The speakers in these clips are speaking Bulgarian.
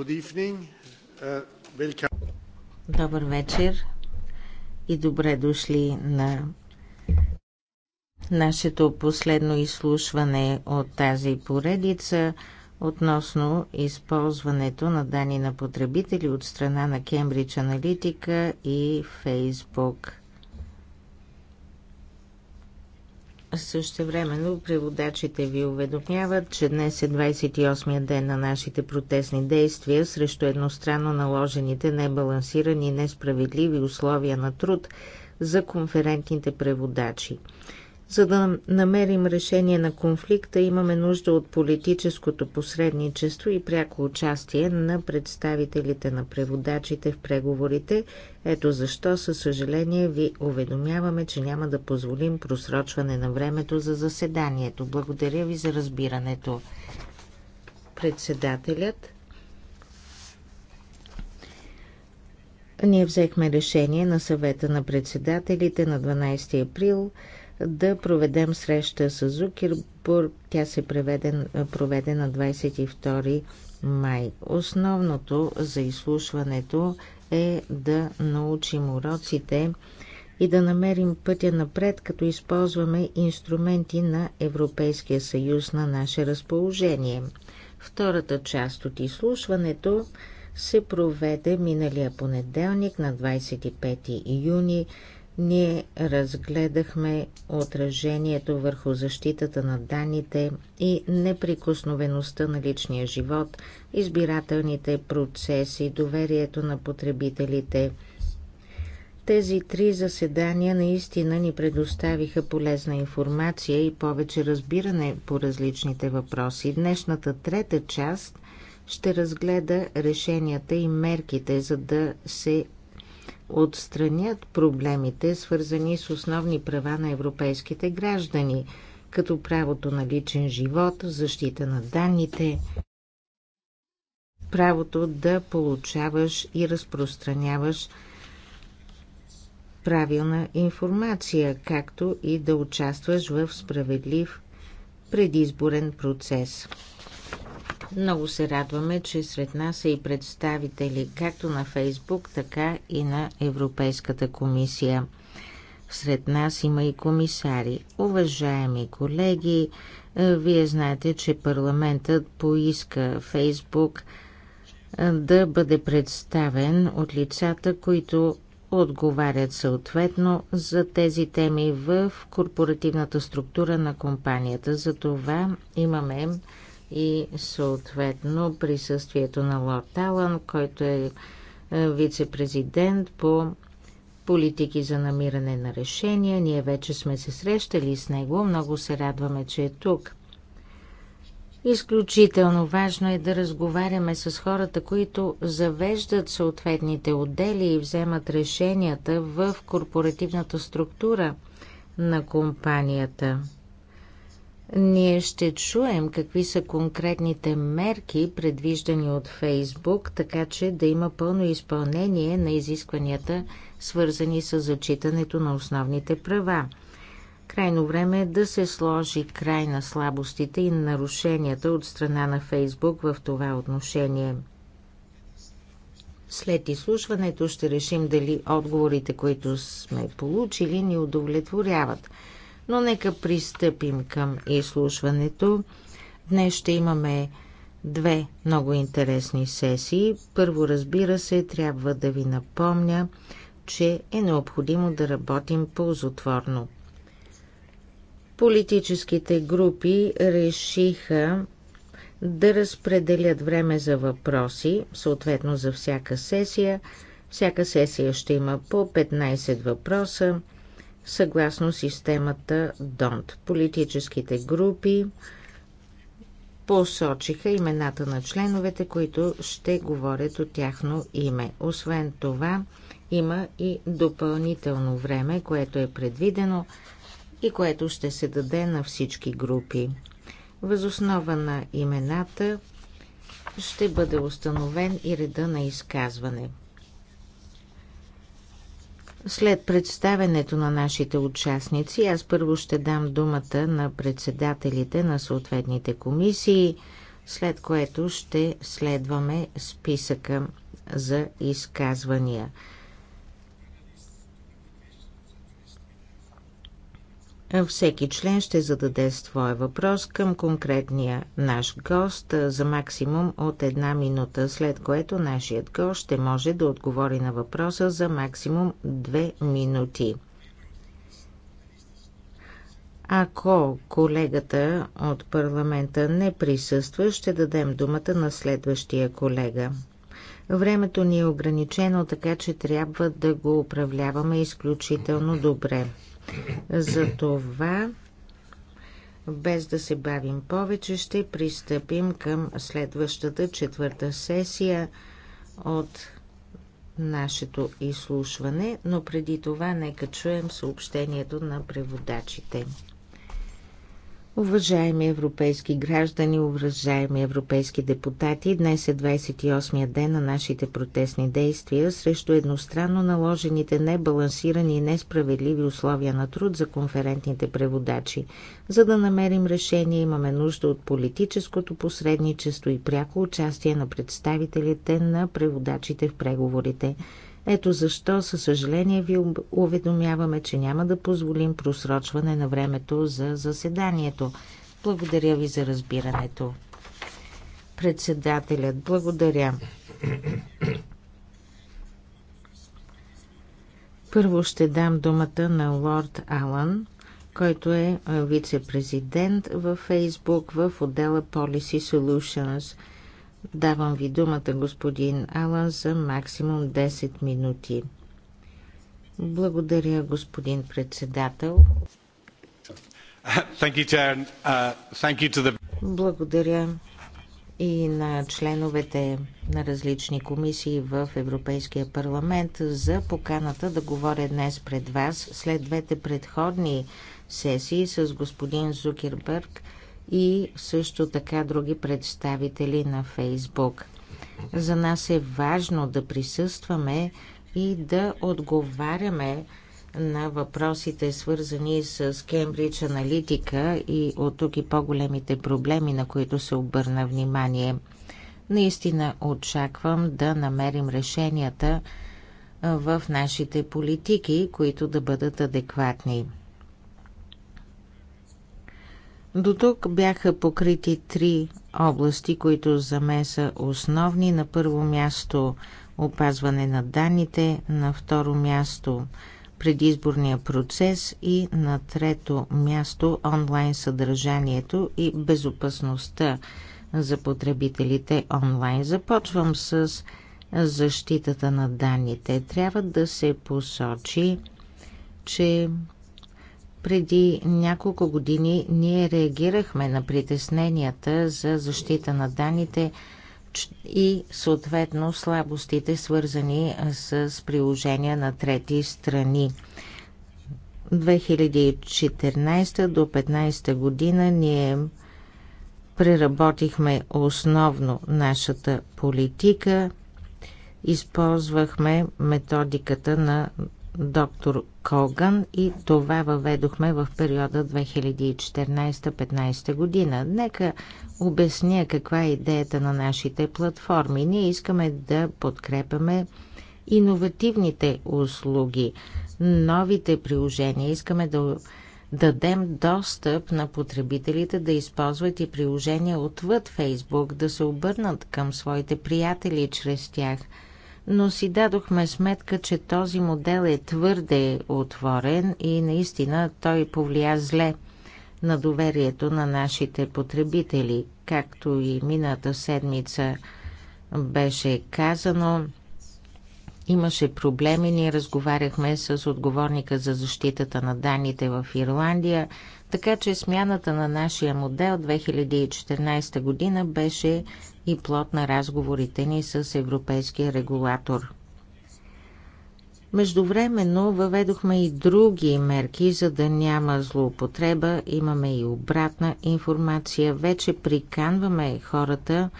Uh, Добър вечер и добре дошли на нашето последно изслушване от тази поредица относно използването на данни на потребители от страна на Кембридж Аналитика и Фейсбук. Също времено, преводачите ви уведомяват, че днес е 28-я ден на нашите протестни действия срещу едностранно наложените небалансирани и несправедливи условия на труд за конферентните преводачи. За да намерим решение на конфликта, имаме нужда от политическото посредничество и пряко участие на представителите на преводачите в преговорите. Ето защо, със съжаление, ви уведомяваме, че няма да позволим просрочване на времето за заседанието. Благодаря ви за разбирането. Председателят Ние взехме решение на съвета на председателите на 12 април да проведем среща с Зукербур. Тя се преведе, проведе на 22 май. Основното за изслушването е да научим уроците и да намерим пътя напред, като използваме инструменти на Европейския съюз на наше разположение. Втората част от изслушването се проведе миналия понеделник на 25 юни ние разгледахме отражението върху защитата на данните и неприкосновеността на личния живот, избирателните процеси, доверието на потребителите. Тези три заседания наистина ни предоставиха полезна информация и повече разбиране по различните въпроси. Днешната трета част ще разгледа решенията и мерките, за да се отстранят проблемите, свързани с основни права на европейските граждани, като правото на личен живот, защита на данните, правото да получаваш и разпространяваш правилна информация, както и да участваш в справедлив предизборен процес. Много се радваме, че сред нас са и представители както на Фейсбук, така и на Европейската комисия. Сред нас има и комисари. Уважаеми колеги, вие знаете, че парламентът поиска Фейсбук да бъде представен от лицата, които отговарят съответно за тези теми в корпоративната структура на компанията. За това имаме и съответно присъствието на Лорд Талан, който е, е вице-президент по политики за намиране на решения. Ние вече сме се срещали с него. Много се радваме, че е тук. Изключително важно е да разговаряме с хората, които завеждат съответните отдели и вземат решенията в корпоративната структура на компанията. Ние ще чуем какви са конкретните мерки, предвиждани от Фейсбук, така че да има пълно изпълнение на изискванията, свързани с зачитането на основните права. Крайно време е да се сложи край на слабостите и нарушенията от страна на Фейсбук в това отношение. След изслушването ще решим дали отговорите, които сме получили, ни удовлетворяват – но нека пристъпим към изслушването. Днес ще имаме две много интересни сесии. Първо, разбира се, трябва да ви напомня, че е необходимо да работим ползотворно. Политическите групи решиха да разпределят време за въпроси, съответно за всяка сесия. Всяка сесия ще има по 15 въпроса съгласно системата ДОНТ. Политическите групи посочиха имената на членовете, които ще говорят от тяхно име. Освен това, има и допълнително време, което е предвидено и което ще се даде на всички групи. Възоснова на имената ще бъде установен и реда на изказване. След представенето на нашите участници, аз първо ще дам думата на председателите на съответните комисии, след което ще следваме списъка за изказвания. Всеки член ще зададе своя въпрос към конкретния наш гост за максимум от една минута, след което нашият гост ще може да отговори на въпроса за максимум две минути. Ако колегата от парламента не присъства, ще дадем думата на следващия колега. Времето ни е ограничено, така че трябва да го управляваме изключително добре. Затова, без да се бавим повече, ще пристъпим към следващата четвърта сесия от нашето изслушване, но преди това нека чуем съобщението на преводачите. Уважаеми европейски граждани, уважаеми европейски депутати, днес е 28-я ден на нашите протестни действия срещу едностранно наложените небалансирани и несправедливи условия на труд за конферентните преводачи. За да намерим решение, имаме нужда от политическото посредничество и пряко участие на представителите на преводачите в преговорите – ето защо, със съжаление, ви уведомяваме, че няма да позволим просрочване на времето за заседанието. Благодаря ви за разбирането. Председателят, благодаря. Първо ще дам думата на лорд Алън, който е вице-президент във Фейсбук в отдела Policy Solutions – Давам ви думата, господин Алан, за максимум 10 минути. Благодаря, господин председател. Uh, Благодаря и на членовете на различни комисии в Европейския парламент за поканата да говоря днес пред вас след двете предходни сесии с господин Зукербърг и също така други представители на Фейсбук. За нас е важно да присъстваме и да отговаряме на въпросите, свързани с Кембридж аналитика и от тук и по-големите проблеми, на които се обърна внимание. Наистина очаквам да намерим решенията в нашите политики, които да бъдат адекватни. До тук бяха покрити три области, които за мен са основни. На първо място опазване на данните, на второ място предизборния процес и на трето място онлайн съдържанието и безопасността за потребителите онлайн. Започвам с защитата на данните. Трябва да се посочи, че преди няколко години ние реагирахме на притесненията за защита на данните и съответно слабостите, свързани с приложения на трети страни. 2014 до 2015 година ние преработихме основно нашата политика, използвахме методиката на доктор Коган и това въведохме в периода 2014-15 година. Нека обясня каква е идеята на нашите платформи. Ние искаме да подкрепяме иновативните услуги, новите приложения. Искаме да дадем достъп на потребителите да използват и приложения отвъд Фейсбук, да се обърнат към своите приятели чрез тях – но си дадохме сметка, че този модел е твърде отворен и наистина той повлия зле на доверието на нашите потребители. Както и мината седмица беше казано, имаше проблеми. Ние разговаряхме с отговорника за защитата на данните в Ирландия. Така че смяната на нашия модел 2014 година беше и плод на разговорите ни с европейския регулатор. Междувременно въведохме и други мерки, за да няма злоупотреба. Имаме и обратна информация. Вече приканваме хората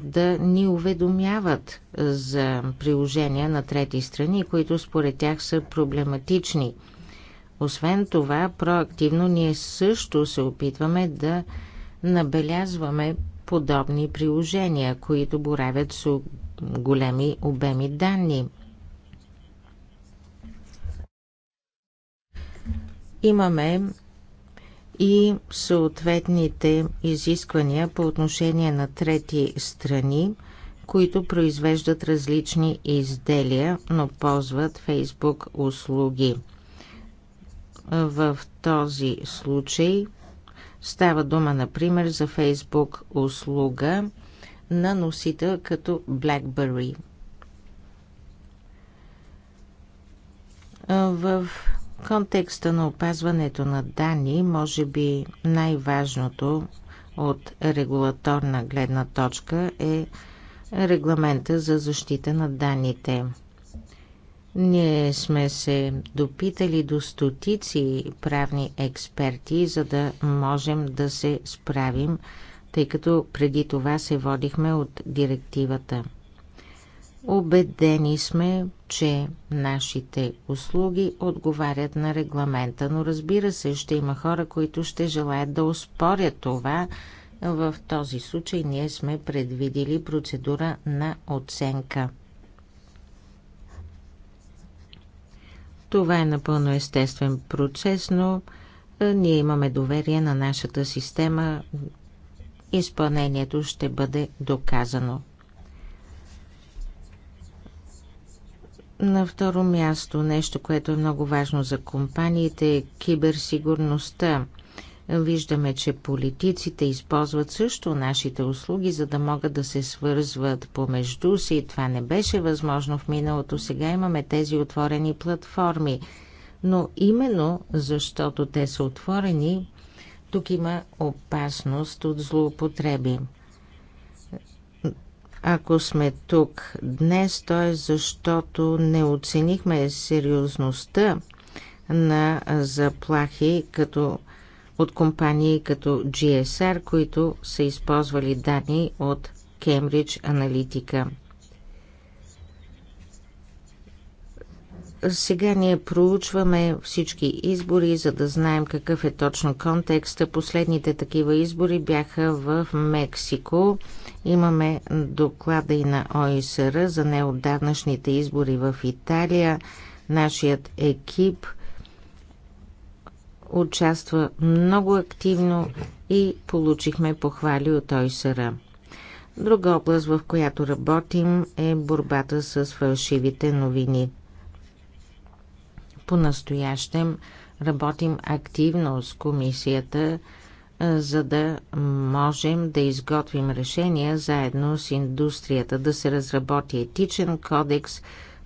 да ни уведомяват за приложения на трети страни, които според тях са проблематични – освен това, проактивно ние също се опитваме да набелязваме подобни приложения, които боравят с големи обеми данни. Имаме и съответните изисквания по отношение на трети страни, които произвеждат различни изделия, но ползват Facebook услуги. В този случай става дума, например, за Facebook услуга на носител като BlackBerry. В контекста на опазването на данни, може би най-важното от регулаторна гледна точка е регламента за защита на данните – ние сме се допитали до стотици правни експерти, за да можем да се справим, тъй като преди това се водихме от директивата. Обедени сме, че нашите услуги отговарят на регламента, но разбира се, ще има хора, които ще желаят да успорят това. В този случай ние сме предвидили процедура на оценка – Това е напълно естествен процес, но ние имаме доверие на нашата система. Изпълнението ще бъде доказано. На второ място, нещо, което е много важно за компаниите е киберсигурността. Виждаме, че политиците използват също нашите услуги, за да могат да се свързват помежду си. Това не беше възможно в миналото. Сега имаме тези отворени платформи. Но именно защото те са отворени, тук има опасност от злоупотреби. Ако сме тук днес, то е защото не оценихме сериозността на заплахи като от компании като GSR, които са използвали данни от Cambridge Analytica. Сега ние проучваме всички избори, за да знаем какъв е точно контекста. Последните такива избори бяха в Мексико. Имаме доклада и на ОИСР за неотдавнашните избори в Италия. Нашият екип участва много активно и получихме похвали от ОИСР. Друга област, в която работим е борбата с фалшивите новини. По-настоящем работим активно с комисията, за да можем да изготвим решения заедно с индустрията, да се разработи етичен кодекс.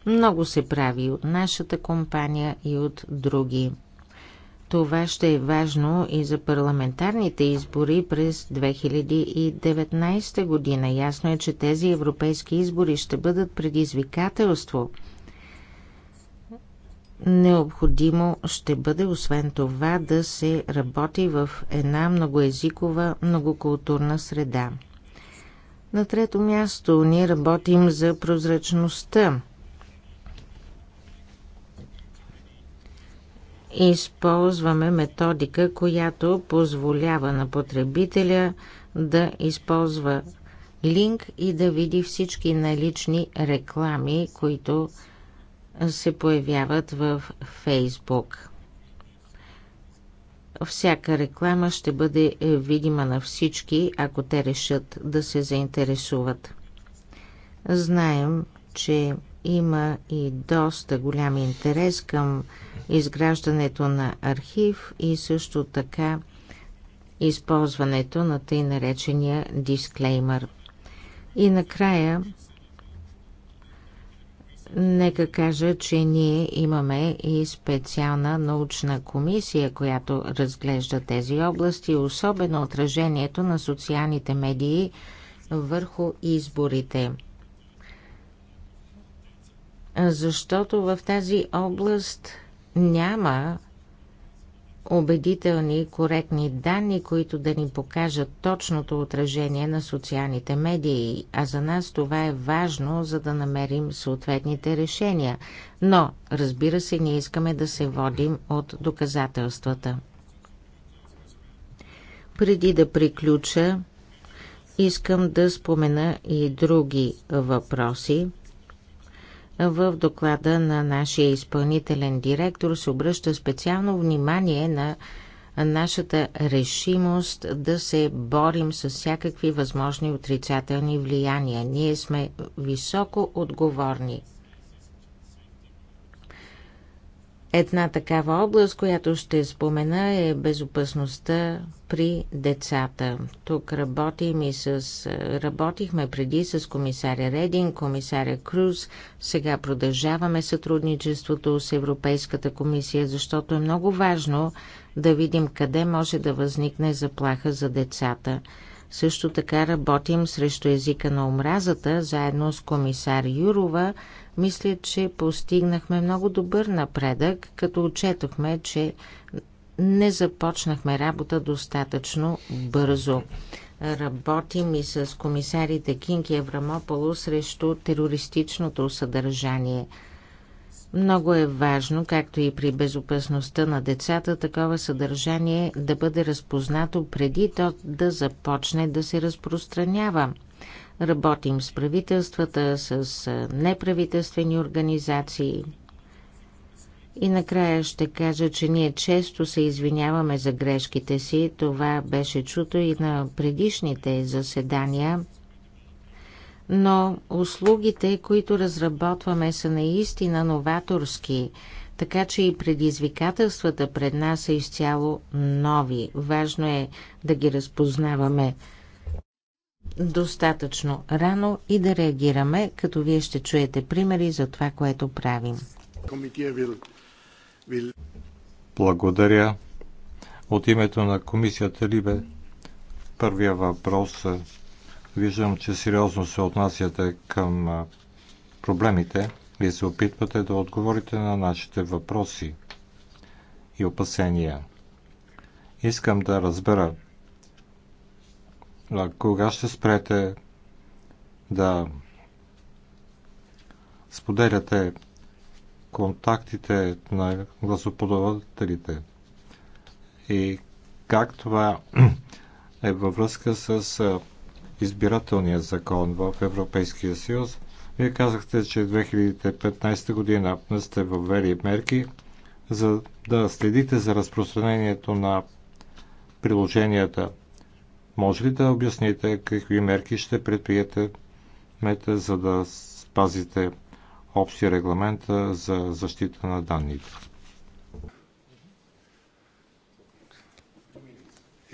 Много се прави от нашата компания и от други. Това ще е важно и за парламентарните избори през 2019 година. Ясно е, че тези европейски избори ще бъдат предизвикателство. Необходимо ще бъде освен това да се работи в една многоезикова, многокултурна среда. На трето място ние работим за прозрачността използваме методика, която позволява на потребителя да използва линк и да види всички налични реклами, които се появяват в Фейсбук. Всяка реклама ще бъде видима на всички, ако те решат да се заинтересуват. Знаем, че има и доста голям интерес към изграждането на архив и също така използването на тъй наречения дисклеймър. И накрая, нека кажа, че ние имаме и специална научна комисия, която разглежда тези области, особено отражението на социалните медии върху изборите защото в тази област няма убедителни и коректни данни, които да ни покажат точното отражение на социалните медии, а за нас това е важно, за да намерим съответните решения. Но, разбира се, ние искаме да се водим от доказателствата. Преди да приключа, искам да спомена и други въпроси. В доклада на нашия изпълнителен директор се обръща специално внимание на нашата решимост да се борим с всякакви възможни отрицателни влияния. Ние сме високо отговорни Една такава област, която ще спомена е безопасността при децата. Тук работим и с, работихме преди с комисаря Редин, комисаря Круз. Сега продължаваме сътрудничеството с Европейската комисия, защото е много важно да видим къде може да възникне заплаха за децата. Също така работим срещу езика на омразата, заедно с комисар Юрова – мисля, че постигнахме много добър напредък, като отчетохме, че не започнахме работа достатъчно бързо. Работим и с комисарите Кинг и Еврамополо срещу терористичното съдържание. Много е важно, както и при безопасността на децата, такова съдържание да бъде разпознато преди то да започне да се разпространява. Работим с правителствата, с неправителствени организации. И накрая ще кажа, че ние често се извиняваме за грешките си. Това беше чуто и на предишните заседания. Но услугите, които разработваме, са наистина новаторски, така че и предизвикателствата пред нас са изцяло нови. Важно е да ги разпознаваме достатъчно рано и да реагираме, като вие ще чуете примери за това, което правим. Благодаря. От името на комисията Либе, първия въпрос. Е, виждам, че сериозно се отнасяте към проблемите и се опитвате да отговорите на нашите въпроси и опасения. Искам да разбера кога ще спрете да споделяте контактите на гласоподавателите и как това е във връзка с избирателния закон в Европейския съюз. Вие казахте, че 2015 година не сте въвели мерки за да следите за разпространението на приложенията може ли да обясните какви мерки ще предприете, за да спазите общи регламент за защита на данните?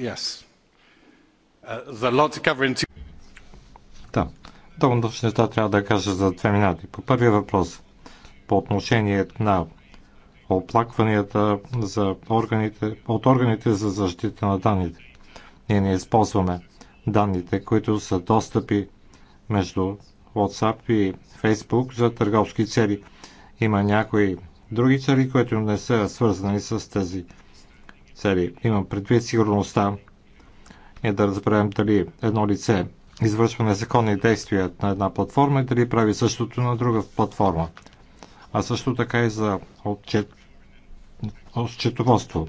Yes. Uh, да, много неща трябва да кажа за две минути. По първия въпрос, по отношение на оплакванията за органите, от органите за защита на данните. Ние не използваме данните, които са достъпи между WhatsApp и Facebook за търговски цели. Има някои други цели, които не са свързани с тези цели. Имам предвид сигурността е да разберем дали едно лице извършва незаконни действия на една платформа и дали прави същото на друга платформа. А също така и за отчет, отчетоводство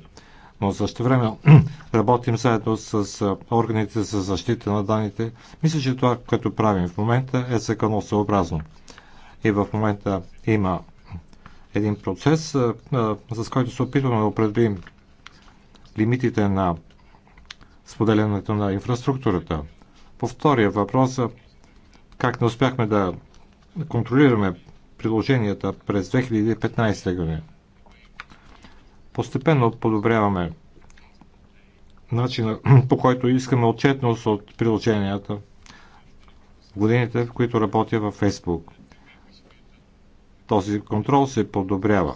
но също време работим заедно с органите за защита на данните. Мисля, че това, което правим в момента е законосъобразно. И в момента има един процес, с който се опитваме да определим лимитите на споделянето на инфраструктурата. По втория въпрос, как не успяхме да контролираме приложенията през 2015 година. Постепенно подобряваме начина по който искаме отчетност от приложенията в годините, в които работя във Facebook. Този контрол се подобрява.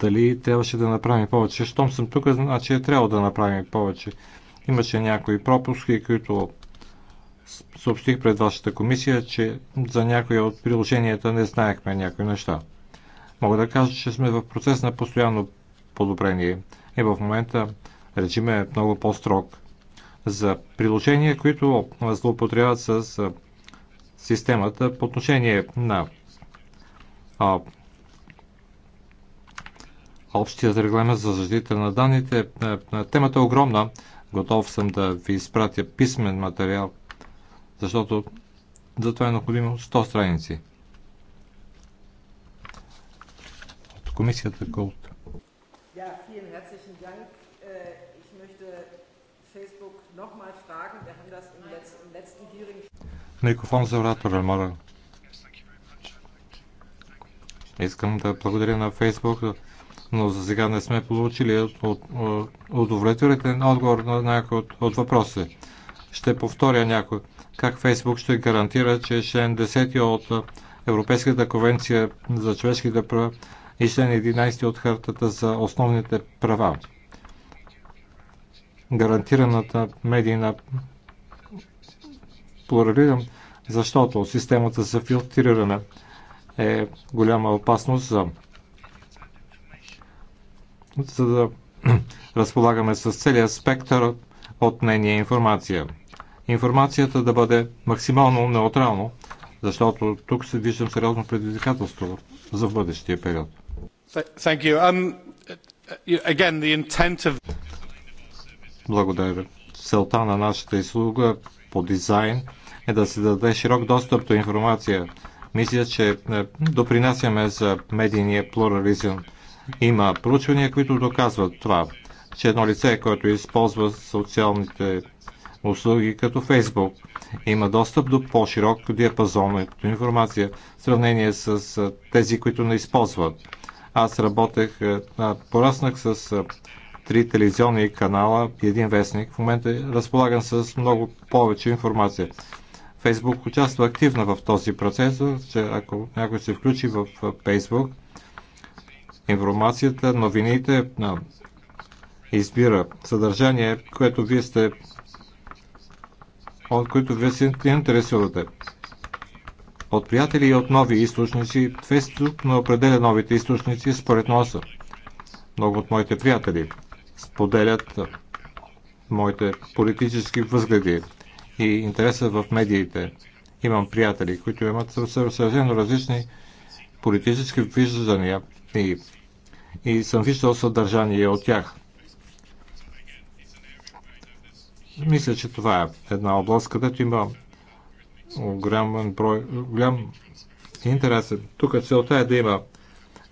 Дали трябваше да направим повече? Щом съм тук, значи е трябва да направим повече. Имаше някои пропуски, които съобщих пред вашата комисия, че за някои от приложенията не знаехме някои неща. Мога да кажа, че сме в процес на постоянно подобрение и в момента режимът е много по-строг. За приложения, които злоупотребяват с системата по отношение на а, общият регламент за защита на данните. Темата е огромна. Готов съм да ви изпратя писмен материал, защото за това е необходимо 100 страници. Комисията Култ. Äh, Микрофон за оратора, моля. Искам да благодаря на Фейсбук, но за сега не сме получили удовлетворителен отговор на някои от, от въпроси. Ще повторя някой. Как Фейсбук ще гарантира, че член 10 от Европейската конвенция за човешките права и член 11 от Хартата за основните права. Гарантираната медийна плурализъм, защото системата за филтриране е голяма опасност за, за да разполагаме с целия спектър от нейния информация. Информацията да бъде максимално неутрално, защото тук се виждам сериозно предизвикателство за бъдещия период. Благодаря. Целта на нашата изслуга по дизайн е да се даде широк достъп до информация. Мисля, че е, допринасяме за медийния плурализъм. Има проучвания, които доказват това, че едно лице, което използва социалните услуги като Фейсбук, има достъп до по-широк диапазон информация в сравнение с е, тези, които не използват аз работех, е, пораснах с е, три телевизионни канала и един вестник. В момента разполагам с много повече информация. Фейсбук участва активно в този процес, че ако някой се включи в е, Фейсбук, информацията, новините на избира съдържание, което вие сте от които вие се интересувате от приятели и от нови източници. Фейсбук не определя новите източници според носа. Много от моите приятели споделят моите политически възгледи и интереса в медиите. Имам приятели, които имат съвсем различни политически виждания и, и съм виждал съдържание от тях. Мисля, че това е една област, където има голям, брой, голям интерес. Е. Тук целта е да има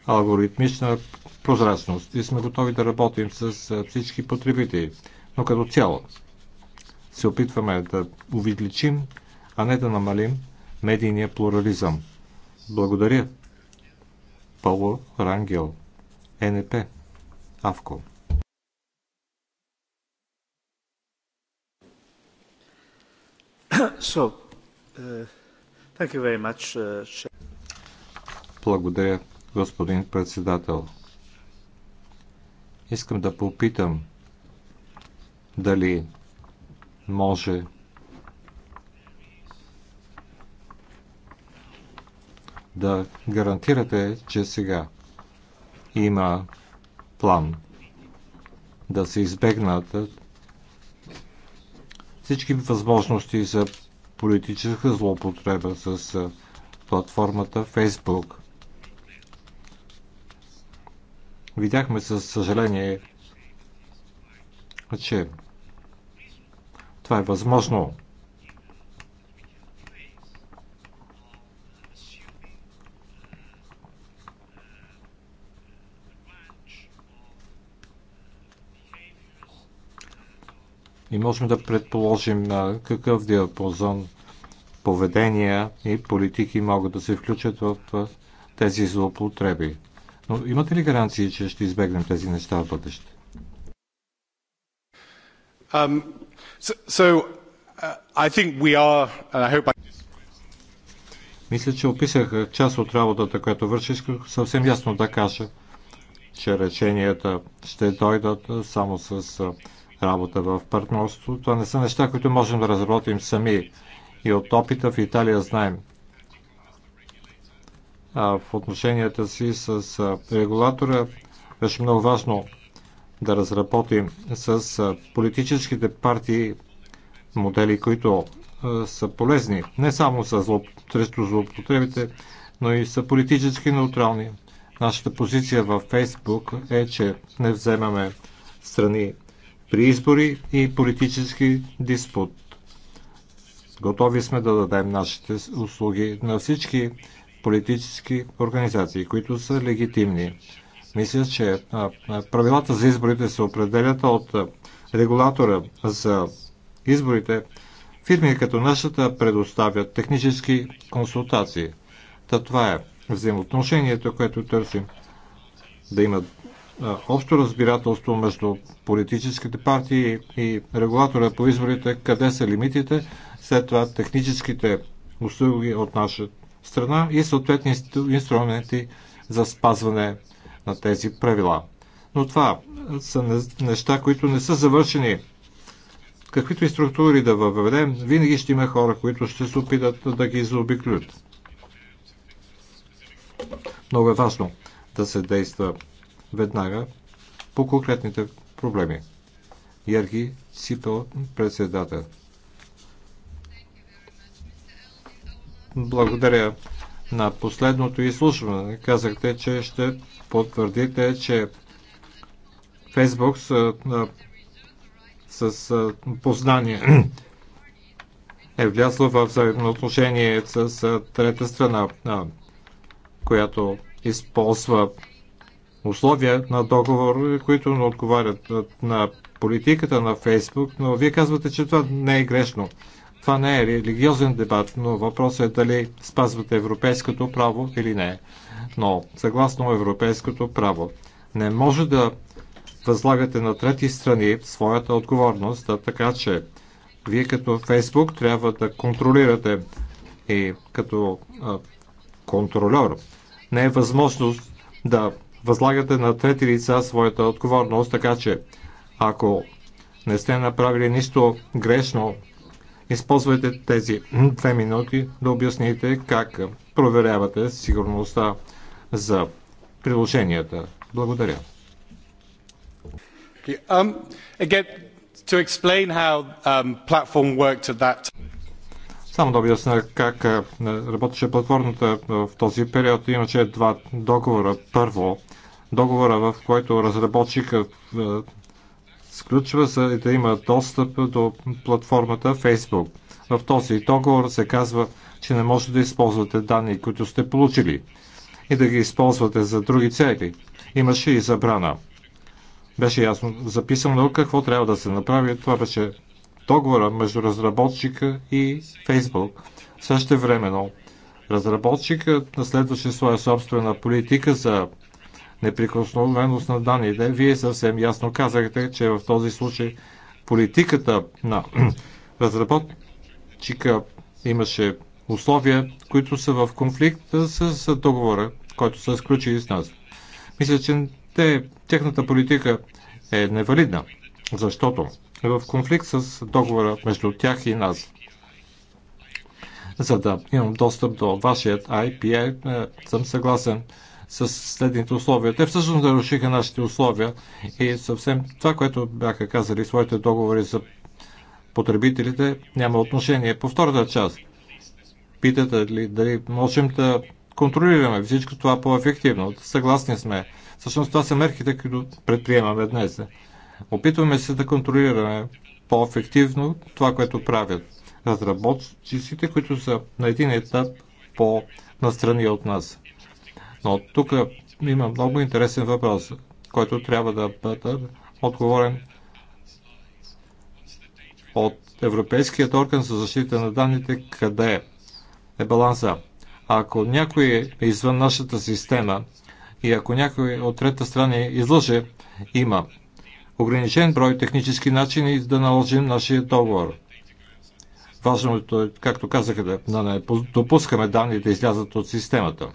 алгоритмична прозрачност и сме готови да работим с всички потребители. Но като цяло се опитваме да увеличим, а не да намалим медийния плурализъм. Благодаря. Павло Рангел, НП, Авко. So, Uh, Благодаря, господин председател. Искам да попитам дали може да гарантирате, че сега има план да се избегнат всички възможности за политическа злоупотреба с платформата Facebook. Видяхме със съжаление, че това е възможно. и можем да предположим на какъв диапазон поведения и политики могат да се включат в тези злоупотреби. Но имате ли гаранции, че ще избегнем тези неща в бъдеще? Um, so, so, uh, are, I... Мисля, че описах част от работата, която върши. Съвсем ясно да кажа, че решенията ще дойдат само с работа в партньорство. Това не са неща, които можем да разработим сами. И от опита в Италия знаем. А в отношенията си с регулатора беше много важно да разработим с политическите партии модели, които са полезни не само са зло, срещу злоупотребите, но и са политически неутрални. Нашата позиция във Фейсбук е, че не вземаме страни при избори и политически диспут. Готови сме да дадем нашите услуги на всички политически организации, които са легитимни. Мисля, че правилата за изборите се определят от регулатора за изборите. Фирми като нашата предоставят технически консултации. Та това е взаимоотношението, което търсим. Да имат е, общо разбирателство между политическите партии и регулатора по изборите, къде са лимитите, след това техническите услуги от наша страна и съответни инструменти за спазване на тези правила. Но това са неща, които не са завършени. Каквито и структури да въведем, винаги ще има хора, които ще се опитат да ги заобиклюят. Много е важно да се действа веднага по конкретните проблеми. Ярги Сито, председател. Благодаря. На последното изслушване казахте, че ще потвърдите, че Фейсбук с, с познание е влязло в взаимоотношение с трета страна, която използва условия на договор, които не отговарят на политиката на Фейсбук, но вие казвате, че това не е грешно. Това не е религиозен дебат, но въпросът е дали спазвате европейското право или не. Но съгласно европейското право не може да възлагате на трети страни своята отговорност, да, така че вие като Фейсбук трябва да контролирате и като а, контролер не е възможност да възлагате на трети лица своята отговорност, така че ако не сте направили нищо грешно, използвайте тези две минути да обясните как проверявате сигурността за приложенията. Благодаря. Um, again, to explain how um, platform worked at that time. Само да обясня как е, е, работеше платформата е, в този период. Имаше два договора. Първо, договора, в който разработчика сключва, за да има достъп до платформата Facebook. В този договор се казва, че не може да използвате данни, които сте получили и да ги използвате за други цели. Имаше и забрана. Беше ясно записано какво трябва да се направи. Това беше договора между разработчика и Фейсбук. Също времено разработчикът наследваше своя собствена политика за неприкосновеност на данните. Вие съвсем ясно казахте, че в този случай политиката на разработчика имаше условия, които са в конфликт с договора, който са сключили с нас. Мисля, че те, техната политика е невалидна, защото е в конфликт с договора между тях и нас. За да имам достъп до вашият IPA, е, съм съгласен с следните условия. Те всъщност нарушиха нашите условия и съвсем това, което бяха казали своите договори за потребителите, няма отношение. По втората част, питате ли дали можем да контролираме всичко това по-ефективно. Съгласни сме. Всъщност това са мерките, които предприемаме днес. Опитваме се да контролираме по-ефективно това, което правят разработчиците, които са на един етап по-настрани от нас. Но тук има много интересен въпрос, който трябва да бъде отговорен от Европейският орган за защита на данните, къде е баланса. Ако някой е извън нашата система и ако някой от трета страна излъже, има ограничен брой технически начини да наложим нашия договор. Важното е, както казах, да не допускаме данни да излязат от системата.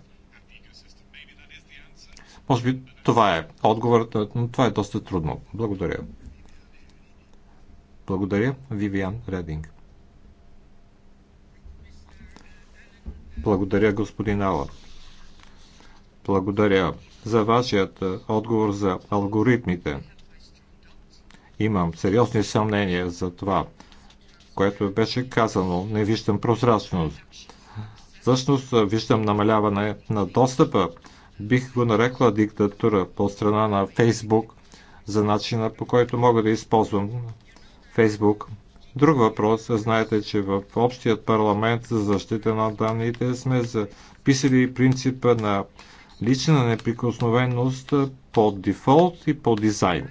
Може би това е отговорът, но това е доста трудно. Благодаря. Благодаря, Вивиан Рединг. Благодаря, господин Алър. Благодаря за вашият отговор за алгоритмите. Имам сериозни съмнения за това, което беше казано. Не виждам прозрачност. Всъщност виждам намаляване на достъпа. Бих го нарекла диктатура по страна на Фейсбук за начина по който мога да използвам Фейсбук. Друг въпрос, знаете, че в общият парламент за защита на данните сме записали принципа на лична неприкосновеност по дефолт и по дизайн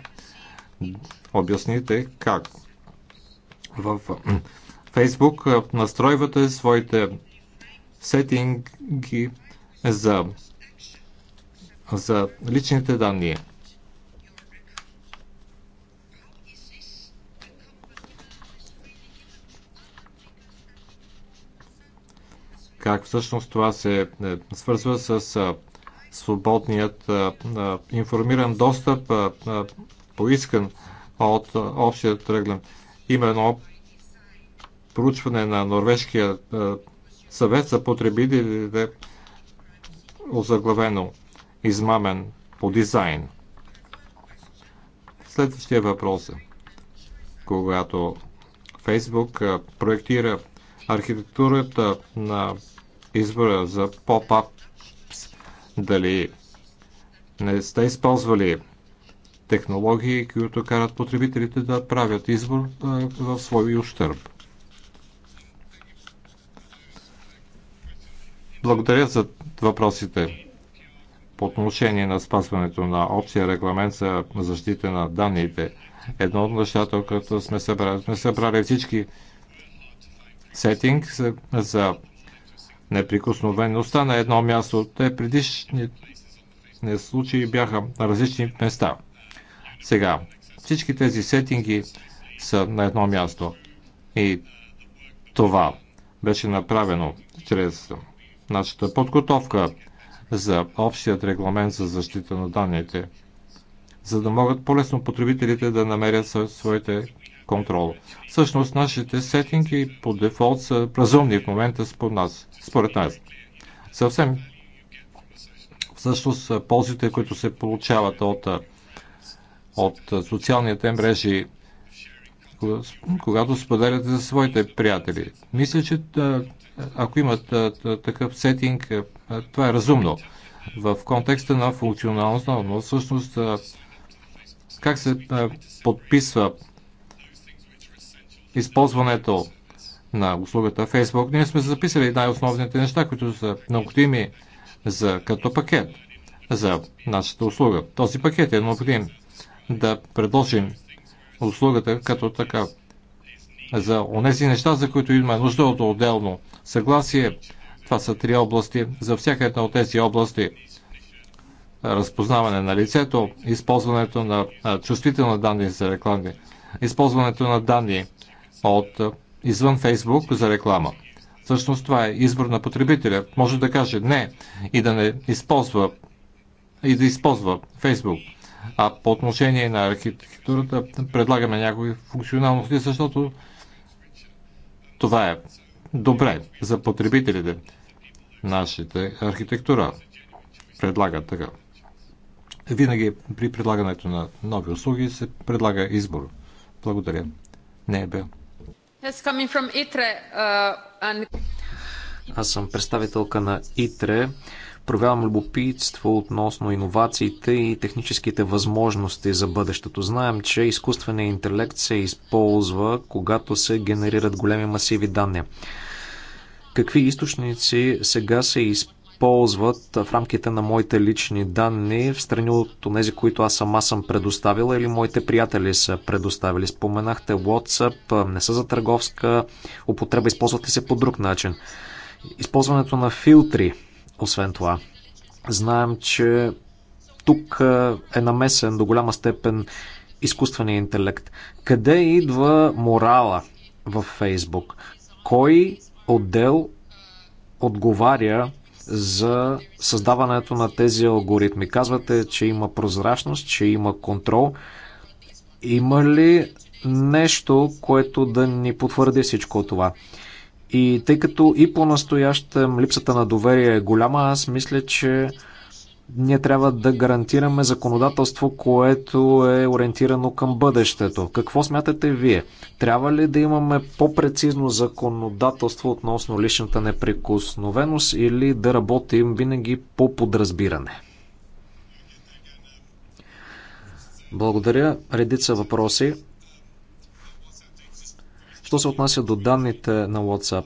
обясните как. В Facebook настройвате своите сетинги за, за личните данни. Как всъщност това се е, свързва с свободният информиран достъп, поискан от общия тръглен. Има едно проучване на Норвежкия съвет за потребителите озаглавено измамен по дизайн. Следващия въпрос е, когато Фейсбук проектира архитектурата на избора за поп-ап, дали не сте използвали технологии, които карат потребителите да правят избор в свой ущърб. Благодаря за въпросите по отношение на спазването на общия регламент за защита на данните. Едно от нещата, като сме събрали, сме събрали всички сетинг за, за неприкосновеността на едно място. Те предишни е, случаи бяха на различни места – сега, всички тези сетинги са на едно място. И това беше направено чрез нашата подготовка за общият регламент за защита на данните, за да могат по-лесно потребителите да намерят своите контрол. Всъщност нашите сетинги по дефолт са разумни в момента според нас. Според нас. Съвсем всъщност ползите, които се получават от от социалните мрежи, когато споделяте за своите приятели. Мисля, че ако имат такъв сетинг, това е разумно. В контекста на функционалността, но всъщност как се подписва използването на услугата Facebook, ние сме записали най-основните неща, които са необходими за, като пакет за нашата услуга. Този пакет е необходим да предложим услугата като така. За онези неща, за които има нужда от отделно съгласие, това са три области. За всяка една от тези области разпознаване на лицето, използването на чувствителни данни за реклами, използването на данни от извън Фейсбук за реклама. Всъщност това е избор на потребителя. Може да каже не и да не използва и да използва Фейсбук. А по отношение на архитектурата предлагаме някои функционалности, защото това е добре за потребителите. Нашата архитектура предлага така. Винаги при предлагането на нови услуги се предлага избор. Благодаря. Не е бил. Uh, Аз съм представителка на ИТРЕ проявявам любопитство относно иновациите и техническите възможности за бъдещето. Знаем, че изкуственият интелект се използва, когато се генерират големи масиви данни. Какви източници сега се използват в рамките на моите лични данни в страни от тези, които аз сама съм предоставила или моите приятели са предоставили? Споменахте WhatsApp, не са за търговска употреба, използват ли се по друг начин? Използването на филтри – освен това, знаем, че тук е намесен до голяма степен изкуствения интелект. Къде идва морала във Фейсбук? Кой отдел отговаря за създаването на тези алгоритми? Казвате, че има прозрачност, че има контрол. Има ли нещо, което да ни потвърди всичко това? И тъй като и по-настоящем липсата на доверие е голяма, аз мисля, че ние трябва да гарантираме законодателство, което е ориентирано към бъдещето. Какво смятате вие? Трябва ли да имаме по-прецизно законодателство относно личната неприкосновеност или да работим винаги по подразбиране? Благодаря. Редица въпроси. Що се отнася до данните на WhatsApp?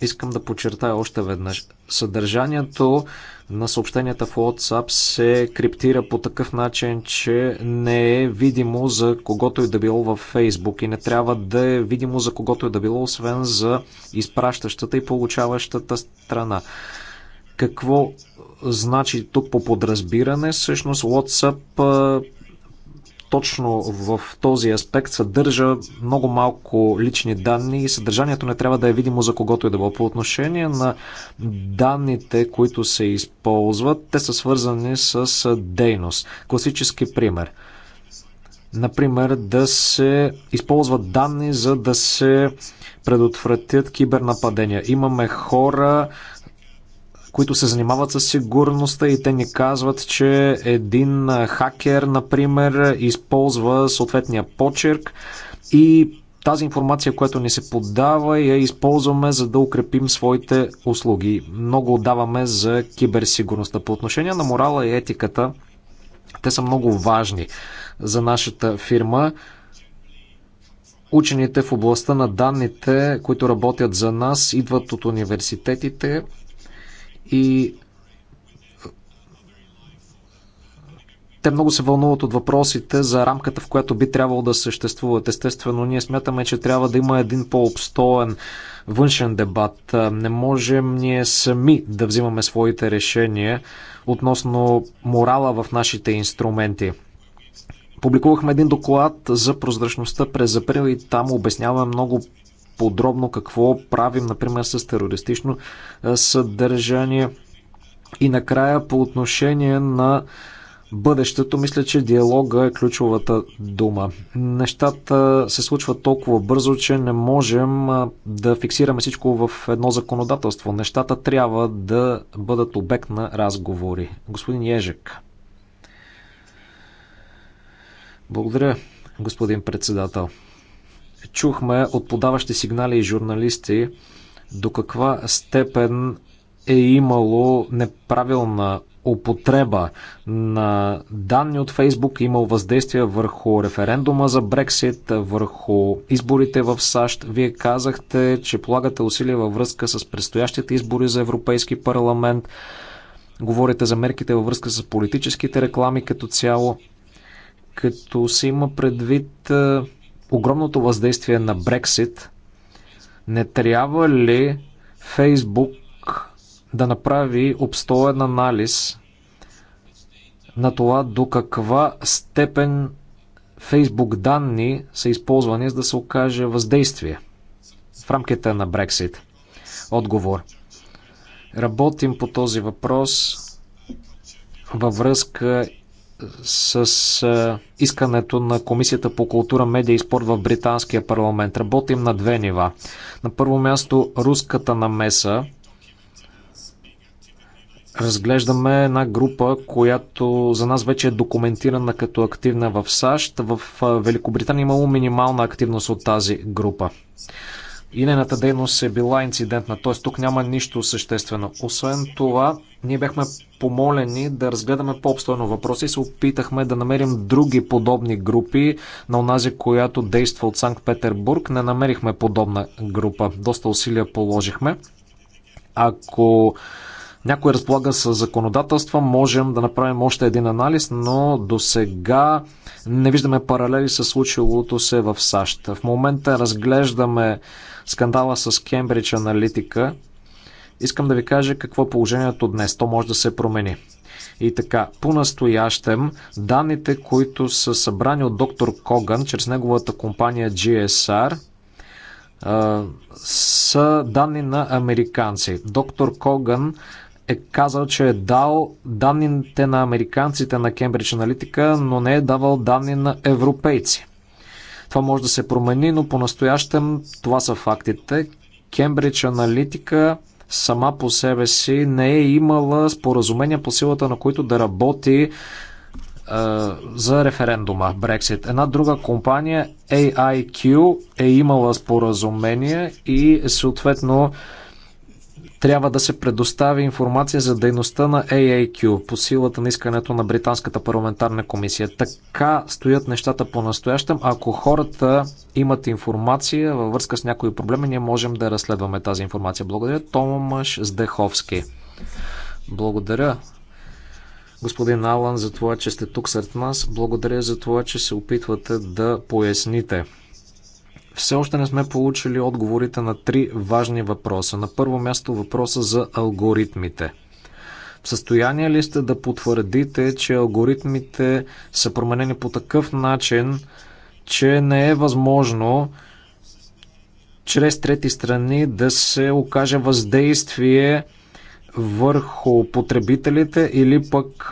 Искам да подчертая още веднъж. Съдържанието на съобщенията в WhatsApp се криптира по такъв начин, че не е видимо за когото и е да било във Facebook и не трябва да е видимо за когото и е да било, освен за изпращащата и получаващата страна. Какво значи тук по подразбиране? Всъщност WhatsApp точно в този аспект съдържа много малко лични данни и съдържанието не трябва да е видимо за когото и да било. По отношение на данните, които се използват, те са свързани с дейност. Класически пример. Например, да се използват данни, за да се предотвратят кибернападения. Имаме хора, които се занимават с сигурността и те ни казват, че един хакер, например, използва съответния почерк и тази информация, която ни се подава, я използваме за да укрепим своите услуги. Много отдаваме за киберсигурността. По отношение на морала и етиката, те са много важни за нашата фирма. Учените в областта на данните, които работят за нас, идват от университетите и те много се вълнуват от въпросите за рамката, в която би трябвало да съществуват. Естествено, ние смятаме, че трябва да има един по-обстоен външен дебат. Не можем ние сами да взимаме своите решения относно морала в нашите инструменти. Публикувахме един доклад за прозрачността през април и там обясняваме много подробно какво правим, например, с терористично съдържание. И накрая по отношение на бъдещето, мисля, че диалога е ключовата дума. Нещата се случват толкова бързо, че не можем да фиксираме всичко в едно законодателство. Нещата трябва да бъдат обект на разговори. Господин Ежек. Благодаря, господин председател чухме от подаващи сигнали и журналисти до каква степен е имало неправилна употреба на данни от Фейсбук, имал въздействие върху референдума за Брексит, върху изборите в САЩ. Вие казахте, че полагате усилия във връзка с предстоящите избори за Европейски парламент. Говорите за мерките във връзка с политическите реклами като цяло. Като се има предвид огромното въздействие на Брексит, не трябва ли Фейсбук да направи обстоен анализ на това до каква степен Фейсбук данни са използвани за да се окаже въздействие в рамките на Брексит? Отговор. Работим по този въпрос във връзка с е, искането на Комисията по култура, медия и спорт в Британския парламент. Работим на две нива. На първо място руската намеса. Разглеждаме една група, която за нас вече е документирана като активна в САЩ. В е, Великобритания имало минимална активност от тази група и нейната дейност е била инцидентна, т.е. тук няма нищо съществено. Освен това, ние бяхме помолени да разгледаме по-обстойно въпроси и се опитахме да намерим други подобни групи на онази, която действа от Санкт-Петербург. Не намерихме подобна група. Доста усилия положихме. Ако някой разполага с законодателства, можем да направим още един анализ, но до сега не виждаме паралели с случилото се в САЩ. В момента разглеждаме скандала с Кембридж Аналитика, искам да ви кажа какво е положението днес. То може да се промени. И така, по-настоящем данните, които са събрани от доктор Коган чрез неговата компания GSR, са данни на американци. Доктор Коган е казал, че е дал данните на американците на Кембридж Аналитика, но не е давал данни на европейци. Това може да се промени, но по-настоящем това са фактите. Кембридж Аналитика сама по себе си не е имала споразумения по силата на които да работи е, за референдума Брексит. Една друга компания AIQ е имала споразумение и съответно трябва да се предостави информация за дейността на AAQ по силата на искането на Британската парламентарна комисия. Така стоят нещата по-настоящем. Ако хората имат информация във връзка с някои проблеми, ние можем да разследваме тази информация. Благодаря. Томаш Здеховски. Благодаря, господин Алан, за това, че сте тук сред нас. Благодаря за това, че се опитвате да поясните все още не сме получили отговорите на три важни въпроса. На първо място въпроса за алгоритмите. В състояние ли сте да потвърдите, че алгоритмите са променени по такъв начин, че не е възможно чрез трети страни да се окаже въздействие върху потребителите или пък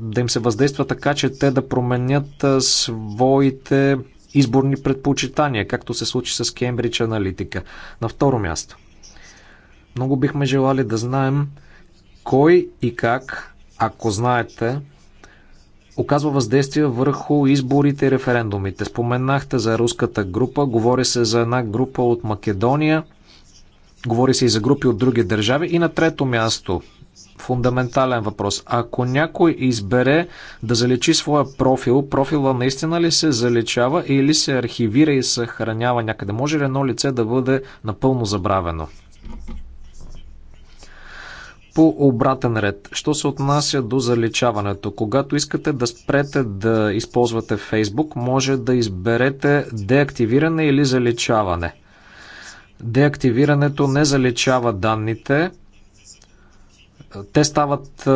да им се въздейства така, че те да променят своите изборни предпочитания, както се случи с Кембридж Аналитика. На второ място. Много бихме желали да знаем кой и как, ако знаете, оказва въздействие върху изборите и референдумите. Споменахте за руската група, говори се за една група от Македония, говори се и за групи от други държави. И на трето място, фундаментален въпрос. Ако някой избере да заличи своя профил, профила наистина ли се заличава или се архивира и съхранява някъде? Може ли едно лице да бъде напълно забравено? по обратен ред. Що се отнася до заличаването? Когато искате да спрете да използвате Facebook, може да изберете деактивиране или заличаване. Деактивирането не заличава данните, те стават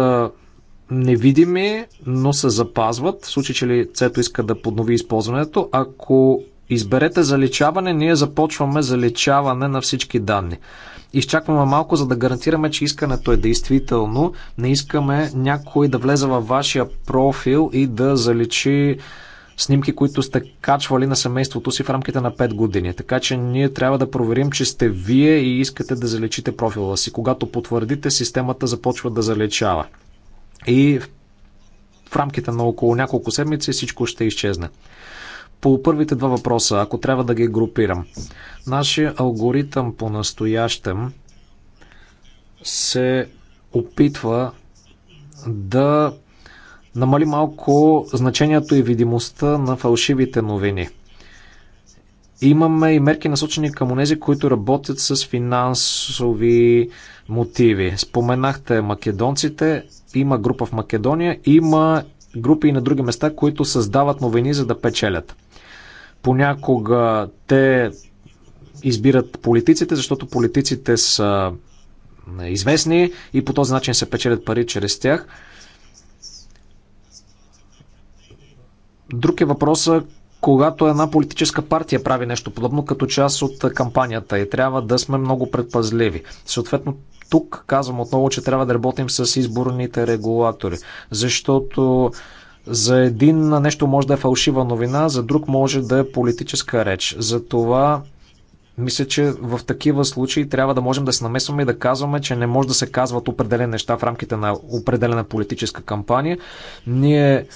невидими, но се запазват, в случай, че лицето иска да поднови използването. Ако изберете заличаване, ние започваме заличаване на всички данни. Изчакваме малко, за да гарантираме, че искането е действително. Не искаме някой да влезе във вашия профил и да заличи снимки, които сте качвали на семейството си в рамките на 5 години. Така че ние трябва да проверим, че сте вие и искате да залечите профила си. Когато потвърдите, системата започва да залечава. И в рамките на около няколко седмици всичко ще изчезне. По първите два въпроса, ако трябва да ги групирам. Нашия алгоритъм по настоящем се опитва да намали малко значението и видимостта на фалшивите новини. Имаме и мерки насочени към онези, които работят с финансови мотиви. Споменахте македонците, има група в Македония, има групи и на други места, които създават новини, за да печелят. Понякога те избират политиците, защото политиците са известни и по този начин се печелят пари чрез тях – Друг е въпросът, когато една политическа партия прави нещо подобно като част от кампанията и трябва да сме много предпазливи. Съответно, тук казвам отново, че трябва да работим с изборните регулатори, защото за един нещо може да е фалшива новина, за друг може да е политическа реч. Затова мисля, че в такива случаи трябва да можем да се намесваме и да казваме, че не може да се казват определени неща в рамките на определена политическа кампания. Ние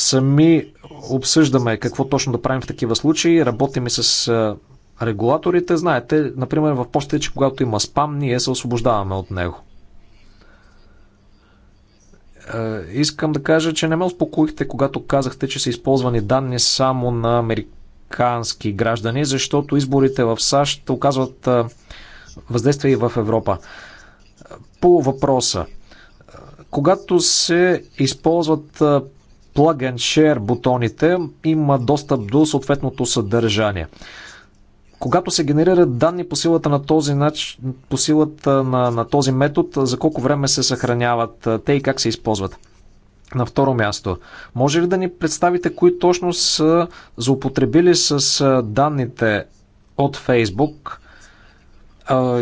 сами обсъждаме какво точно да правим в такива случаи. Работим и с регулаторите. Знаете, например, в почтите, че когато има спам, ние се освобождаваме от него. Искам да кажа, че не ме успокоихте, когато казахте, че са използвани данни само на американски граждани, защото изборите в САЩ оказват въздействие и в Европа. По въпроса, когато се използват plug and share бутоните има достъп до съответното съдържание. Когато се генерират данни по силата на този, начин, по силата на, на този метод, за колко време се съхраняват те и как се използват? На второ място, може ли да ни представите кои точно са злоупотребили с данните от Фейсбук?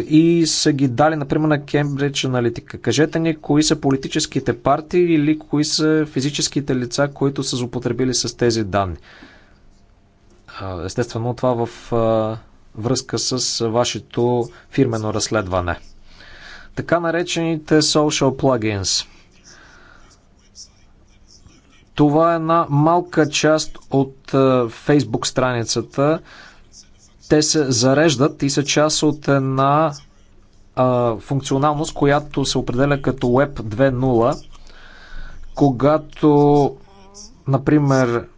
и са ги дали, например, на Кембридж аналитика. Кажете ни, кои са политическите партии или кои са физическите лица, които са злоупотребили с тези данни. Естествено, това в връзка с вашето фирмено разследване. Така наречените social plugins. Това е една малка част от Facebook страницата, те се зареждат и са част от една а, функционалност, която се определя като Web 2.0, когато, например,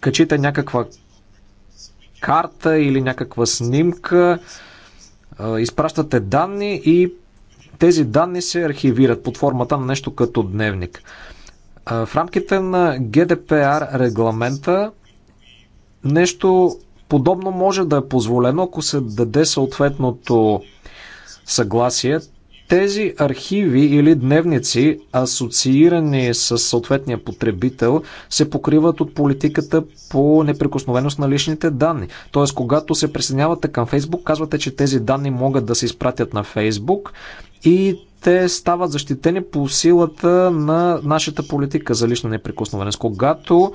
качите някаква карта или някаква снимка, изпращате данни и тези данни се архивират под формата на нещо като дневник. В рамките на GDPR регламента нещо Подобно може да е позволено, ако се даде съответното съгласие. Тези архиви или дневници, асоциирани с съответния потребител, се покриват от политиката по неприкосновеност на личните данни. Тоест, когато се присъединявате към Фейсбук, казвате, че тези данни могат да се изпратят на Фейсбук и те стават защитени по силата на нашата политика за лична неприкосновеност. Когато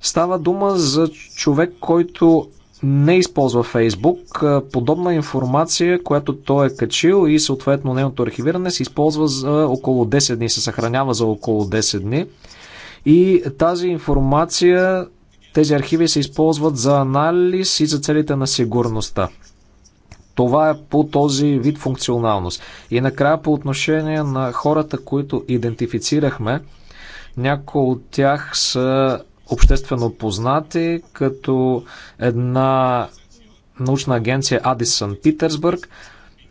Става дума за човек, който не използва Фейсбук. Подобна информация, която той е качил и съответно нейното архивиране се използва за около 10 дни, се съхранява за около 10 дни. И тази информация, тези архиви се използват за анализ и за целите на сигурността. Това е по този вид функционалност. И накрая по отношение на хората, които идентифицирахме, някои от тях са обществено познати като една научна агенция Адисън Питерсбърг.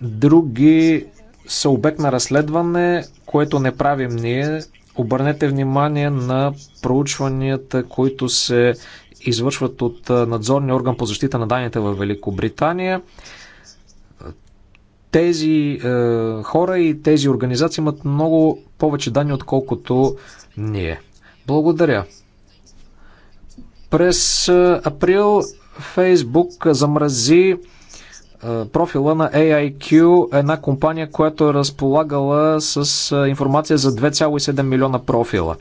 Други са обект на разследване, което не правим ние. Обърнете внимание на проучванията, които се извършват от надзорния орган по защита на данните в Великобритания. Тези е, хора и тези организации имат много повече данни, отколкото ние. Благодаря. През април Фейсбук замрази профила на AIQ, една компания, която е разполагала с информация за 2,7 милиона профила.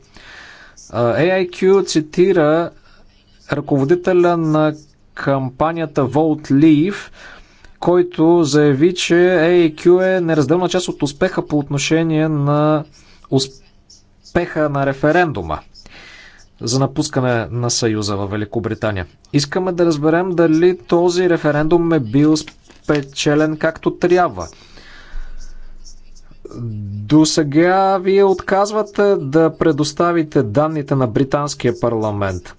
AIQ цитира ръководителя на кампанията Vote Leave, който заяви, че AIQ е неразделна част от успеха по отношение на успеха на референдума за напускане на Съюза в Великобритания. Искаме да разберем дали този референдум е бил спечелен както трябва. До сега вие отказвате да предоставите данните на британския парламент.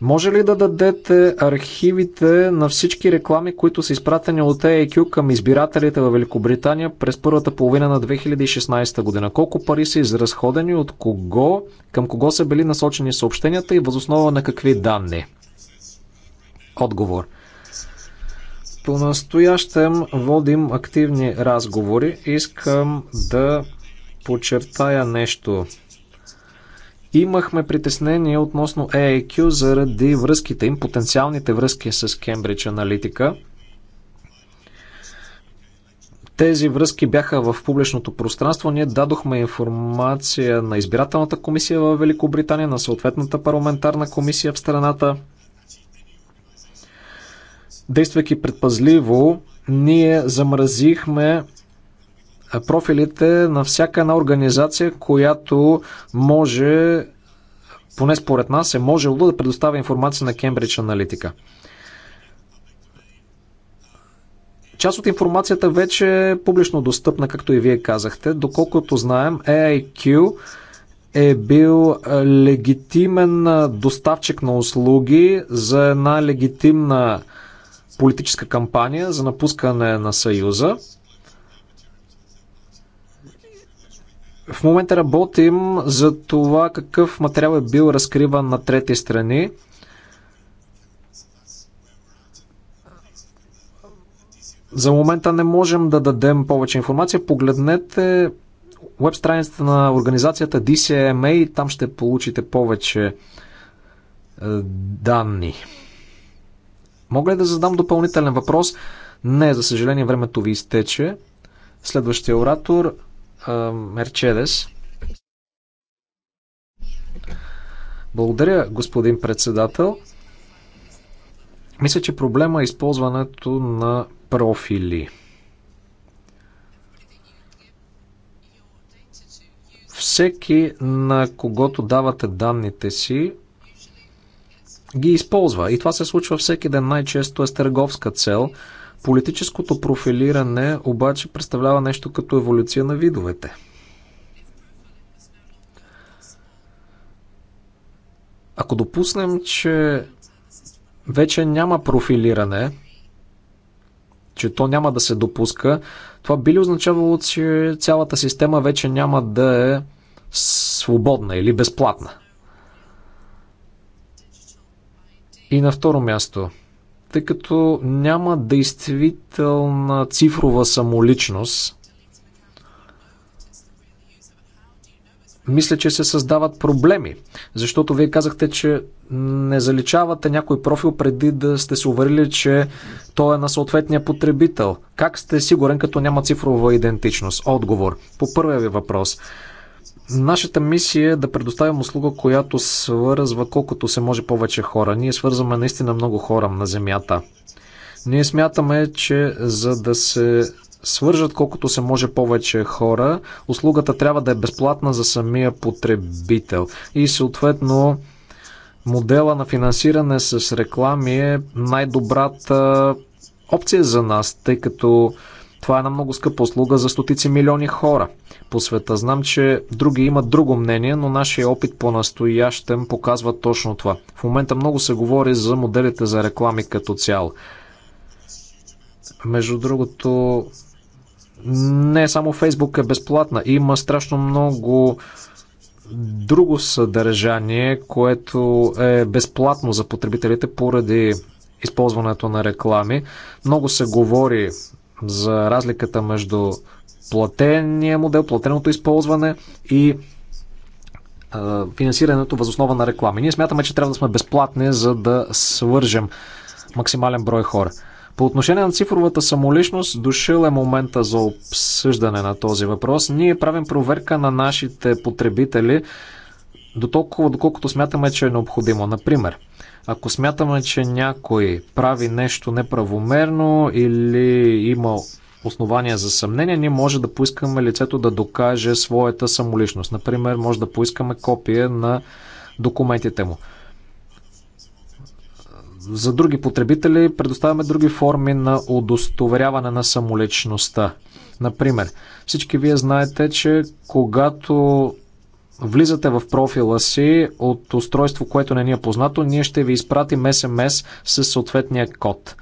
Може ли да дадете архивите на всички реклами, които са изпратени от AQ към избирателите във Великобритания през първата половина на 2016 година? Колко пари са изразходени, от кого, към кого са били насочени съобщенията и възоснова на какви данни? Отговор. По-настоящем водим активни разговори. Искам да подчертая нещо Имахме притеснение относно AIQ заради връзките им, потенциалните връзки с Cambridge Analytica. Тези връзки бяха в публичното пространство. Ние дадохме информация на избирателната комисия в Великобритания, на съответната парламентарна комисия в страната. Действайки предпазливо, ние замразихме профилите на всяка една организация, която може, поне според нас, е можело да предоставя информация на Кембридж Аналитика. Част от информацията вече е публично достъпна, както и вие казахте. Доколкото знаем, AIQ е бил легитимен доставчик на услуги за една легитимна политическа кампания за напускане на Съюза. В момента работим за това какъв материал е бил разкриван на трети страни. За момента не можем да дадем повече информация. Погледнете веб страницата на организацията DCMA и там ще получите повече е, данни. Мога ли да задам допълнителен въпрос? Не, за съжаление времето ви изтече. Следващия оратор Мерчедес. Благодаря, господин председател. Мисля, че проблема е използването на профили. Всеки, на когото давате данните си, ги използва. И това се случва всеки ден. Най-често е с търговска цел – Политическото профилиране обаче представлява нещо като еволюция на видовете. Ако допуснем, че вече няма профилиране, че то няма да се допуска, това би ли означавало, че цялата система вече няма да е свободна или безплатна? И на второ място – тъй като няма действителна цифрова самоличност. Мисля, че се създават проблеми, защото вие казахте, че не заличавате някой профил преди да сте се уверили, че той е на съответния потребител. Как сте сигурен, като няма цифрова идентичност? Отговор. По първия ви въпрос. Нашата мисия е да предоставим услуга, която свързва колкото се може повече хора. Ние свързваме наистина много хора на Земята. Ние смятаме, че за да се свържат колкото се може повече хора, услугата трябва да е безплатна за самия потребител. И съответно модела на финансиране с реклами е най-добрата опция за нас, тъй като това е една много скъпа услуга за стотици милиони хора по света. Знам, че други имат друго мнение, но нашия опит по настоящем показва точно това. В момента много се говори за моделите за реклами като цяло. Между другото, не само Фейсбук е безплатна. Има страшно много друго съдържание, което е безплатно за потребителите поради използването на реклами. Много се говори за разликата между платения модел, платеното използване и финансирането възоснова на реклами. Ние смятаме, че трябва да сме безплатни, за да свържем максимален брой хора. По отношение на цифровата самоличност, дошъл е момента за обсъждане на този въпрос. Ние правим проверка на нашите потребители до толкова, доколкото смятаме, че е необходимо. Например, ако смятаме, че някой прави нещо неправомерно или има основания за съмнение, ние може да поискаме лицето да докаже своята самоличност. Например, може да поискаме копие на документите му. За други потребители предоставяме други форми на удостоверяване на самоличността. Например, всички вие знаете, че когато влизате в профила си от устройство, което не ни е познато, ние ще ви изпратим SMS с съответния код.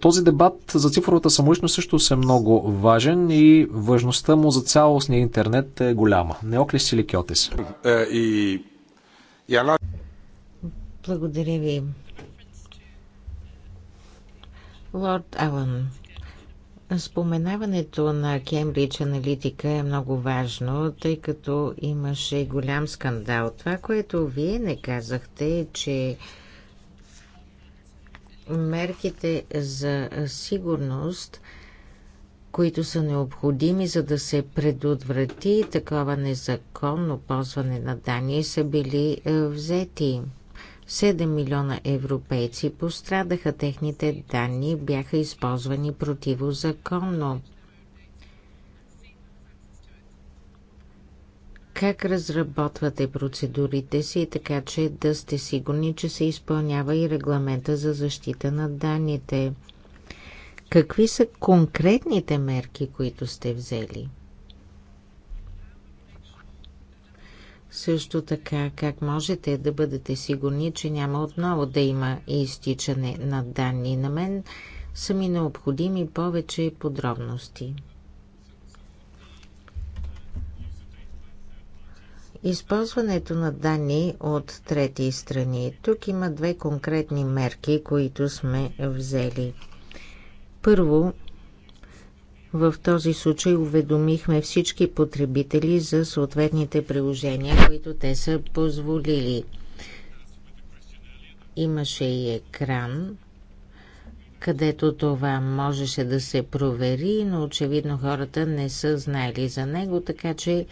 Този дебат за цифровата самоличност също е много важен и важността му за цялостния интернет е голяма. Не си ли Кьотис? Е, Благодаря ви. Лорд Алън Споменаването на Кембридж аналитика е много важно, тъй като имаше голям скандал. Това, което вие не казахте е, че мерките за сигурност, които са необходими за да се предотврати такова незаконно ползване на данни, са били е, взети. 7 милиона европейци пострадаха. Техните данни бяха използвани противозаконно. Как разработвате процедурите си, така че да сте сигурни, че се изпълнява и регламента за защита на данните? Какви са конкретните мерки, които сте взели? Също така, как можете да бъдете сигурни, че няма отново да има изтичане на данни? На мен са ми необходими повече подробности. Използването на данни от трети страни. Тук има две конкретни мерки, които сме взели. Първо, в този случай уведомихме всички потребители за съответните приложения, които те са позволили. Имаше и екран, където това можеше да се провери, но очевидно хората не са знаели за него, така че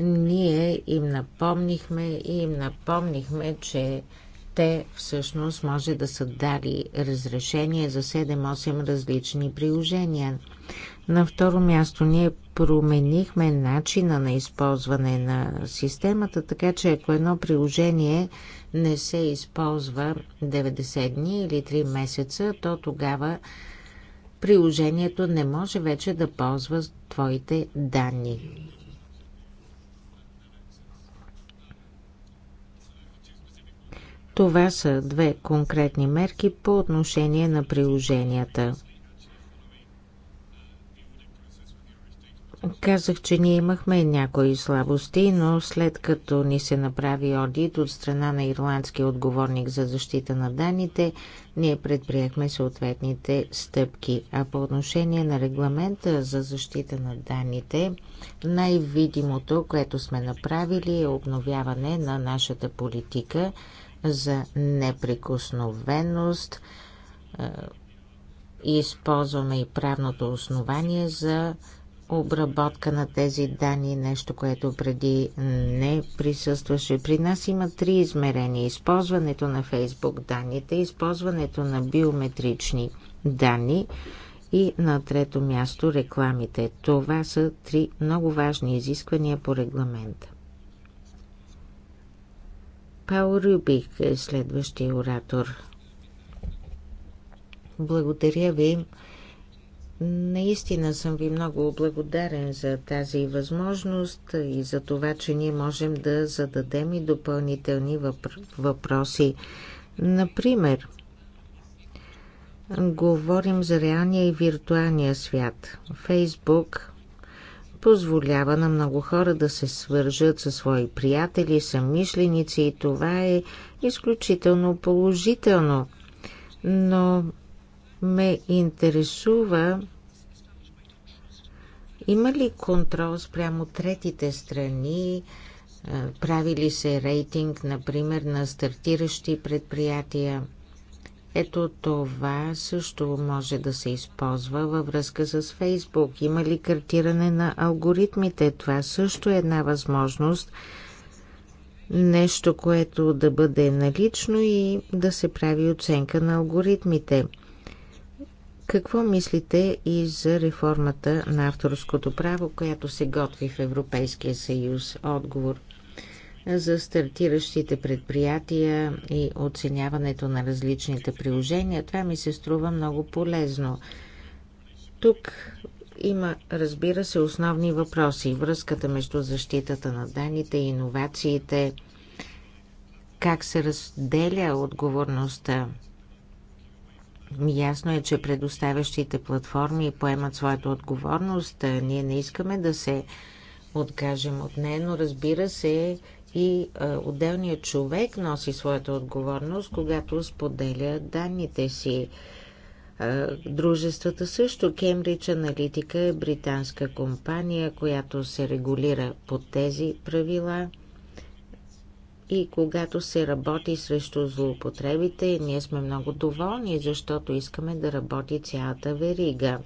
ние им напомнихме и им напомнихме, че те всъщност може да са дали разрешение за 7-8 различни приложения. На второ място, ние променихме начина на използване на системата, така че ако едно приложение не се използва 90 дни или 3 месеца, то тогава приложението не може вече да ползва твоите данни. Това са две конкретни мерки по отношение на приложенията – Казах, че ние имахме някои слабости, но след като ни се направи одит от страна на ирландския отговорник за защита на данните, ние предприехме съответните стъпки. А по отношение на регламента за защита на данните, най-видимото, което сме направили е обновяване на нашата политика за неприкосновеност. Е, използваме и правното основание за обработка на тези данни, нещо, което преди не присъстваше. При нас има три измерения. Използването на Фейсбук данните, използването на биометрични данни и на трето място рекламите. Това са три много важни изисквания по регламента. Пао Рюбих е следващия оратор. Благодаря ви. Наистина съм ви много благодарен за тази възможност и за това, че ние можем да зададем и допълнителни въпроси. Например, говорим за реалния и виртуалния свят. Фейсбук позволява на много хора да се свържат със свои приятели, съмишленици и това е изключително положително. Но ме интересува има ли контрол спрямо третите страни? Е, прави ли се рейтинг, например, на стартиращи предприятия? Ето това също може да се използва във връзка с Фейсбук. Има ли картиране на алгоритмите? Това също е една възможност. Нещо, което да бъде налично и да се прави оценка на алгоритмите – какво мислите и за реформата на авторското право, която се готви в Европейския съюз? Отговор за стартиращите предприятия и оценяването на различните приложения. Това ми се струва много полезно. Тук има, разбира се, основни въпроси. Връзката между защитата на данните и иновациите, как се разделя отговорността Ясно е, че предоставящите платформи поемат своята отговорност. Е, ние не искаме да се откажем от нея, но разбира се и е, отделният човек носи своята отговорност, когато споделя данните си. Е, дружествата също. Кембридж Аналитика е британска компания, която се регулира по тези правила. И когато се работи срещу злоупотребите, ние сме много доволни, защото искаме да работи цялата верига.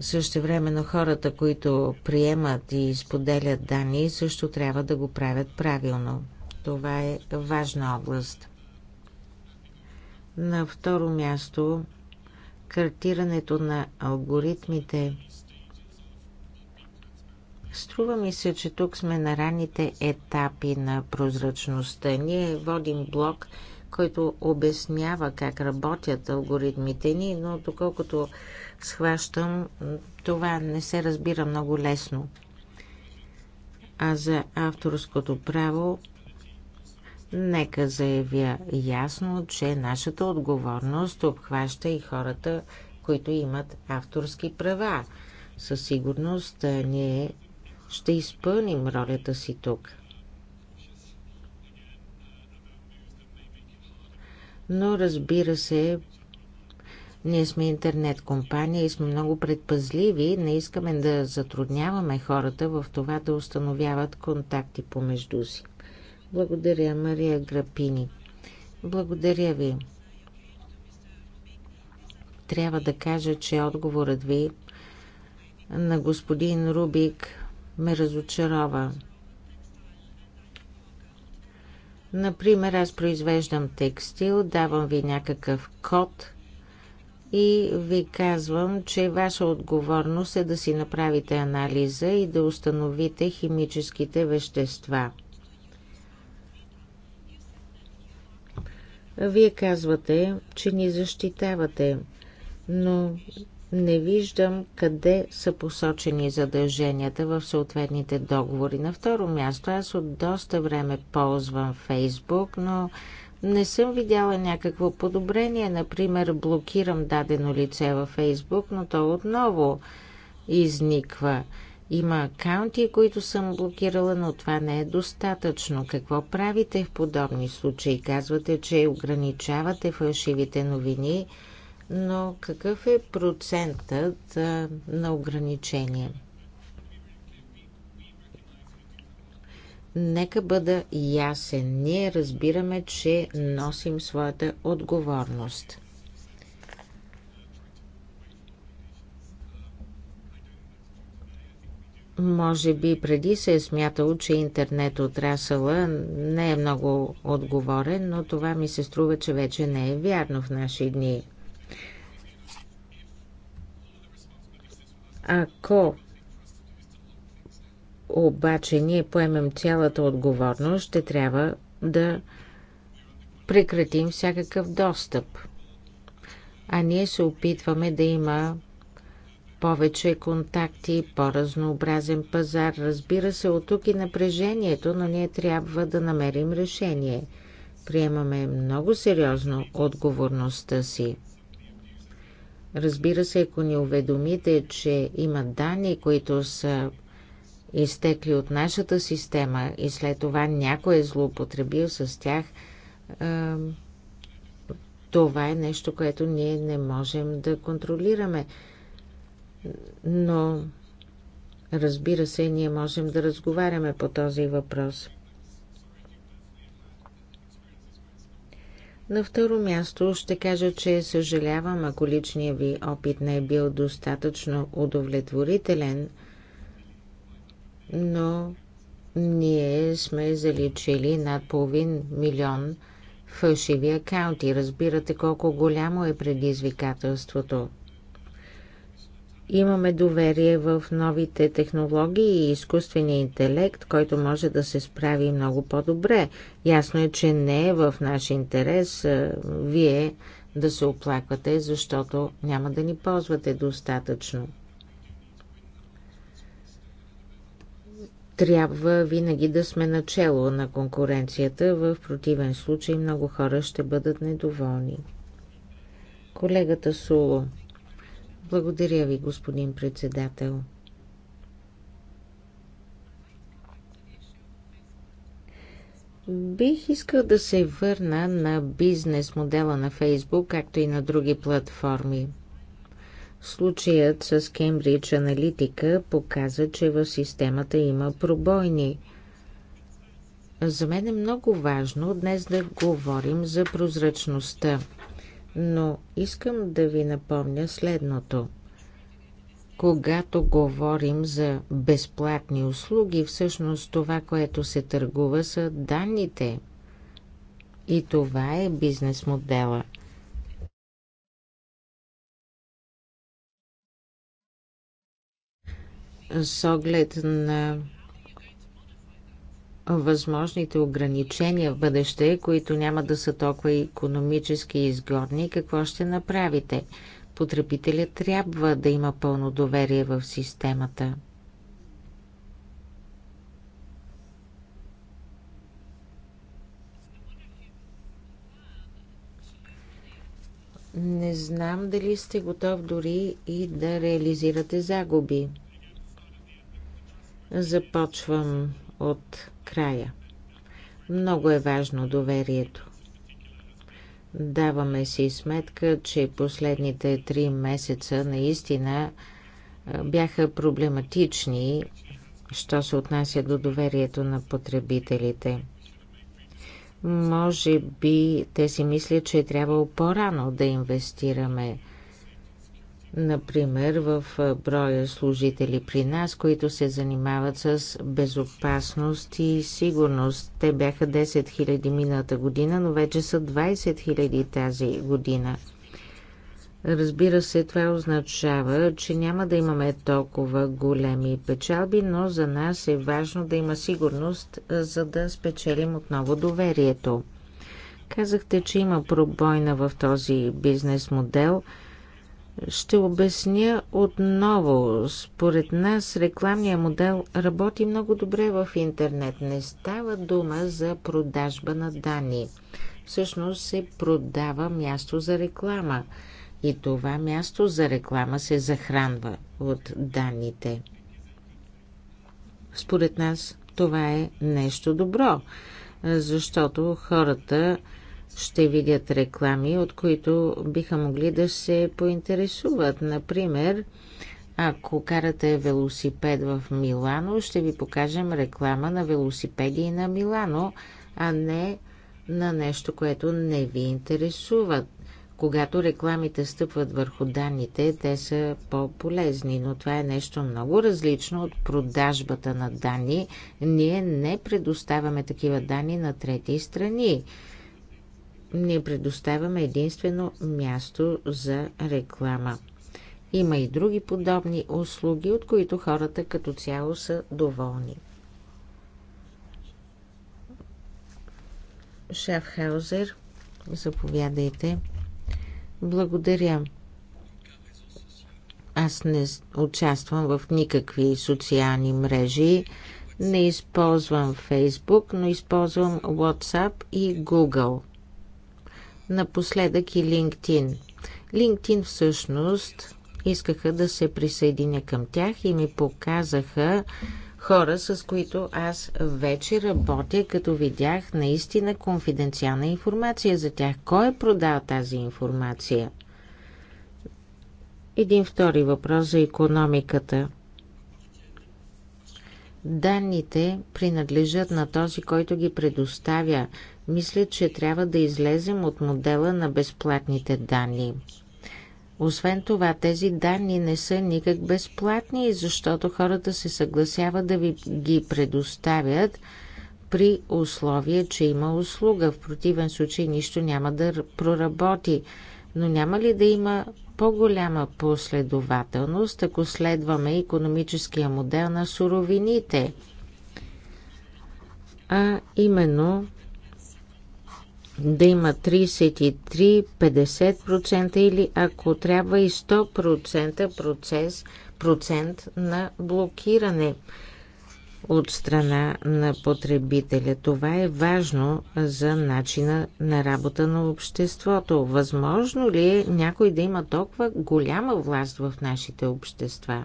Също времено хората, които приемат и споделят данни, също трябва да го правят правилно. Това е важна област. На второ място, картирането на алгоритмите – Струва ми се, че тук сме на ранните етапи на прозрачността. Ние водим блок, който обяснява как работят алгоритмите ни, но доколкото схващам, това не се разбира много лесно. А за авторското право, нека заявя ясно, че нашата отговорност обхваща и хората, които имат авторски права. Със сигурност ние ще изпълним ролята си тук. Но разбира се, ние сме интернет компания и сме много предпазливи. Не искаме да затрудняваме хората в това да установяват контакти помежду си. Благодаря, Мария Грапини. Благодаря ви. Трябва да кажа, че отговорът ви на господин Рубик ме разочарова. Например, аз произвеждам текстил, давам ви някакъв код и ви казвам, че ваша отговорност е да си направите анализа и да установите химическите вещества. Вие казвате, че ни защитавате, но не виждам къде са посочени задълженията в съответните договори. На второ място, аз от доста време ползвам Фейсбук, но не съм видяла някакво подобрение. Например, блокирам дадено лице във Фейсбук, но то отново изниква. Има акаунти, които съм блокирала, но това не е достатъчно. Какво правите в подобни случаи? Казвате, че ограничавате фалшивите новини – но какъв е процентът на ограничение? Нека бъда ясен. Ние разбираме, че носим своята отговорност. Може би преди се е смятало, че интернет отрасъла не е много отговорен, но това ми се струва, че вече не е вярно в наши дни. Ако обаче ние поемем цялата отговорност, ще трябва да прекратим всякакъв достъп. А ние се опитваме да има повече контакти, по-разнообразен пазар. Разбира се, от тук и напрежението, но ние трябва да намерим решение. Приемаме много сериозно отговорността си. Разбира се, ако ни уведомите, че има данни, които са изтекли от нашата система и след това някой е злоупотребил с тях, това е нещо, което ние не можем да контролираме. Но, разбира се, ние можем да разговаряме по този въпрос. На второ място ще кажа, че съжалявам, ако личният ви опит не е бил достатъчно удовлетворителен, но ние сме заличили над половин милион фалшиви акаунти. Разбирате колко голямо е предизвикателството – Имаме доверие в новите технологии и изкуствения интелект, който може да се справи много по-добре. Ясно е, че не е в наш интерес вие да се оплаквате, защото няма да ни ползвате достатъчно. Трябва винаги да сме начало на конкуренцията, в противен случай много хора ще бъдат недоволни. Колегата Суло. Благодаря ви, господин председател. Бих искал да се върна на бизнес модела на Фейсбук, както и на други платформи. Случаят с Кембридж Аналитика показа, че в системата има пробойни. За мен е много важно днес да говорим за прозрачността но искам да ви напомня следното. Когато говорим за безплатни услуги, всъщност това, което се търгува са данните. И това е бизнес модела. С оглед на възможните ограничения в бъдеще, които няма да са толкова економически изгодни, какво ще направите? Потребителят трябва да има пълно доверие в системата. Не знам дали сте готов дори и да реализирате загуби. Започвам от края. Много е важно доверието. Даваме си сметка, че последните три месеца наистина бяха проблематични, що се отнася до доверието на потребителите. Може би те си мислят, че е трябвало по-рано да инвестираме – Например, в броя служители при нас, които се занимават с безопасност и сигурност. Те бяха 10 000 миналата година, но вече са 20 000 тази година. Разбира се, това означава, че няма да имаме толкова големи печалби, но за нас е важно да има сигурност, за да спечелим отново доверието. Казахте, че има пробойна в този бизнес модел – ще обясня отново. Според нас рекламният модел работи много добре в интернет. Не става дума за продажба на данни. Всъщност се продава място за реклама. И това място за реклама се захранва от данните. Според нас това е нещо добро, защото хората ще видят реклами, от които биха могли да се поинтересуват. Например, ако карате велосипед в Милано, ще ви покажем реклама на велосипеди на Милано, а не на нещо, което не ви интересува. Когато рекламите стъпват върху данните, те са по-полезни, но това е нещо много различно от продажбата на данни. Ние не предоставяме такива данни на трети страни не предоставяме единствено място за реклама. Има и други подобни услуги, от които хората като цяло са доволни. Шафхаузер, заповядайте. Благодаря. Аз не участвам в никакви социални мрежи. Не използвам Facebook, но използвам WhatsApp и Google напоследък и LinkedIn. LinkedIn всъщност искаха да се присъединя към тях и ми показаха хора, с които аз вече работя, като видях наистина конфиденциална информация за тях. Кой е продал тази информация? Един втори въпрос за економиката. Данните принадлежат на този, който ги предоставя. Мисля, че трябва да излезем от модела на безплатните данни. Освен това, тези данни не са никак безплатни, защото хората се съгласяват да ви ги предоставят при условие, че има услуга. В противен случай нищо няма да проработи. Но няма ли да има по-голяма последователност, ако следваме економическия модел на суровините? А именно да има 33, 50% или ако трябва и 100% процес, процент на блокиране от страна на потребителя. Това е важно за начина на работа на обществото. Възможно ли е някой да има толкова голяма власт в нашите общества?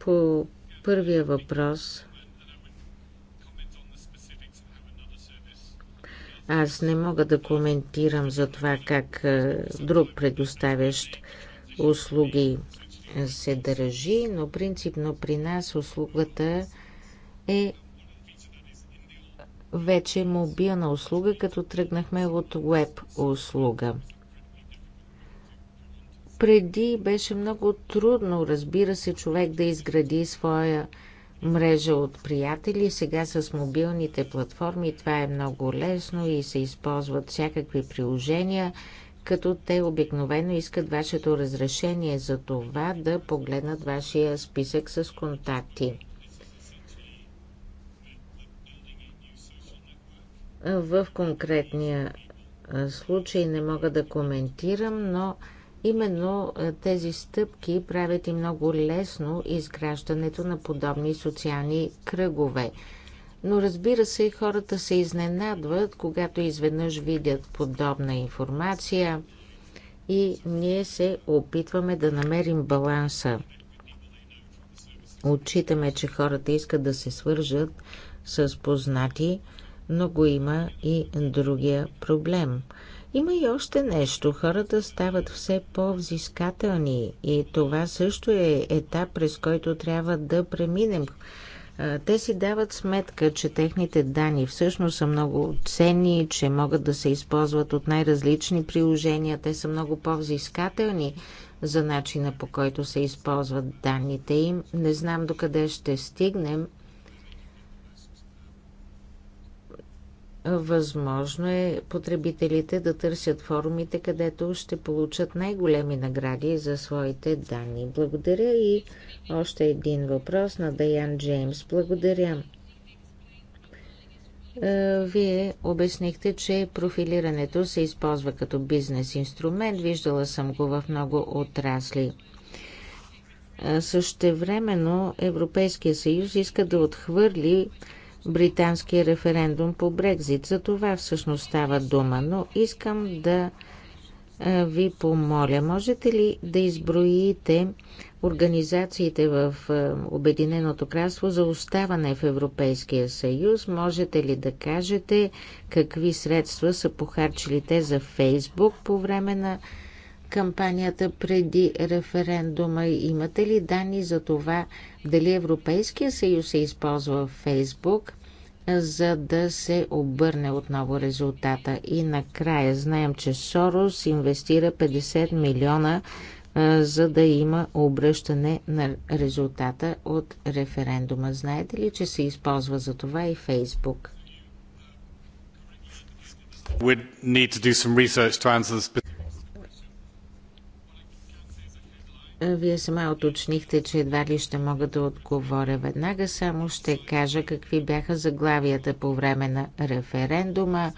По първия въпрос Аз не мога да коментирам за това как е, друг предоставящ услуги се държи, но принципно при нас услугата е вече мобилна услуга, като тръгнахме от веб услуга. Преди беше много трудно, разбира се, човек да изгради своя мрежа от приятели. Сега с мобилните платформи това е много лесно и се използват всякакви приложения, като те обикновено искат вашето разрешение за това да погледнат вашия списък с контакти. В конкретния случай не мога да коментирам, но Именно е, тези стъпки правят и много лесно изграждането на подобни социални кръгове. Но разбира се, хората се изненадват, когато изведнъж видят подобна информация и ние се опитваме да намерим баланса. Отчитаме, че хората искат да се свържат с познати, но го има и другия проблем – има и още нещо. Хората стават все по-взискателни и това също е етап, през който трябва да преминем. Те си дават сметка, че техните данни всъщност са много ценни, че могат да се използват от най-различни приложения. Те са много по-взискателни за начина по който се използват данните им. Не знам докъде ще стигнем, Възможно е потребителите да търсят форумите, където ще получат най-големи награди за своите данни. Благодаря и още един въпрос на Даян Джеймс. Благодаря. Е, вие обяснихте, че профилирането се използва като бизнес инструмент. Виждала съм го в много отрасли. Е, същевременно Европейския съюз иска да отхвърли британския референдум по Брекзит. За това всъщност става дума, но искам да ви помоля, можете ли да изброите организациите в Обединеното кралство за оставане в Европейския съюз? Можете ли да кажете какви средства са похарчили те за Фейсбук по време на кампанията преди референдума? Имате ли данни за това дали Европейския съюз е използвал Фейсбук за да се обърне отново резултата. И накрая знаем, че Сорос инвестира 50 милиона за да има обръщане на резултата от референдума. Знаете ли, че се използва за това и Фейсбук? Вие сама уточнихте, че едва ли ще мога да отговоря веднага, само ще кажа какви бяха заглавията по време на референдума.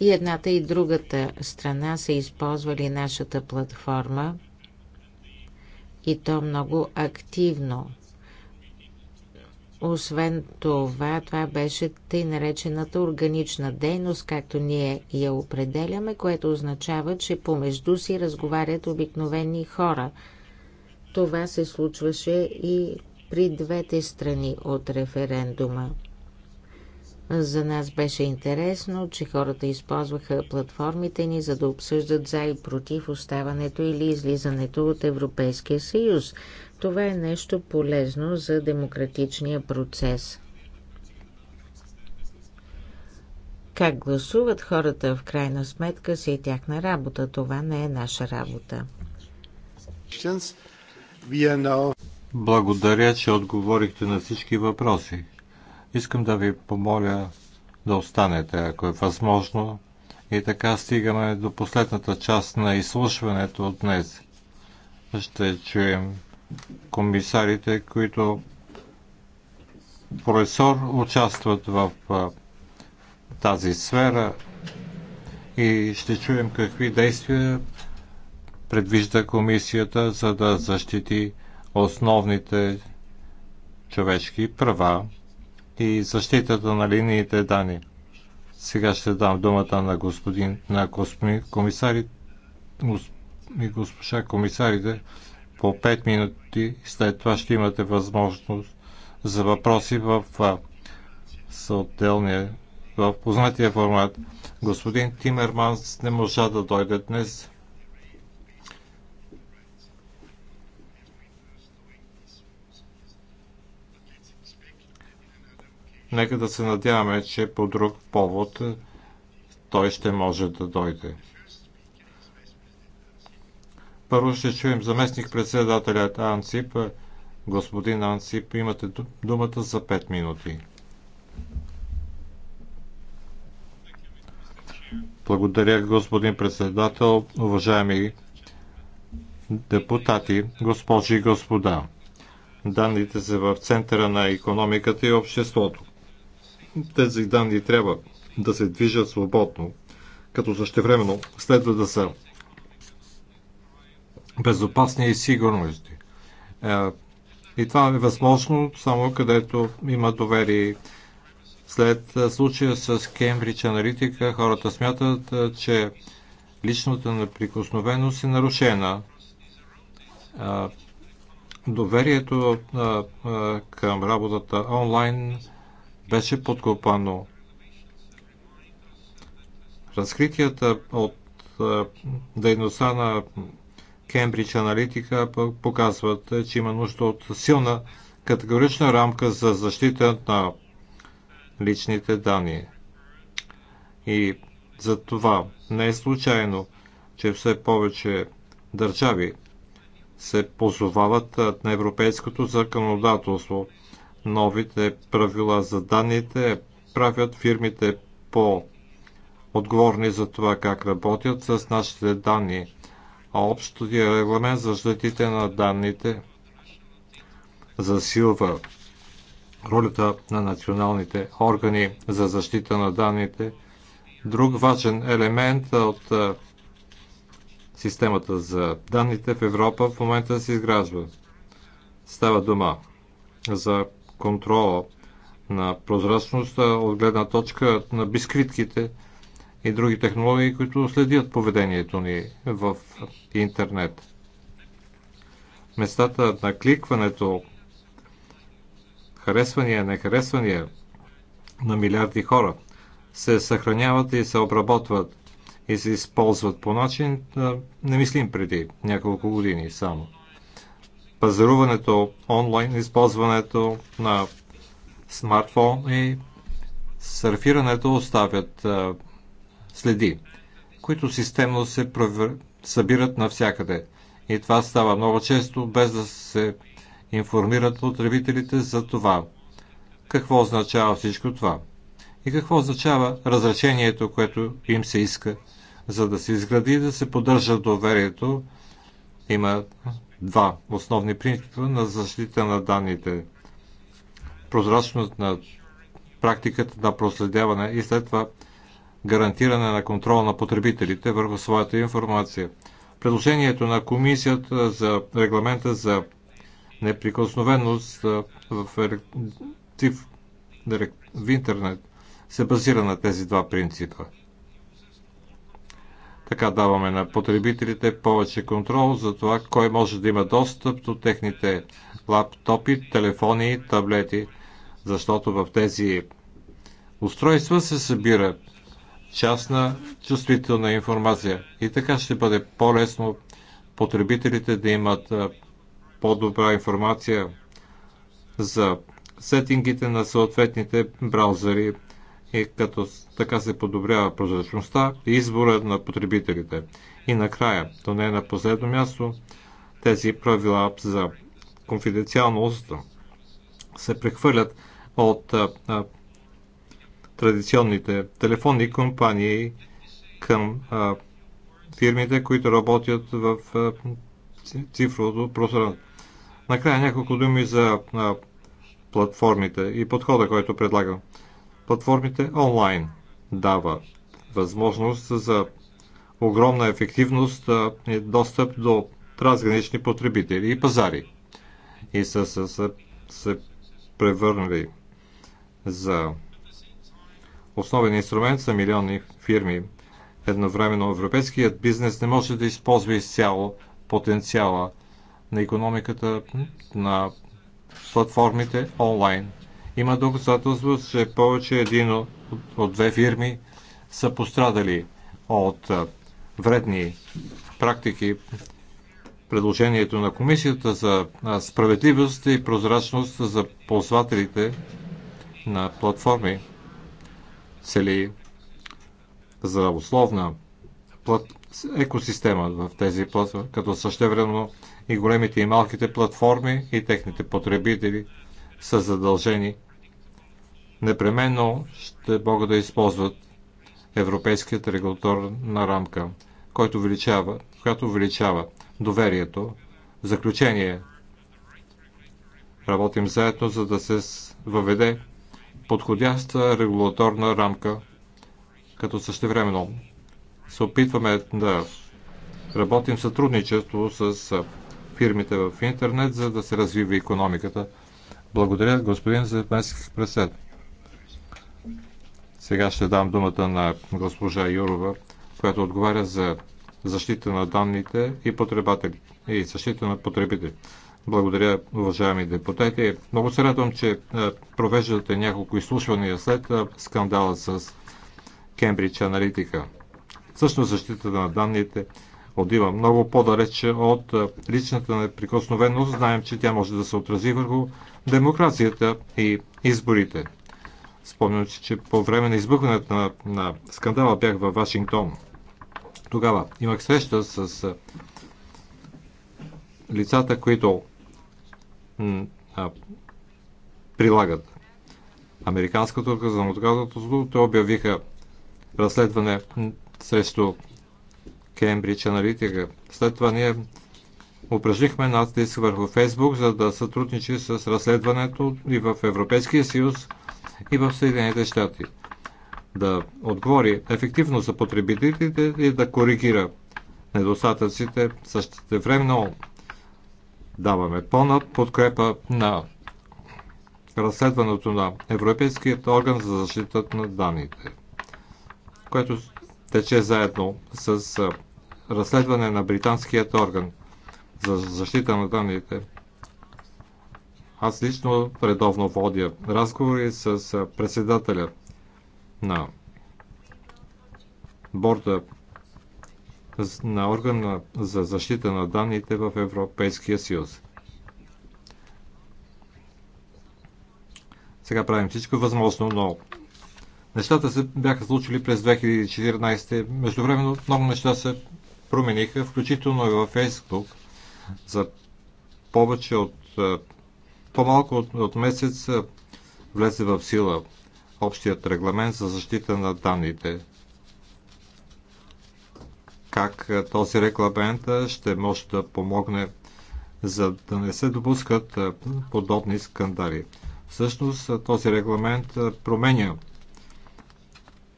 И едната и другата страна са използвали нашата платформа и то много активно. Освен това, това беше тъй наречената органична дейност, както ние я определяме, което означава, че помежду си разговарят обикновени хора – това се случваше и при двете страни от референдума. За нас беше интересно, че хората използваха платформите ни, за да обсъждат за и против оставането или излизането от Европейския съюз. Това е нещо полезно за демократичния процес. Как гласуват хората в крайна сметка си и е тяхна работа. Това не е наша работа. Благодаря, че отговорихте на всички въпроси. Искам да ви помоля да останете, ако е възможно. И така стигаме до последната част на изслушването от днес. Ще чуем комисарите, които професор участват в тази сфера и ще чуем какви действия предвижда комисията, за да защити основните човешки права и защитата на линиите данни. Сега ще дам думата на господин, на господин комисари и госпожа комисарите по 5 минути. След това ще имате възможност за въпроси в съотделния в познатия формат. Господин Тимерманс не можа да дойде днес. Нека да се надяваме, че по друг повод той ще може да дойде. Първо ще чуем заместник председателят Ансип. Господин Ансип, имате думата за 5 минути. Благодаря, господин председател, уважаеми депутати, госпожи и господа. Данните са в центъра на економиката и обществото. Тези данни трябва да се движат свободно, като същевременно следва да са безопасни и сигурности. Е, и това е възможно само където има доверие. След е, случая с Кембридж Аналитика хората смятат, е, че личната неприкосновеност е нарушена. Доверието към работата онлайн беше подкопано. Разкритията от дейността на Кембридж Аналитика показват, че има нужда от силна категорична рамка за защита на личните данни. И за това не е случайно, че все повече държави се позовават на европейското законодателство – Новите правила за данните правят фирмите по отговорни за това как работят с нашите данни, а общия регламент за защитите на данните засилва ролята на националните органи за защита на данните. Друг важен елемент от системата за данните в Европа в момента се изгражда. Става дума за контрола на прозрачността от гледна точка на бисквитките и други технологии, които следят поведението ни в интернет. Местата на кликването, харесвания, нехаресвания на милиарди хора се съхраняват и се обработват и се използват по начин не мислим преди няколко години само пазаруването онлайн, използването на смартфон и сърфирането оставят а, следи, които системно се провер... събират навсякъде. И това става много често, без да се информират потребителите за това. Какво означава всичко това? И какво означава разрешението, което им се иска, за да се изгради и да се поддържа доверието? Има два основни принципа на защита на данните. Прозрачност на практиката на проследяване и след това гарантиране на контрол на потребителите върху своята информация. Предложението на комисията за регламента за неприкосновеност в, в интернет се базира на тези два принципа. Така даваме на потребителите повече контрол за това кой може да има достъп до техните лаптопи, телефони, таблети, защото в тези устройства се събира частна чувствителна информация и така ще бъде по-лесно потребителите да имат по-добра информация за сетингите на съответните браузъри и е като така се подобрява прозрачността и избора на потребителите. И накрая, то не е на последно място, тези правила за конфиденциалност се прехвърлят от а, а, традиционните телефонни компании към а, фирмите, които работят в а, цифровото пространство. Накрая няколко думи за а, платформите и подхода, който предлагам платформите онлайн дава възможност за огромна ефективност и достъп до трансгранични потребители и пазари. И са, се превърнали за основен инструмент за милиони фирми. Едновременно европейският бизнес не може да използва изцяло потенциала на економиката на платформите онлайн. Има доказателство, че повече един от, от две фирми са пострадали от вредни практики. Предложението на Комисията за справедливост и прозрачност за ползвателите на платформи цели за условна плат... екосистема в тези платформи, като същевременно и големите и малките платформи и техните потребители – са задължени, непременно ще могат да използват Европейският регулаторна рамка, който увеличава, която увеличава доверието. заключение, работим заедно, за да се въведе подходяща регулаторна рамка, като същевременно се опитваме да работим сътрудничество с фирмите в интернет, за да се развива економиката благодаря, господин заместник председател. Сега ще дам думата на госпожа Юрова, която отговаря за защита на данните и и защита на потребители. Благодаря, уважаеми депутати. Много се радвам, че е, провеждате няколко изслушвания след е, скандала с Кембридж Аналитика. Също защита на данните отива много по-далече от е, личната неприкосновеност. Знаем, че тя може да се отрази върху демокрацията и изборите. Спомням, че, че по време на избухването на, на скандала бях във Вашингтон. Тогава имах среща с лицата, които а, прилагат американското законодателство. Те обявиха разследване срещу Кембридж аналитика. След това ние упражнихме натиск върху Фейсбук, за да сътрудничи с разследването и в Европейския съюз, и в Съединените щати. Да отговори ефективно за потребителите и да коригира недостатъците. Същевременно даваме пълна подкрепа на разследването на Европейският орган за защита на данните, което тече заедно с разследване на британският орган за защита на данните. Аз лично редовно водя разговори с председателя на борда на органа за защита на данните в Европейския съюз. Сега правим всичко възможно, но нещата се бяха случили през 2014. Междувременно много неща се промениха, включително и във Фейсбук – за повече от е, по-малко от, от месец е, влезе в сила общият регламент за защита на данните. Как е, този регламент ще може да помогне за да не се допускат подобни скандали. Всъщност този регламент променя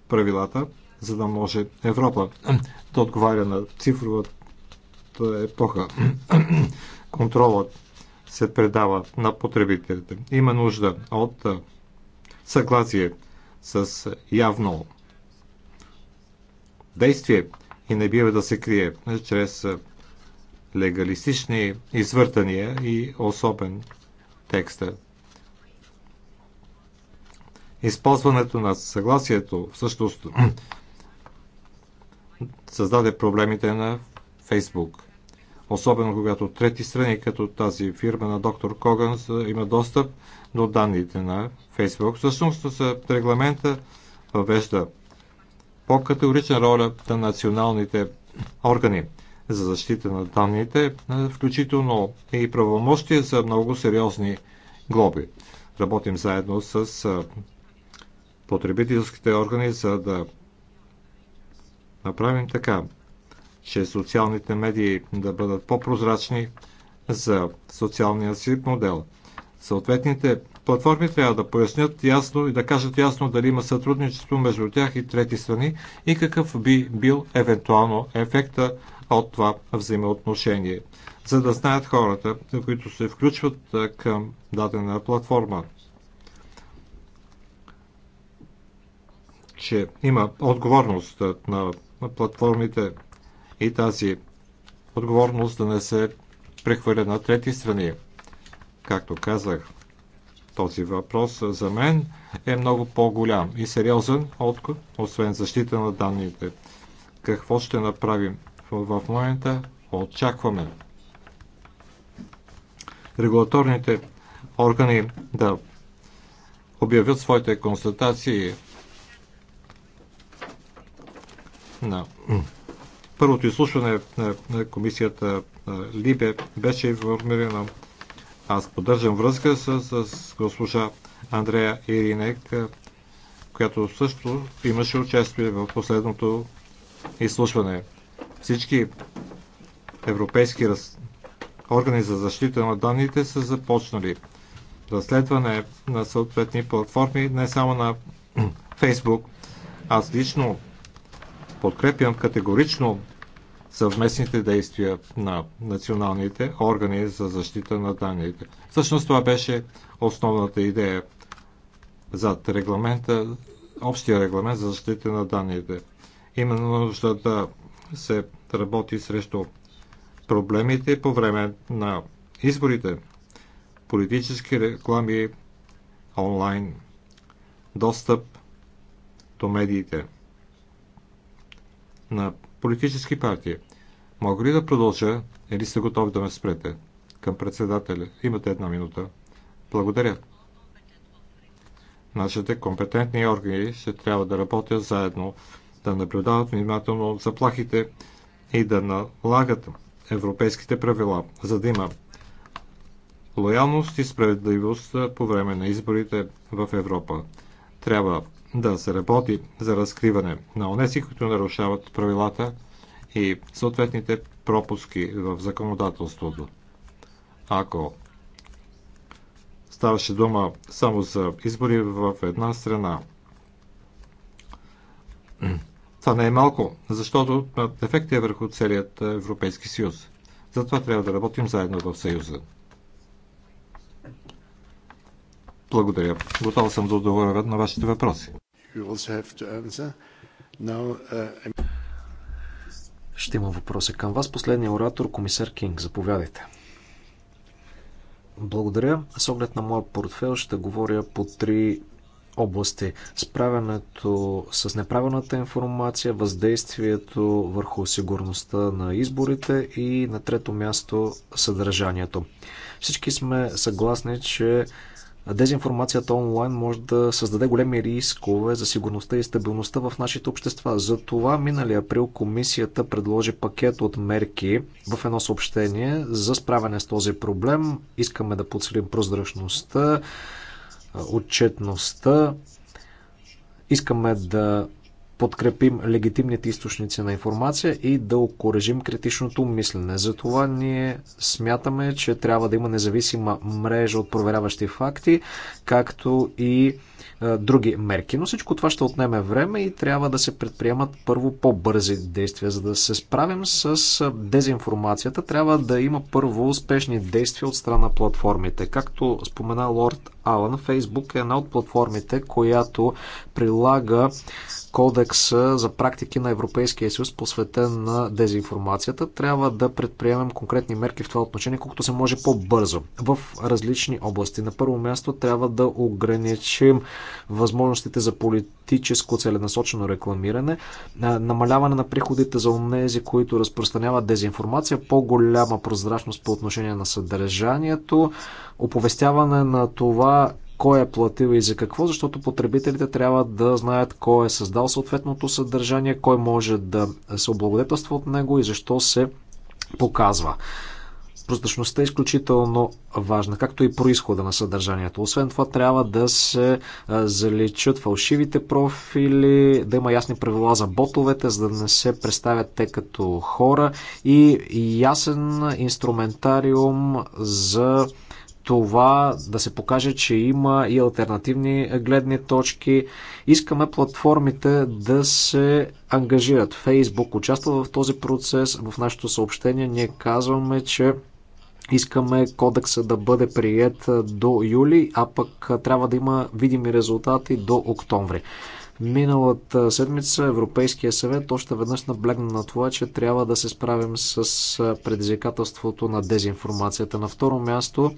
правилата, за да може Европа да отговаря на цифровата е, епоха. Контролът се предава на потребителите. Има нужда от е, съгласие с е, явно действие и не бива да се крие чрез легалистични извъртания и особен текст. Използването на съгласието всъщност създаде проблемите на Фейсбук особено когато трети страни, като тази фирма на доктор Коган, има достъп до данните на Фейсбук. Всъщност с регламента въвежда по-категорична роля на националните органи за защита на данните, включително и правомощия за много сериозни глоби. Работим заедно с потребителските органи, за да направим така, чрез социалните медии да бъдат по-прозрачни за социалния си модел. Съответните платформи трябва да пояснят ясно и да кажат ясно дали има сътрудничество между тях и трети страни и какъв би бил евентуално ефекта от това взаимоотношение, за да знаят хората, които се включват към дадена платформа. че има отговорност на платформите и тази отговорност да не се прехвърля на трети страни. Както казах, този въпрос за мен е много по-голям и сериозен, от, освен защита на данните. Какво ще направим в момента? Очакваме регулаторните органи да обявят своите констатации на първото изслушване на комисията Либе беше информирана. Аз поддържам връзка с, с госпожа Андрея Иринек, която също имаше участие в последното изслушване. Всички европейски раз... органи за защита на данните са започнали разследване на съответни платформи, не само на Фейсбук. Аз лично Подкрепям категорично съвместните действия на националните органи за защита на данните. Всъщност това беше основната идея зад регламента, общия регламент за защита на данните. Именно нужда да се работи срещу проблемите по време на изборите, политически реклами онлайн, достъп до медиите на политически партии. Мога ли да продължа или сте готови да ме спрете? Към председателя. Имате една минута. Благодаря. Нашите компетентни органи ще трябва да работят заедно, да наблюдават внимателно заплахите и да налагат европейските правила, за да има лоялност и справедливост по време на изборите в Европа. Трябва да се работи за разкриване на онези, които нарушават правилата и съответните пропуски в законодателството. Ако ставаше дума само за избори в една страна, това не е малко, защото ефектът е върху целият Европейски съюз. Затова трябва да работим заедно в съюза. Благодаря. Готов съм да отговоря на вашите въпроси you also have to answer. Now, uh, ще има въпроси към вас. Последния оратор, комисар Кинг, заповядайте. Благодаря. С оглед на моя портфел ще говоря по три области. Справянето с неправилната информация, въздействието върху сигурността на изборите и на трето място съдържанието. Всички сме съгласни, че Дезинформацията онлайн може да създаде големи рискове за сигурността и стабилността в нашите общества. Затова миналия април комисията предложи пакет от мерки в едно съобщение за справяне с този проблем. Искаме да подсилим прозрачността, отчетността. Искаме да подкрепим легитимните източници на информация и да окоръжим критичното мислене. Затова ние смятаме, че трябва да има независима мрежа от проверяващи факти, както и е, други мерки. Но всичко това ще отнеме време и трябва да се предприемат първо по-бързи действия. За да се справим с е, дезинформацията, трябва да има първо успешни действия от страна платформите. Както спомена Лорд Алън, Фейсбук е една от платформите, която прилага кодекса за практики на Европейския съюз, посветен на дезинформацията. Трябва да предприемем конкретни мерки в това отношение, колкото се може по-бързо в различни области. На първо място трябва да ограничим възможностите за политическо целенасочено рекламиране, намаляване на приходите за онези, които разпространяват дезинформация, по-голяма прозрачност по отношение на съдържанието, оповестяване на това кой е платил и за какво, защото потребителите трябва да знаят кой е създал съответното съдържание, кой може да се облагодетелства от него и защо се показва Прозрачността е изключително важна, както и происхода на съдържанието. Освен това, трябва да се заличат фалшивите профили, да има ясни правила за ботовете, за да не се представят те като хора и ясен инструментариум за това да се покаже, че има и альтернативни гледни точки. Искаме платформите да се ангажират. Фейсбук участва в този процес. В нашето съобщение ние казваме, че Искаме кодекса да бъде прият до юли, а пък трябва да има видими резултати до октомври. Миналата седмица Европейския съвет още веднъж наблегна на това, че трябва да се справим с предизвикателството на дезинформацията. На второ място,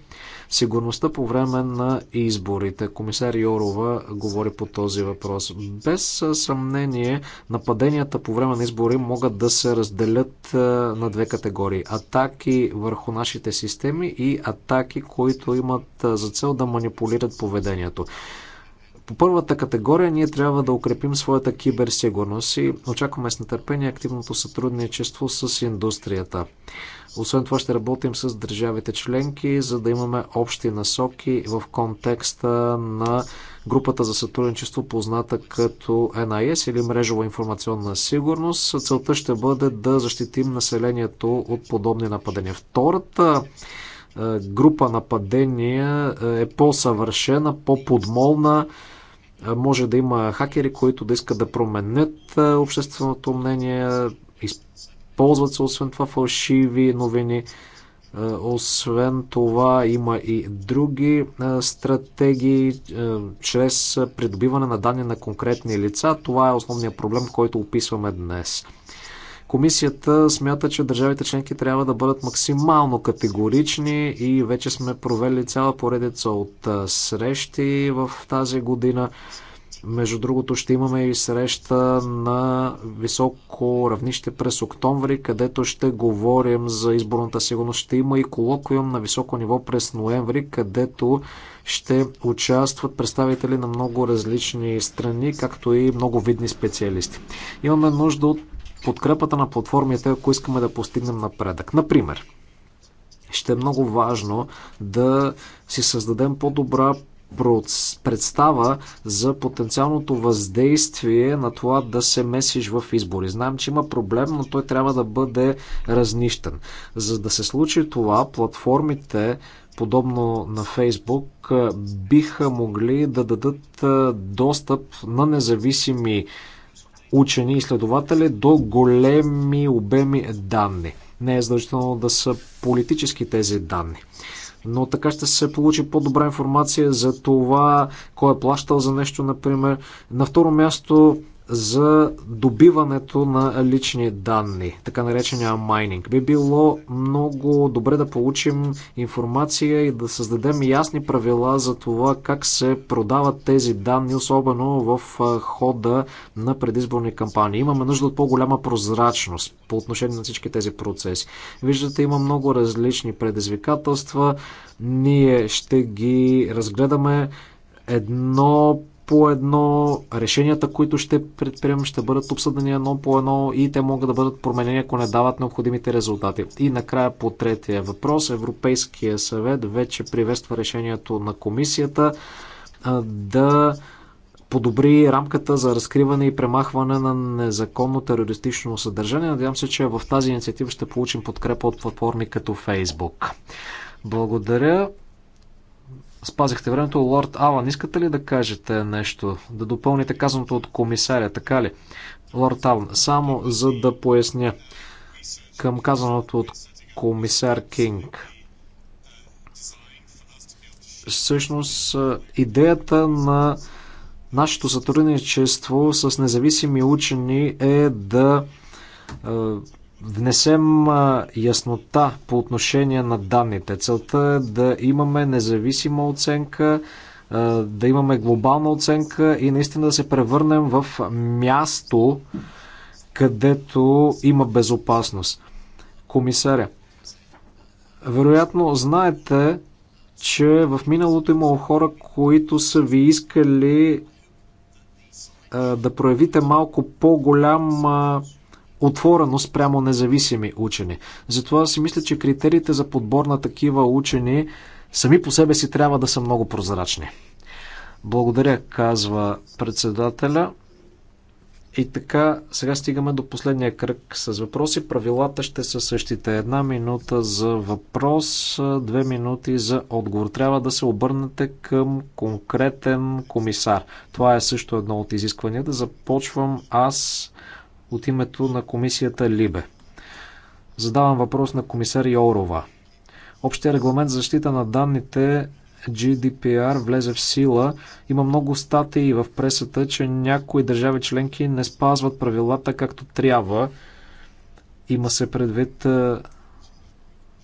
сигурността по време на изборите. Комисар Йорова говори по този въпрос. Без съмнение, нападенията по време на избори могат да се разделят на две категории. Атаки върху нашите системи и атаки, които имат за цел да манипулират поведението. По първата категория ние трябва да укрепим своята киберсигурност и очакваме с нетърпение активното сътрудничество с индустрията. Освен това ще работим с държавите членки, за да имаме общи насоки в контекста на групата за сътрудничество, позната като NIS или мрежова информационна сигурност. Целта ще бъде да защитим населението от подобни нападения. Втората е, група нападения е, е по-съвършена, по-подмолна. Може да има хакери, които да искат да променят общественото мнение, използват се освен това фалшиви новини. Освен това има и други стратегии чрез придобиване на данни на конкретни лица. Това е основният проблем, който описваме днес. Комисията смята, че държавите членки трябва да бъдат максимално категорични и вече сме провели цяла поредица от срещи в тази година. Между другото ще имаме и среща на високо равнище през октомври, където ще говорим за изборната сигурност. Ще има и колоквиум на високо ниво през ноември, където ще участват представители на много различни страни, както и много видни специалисти. Имаме нужда от подкрепата на платформите, ако искаме да постигнем напредък. Например, ще е много важно да си създадем по-добра представа за потенциалното въздействие на това да се месиш в избори. Знаем, че има проблем, но той трябва да бъде разнищен. За да се случи това, платформите, подобно на Фейсбук, биха могли да дадат достъп на независими учени и изследователи до големи обеми данни. Не е задължително да са политически тези данни. Но така ще се получи по-добра информация за това кой е плащал за нещо, например. На второ място за добиването на лични данни, така наречения майнинг. Би било много добре да получим информация и да създадем ясни правила за това как се продават тези данни, особено в хода на предизборни кампании. Имаме нужда от по-голяма прозрачност по отношение на всички тези процеси. Виждате, има много различни предизвикателства. Ние ще ги разгледаме едно по едно, решенията, които ще предприемем, ще бъдат обсъдени едно по едно и те могат да бъдат променени, ако не дават необходимите резултати. И накрая по третия въпрос, Европейския съвет вече приветства решението на комисията да подобри рамката за разкриване и премахване на незаконно терористично съдържание. Надявам се, че в тази инициатива ще получим подкрепа от платформи като Фейсбук. Благодаря. Спазихте времето. Лорд Алан, искате ли да кажете нещо? Да допълните казаното от комисаря, така ли? Лорд Алан, само за да поясня към казаното от комисар Кинг. Всъщност, идеята на нашето сътрудничество с независими учени е да внесем яснота по отношение на данните. Целта е да имаме независима оценка, да имаме глобална оценка и наистина да се превърнем в място, където има безопасност. Комисаря, вероятно знаете, че в миналото имало хора, които са ви искали да проявите малко по-голяма отворено спрямо независими учени. Затова си мисля, че критериите за подбор на такива учени сами по себе си трябва да са много прозрачни. Благодаря, казва председателя. И така, сега стигаме до последния кръг с въпроси. Правилата ще са същите. Една минута за въпрос, две минути за отговор. Трябва да се обърнете към конкретен комисар. Това е също едно от изискванията. започвам аз от името на комисията Либе. Задавам въпрос на комисар Йорова. Общия регламент за защита на данните GDPR влезе в сила. Има много статии в пресата, че някои държави членки не спазват правилата както трябва. Има се предвид е,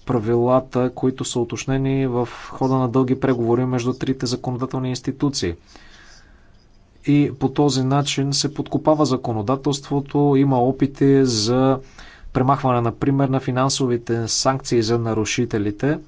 правилата, които са уточнени в хода на дълги преговори между трите законодателни институции и по този начин се подкопава законодателството. Има опити за премахване, например, на финансовите санкции за нарушителите.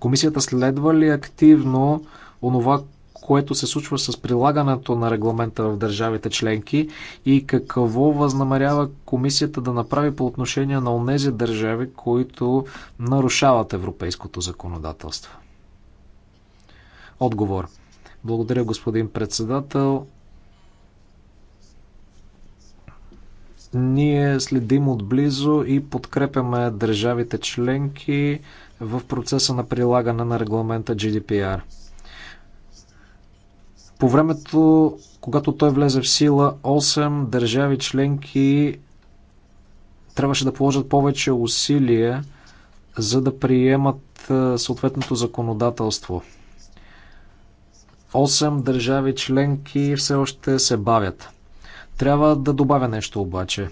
Комисията следва ли активно онова, което се случва с прилагането на регламента в държавите членки и какво възнамерява комисията да направи по отношение на онези държави, които нарушават европейското законодателство? Отговор. Благодаря, господин председател. Ние следим отблизо и подкрепяме държавите членки в процеса на прилагане на регламента GDPR. По времето, когато той влезе в сила, 8 държави членки трябваше да положат повече усилия, за да приемат съответното законодателство 8 държави членки все още се бавят. Трябва да добавя нещо обаче.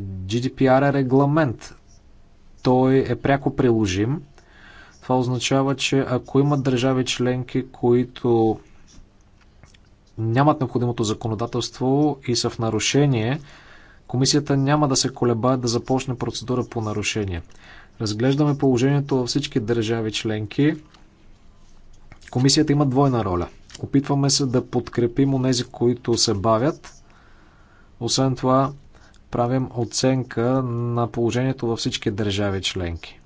GDPR е регламент. Той е пряко приложим. Това означава, че ако има държави членки, които нямат необходимото законодателство и са в нарушение, комисията няма да се колебае да започне процедура по нарушение. Разглеждаме положението във всички държави членки. Комисията има двойна роля – Опитваме се да подкрепим онези, които се бавят. Освен това, правим оценка на положението във всички държави членки.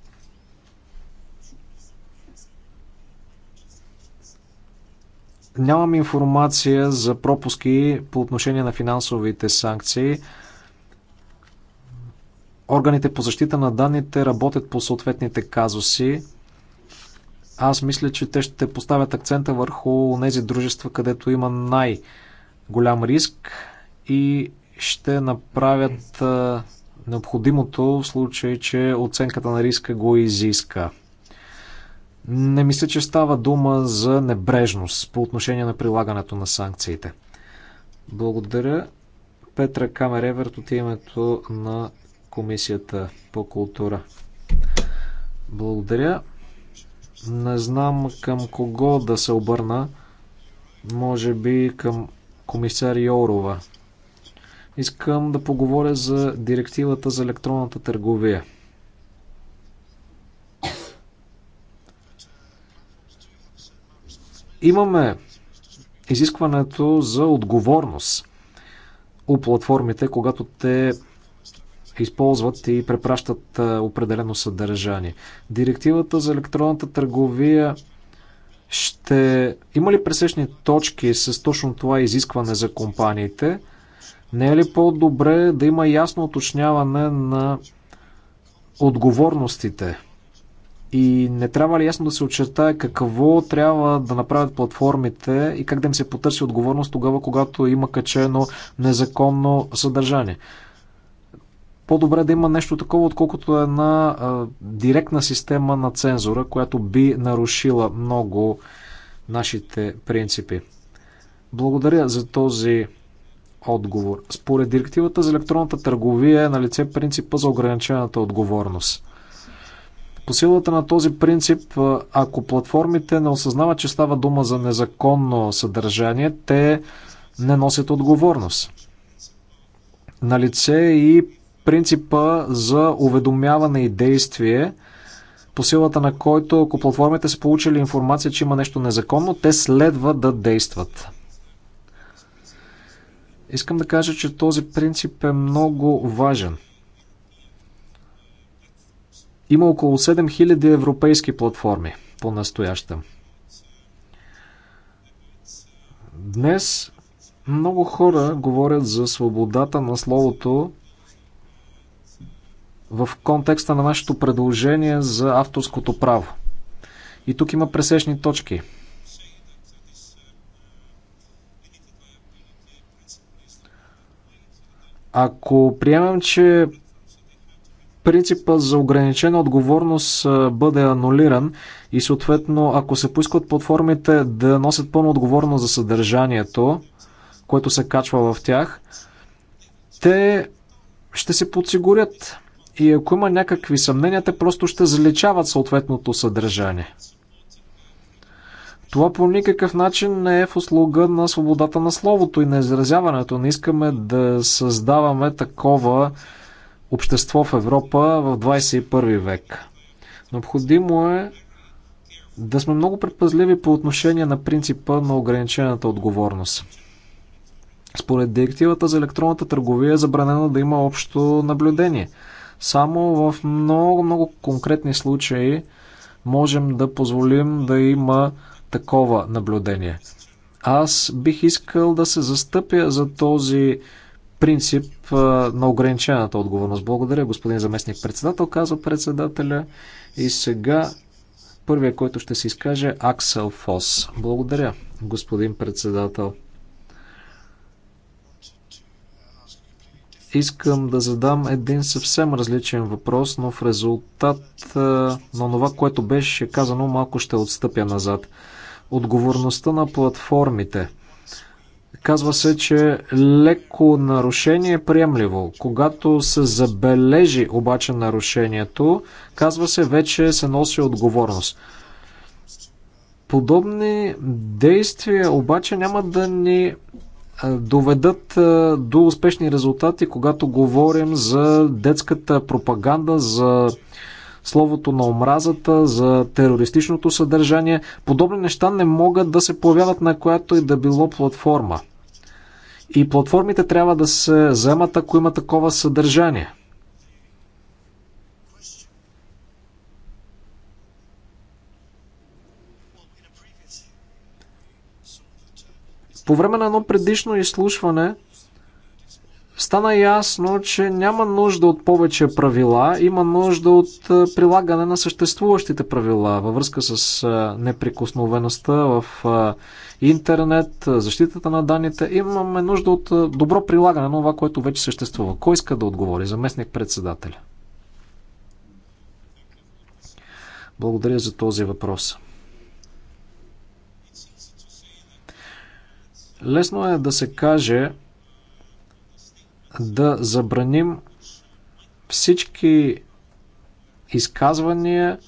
Нямам информация за пропуски по отношение на финансовите санкции. Органите по защита на данните работят по съответните казуси. Аз мисля, че те ще поставят акцента върху тези дружества, където има най-голям риск и ще направят необходимото в случай, че оценката на риска го изиска. Не мисля, че става дума за небрежност по отношение на прилагането на санкциите. Благодаря. Петра Камереверт от името на Комисията по култура. Благодаря. Не знам към кого да се обърна. Може би към комисар Йорова. Искам да поговоря за директивата за електронната търговия. Имаме изискването за отговорност у платформите, когато те използват и препращат определено съдържание. Директивата за електронната търговия ще има ли пресечни точки с точно това изискване за компаниите? Не е ли по-добре да има ясно уточняване на отговорностите? И не трябва ли ясно да се очертае какво трябва да направят платформите и как да им се потърси отговорност тогава, когато има качено незаконно съдържание? По-добре да има нещо такова, отколкото една а, директна система на цензура, която би нарушила много нашите принципи. Благодаря за този отговор. Според директивата за електронната търговия е на лице принципа за ограничената отговорност. По силата на този принцип, ако платформите не осъзнават, че става дума за незаконно съдържание, те не носят отговорност. На лице е и принципа за уведомяване и действие, по силата на който, ако платформите са получили информация, че има нещо незаконно, те следва да действат. Искам да кажа, че този принцип е много важен. Има около 7000 европейски платформи по-настоящем. Днес много хора говорят за свободата на словото в контекста на нашето предложение за авторското право. И тук има пресечни точки. Ако приемем, че принципа за ограничена отговорност бъде анулиран и съответно ако се поискат платформите да носят пълна отговорност за съдържанието, което се качва в тях, те ще се подсигурят и ако има някакви съмнения, те просто ще заличават съответното съдържание. Това по никакъв начин не е в услуга на свободата на словото и на изразяването. Не искаме да създаваме такова общество в Европа в 21 век. Необходимо е да сме много предпазливи по отношение на принципа на ограничената отговорност. Според директивата за електронната търговия е забранено да има общо наблюдение – само в много, много конкретни случаи можем да позволим да има такова наблюдение. Аз бих искал да се застъпя за този принцип на ограничената отговорност. Благодаря, господин заместник председател, казва председателя. И сега първия, който ще се изкаже, Аксел Фос. Благодаря, господин председател. искам да задам един съвсем различен въпрос, но в резултат на това, което беше казано, малко ще отстъпя назад. Отговорността на платформите. Казва се, че леко нарушение е приемливо. Когато се забележи обаче нарушението, казва се вече се носи отговорност. Подобни действия обаче няма да ни доведат до успешни резултати, когато говорим за детската пропаганда, за словото на омразата, за терористичното съдържание. Подобни неща не могат да се появяват на която и да било платформа. И платформите трябва да се вземат, ако има такова съдържание. По време на едно предишно изслушване стана ясно, че няма нужда от повече правила, има нужда от е, прилагане на съществуващите правила във връзка с е, неприкосновеността в е, интернет, защитата на данните. Имаме нужда от добро прилагане на това, което вече съществува. Кой иска да отговори? Заместник председателя. Благодаря за този въпрос. Лесно е да се каже да забраним всички изказвания,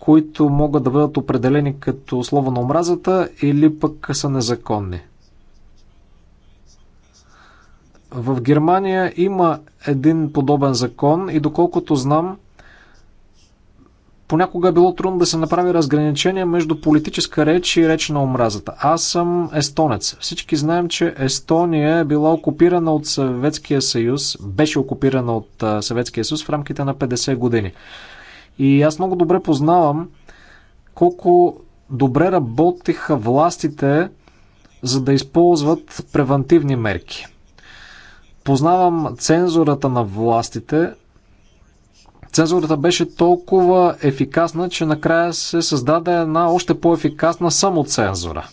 които могат да бъдат определени като слово на омразата или пък са незаконни. В Германия има един подобен закон и доколкото знам, понякога е било трудно да се направи разграничение между политическа реч и реч на омразата. Аз съм естонец. Всички знаем, че Естония е била окупирана от Съветския съюз, беше окупирана от Съветския съюз в рамките на 50 години. И аз много добре познавам колко добре работиха властите, за да използват превантивни мерки. Познавам цензурата на властите, Цензурата беше толкова ефикасна, че накрая се създаде една още по-ефикасна самоцензура.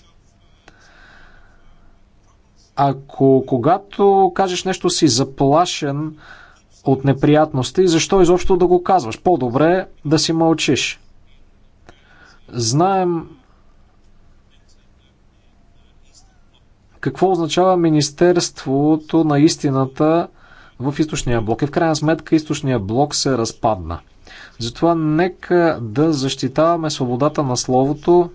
Ако когато кажеш нещо си заплашен от неприятности, защо изобщо да го казваш? По-добре да си мълчиш. Знаем какво означава Министерството на истината – в източния блок. И в крайна сметка източния блок се разпадна. Затова нека да защитаваме свободата на словото,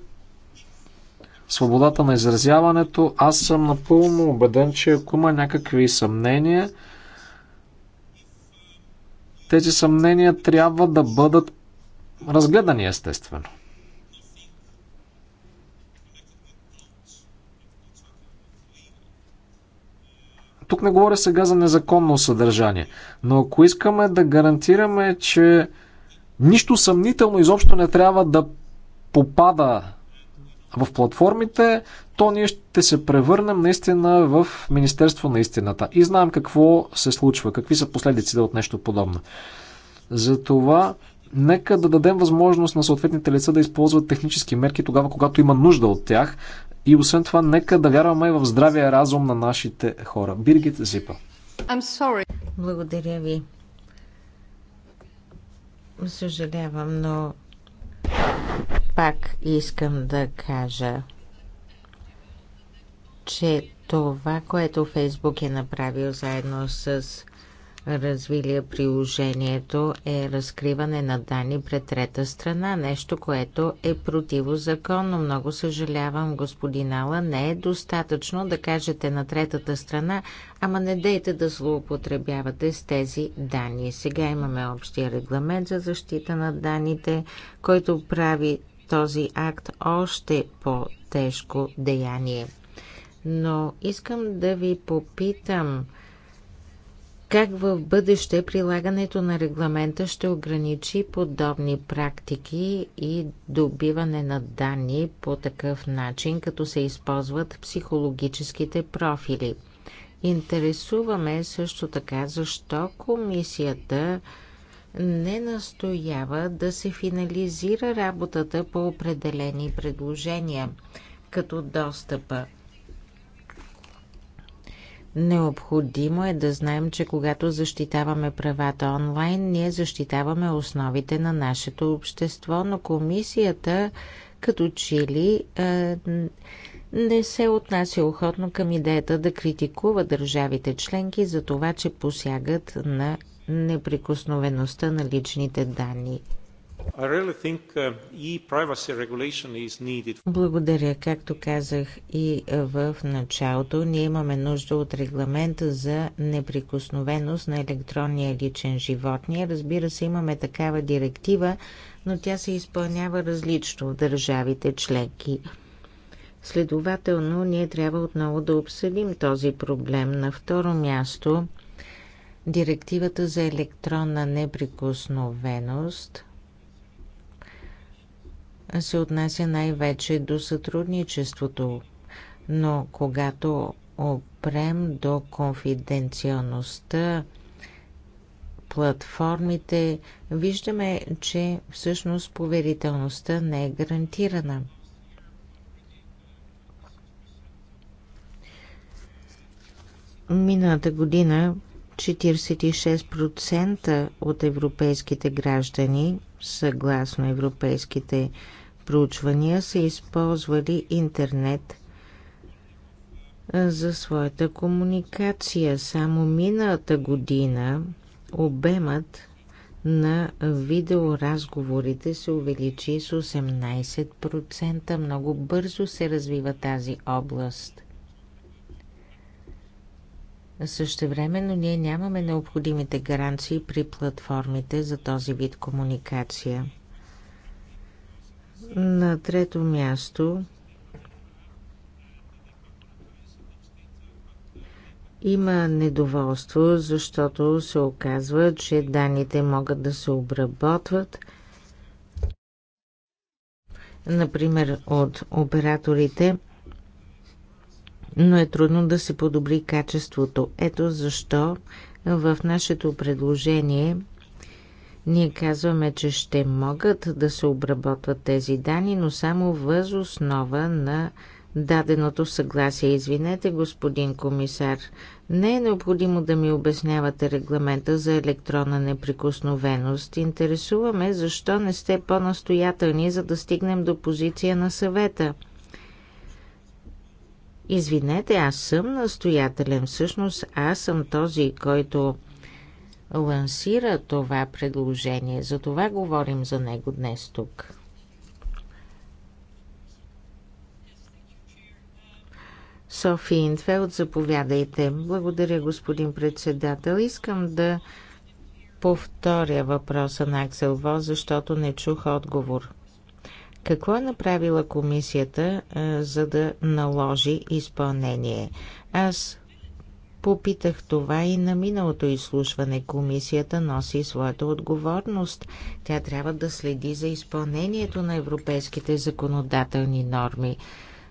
свободата на изразяването. Аз съм напълно убеден, че ако има някакви съмнения, тези съмнения трябва да бъдат разгледани естествено. Тук не говоря сега за незаконно съдържание, но ако искаме да гарантираме, че нищо съмнително изобщо не трябва да попада в платформите, то ние ще се превърнем наистина в Министерство на истината. И знаем какво се случва, какви са последиците от нещо подобно. Затова нека да дадем възможност на съответните лица да използват технически мерки тогава, когато има нужда от тях. И освен това, нека да вярваме в здравия разум на нашите хора. Биргит Зипа. I'm sorry. Благодаря ви. Съжалявам, но пак искам да кажа, че това, което Фейсбук е направил заедно с развили приложението е разкриване на данни пред трета страна, нещо, което е противозаконно. Много съжалявам, господин Ала, не е достатъчно да кажете на третата страна, ама не дейте да злоупотребявате с тези данни. Сега имаме общия регламент за защита на данните, който прави този акт още по-тежко деяние. Но искам да ви попитам – как в бъдеще прилагането на регламента ще ограничи подобни практики и добиване на данни по такъв начин, като се използват психологическите профили? Интересуваме също така защо комисията не настоява да се финализира работата по определени предложения, като достъпа Необходимо е да знаем, че когато защитаваме правата онлайн, ние защитаваме основите на нашето общество, но комисията като чили е, не се отнася охотно към идеята да критикува държавите членки за това, че посягат на неприкосновеността на личните данни. Uh, Благодаря. Както казах и е, в началото, ние имаме нужда от регламент за неприкосновеност на електронния личен живот. Ние, разбира се, имаме такава директива, но тя се изпълнява различно в държавите членки. Следователно, ние трябва отново да обсъдим този проблем. На второ място, директивата за електронна неприкосновеност – се отнася най-вече до сътрудничеството, но когато опрем до конфиденциалността, платформите, виждаме, че всъщност поверителността не е гарантирана. Миналата година 46% от европейските граждани, съгласно европейските проучвания са използвали интернет за своята комуникация. Само миналата година обемът на видеоразговорите се увеличи с 18%. Много бързо се развива тази област. но ние нямаме необходимите гаранции при платформите за този вид комуникация. На трето място има недоволство, защото се оказва, че данните могат да се обработват например от операторите, но е трудно да се подобри качеството. Ето защо в нашето предложение – ние казваме, че ще могат да се обработват тези данни, но само въз основа на даденото съгласие. Извинете, господин комисар, не е необходимо да ми обяснявате регламента за електронна неприкосновеност. Интересуваме защо не сте по-настоятелни, за да стигнем до позиция на съвета. Извинете, аз съм настоятелен. Всъщност аз съм този, който лансира това предложение. За това говорим за него днес тук. Софи Интфелд, заповядайте. Благодаря, господин председател. Искам да повторя въпроса на Аксел Во, защото не чух отговор. Какво е направила комисията, за да наложи изпълнение? Аз Попитах това и на миналото изслушване. Комисията носи своята отговорност. Тя трябва да следи за изпълнението на европейските законодателни норми.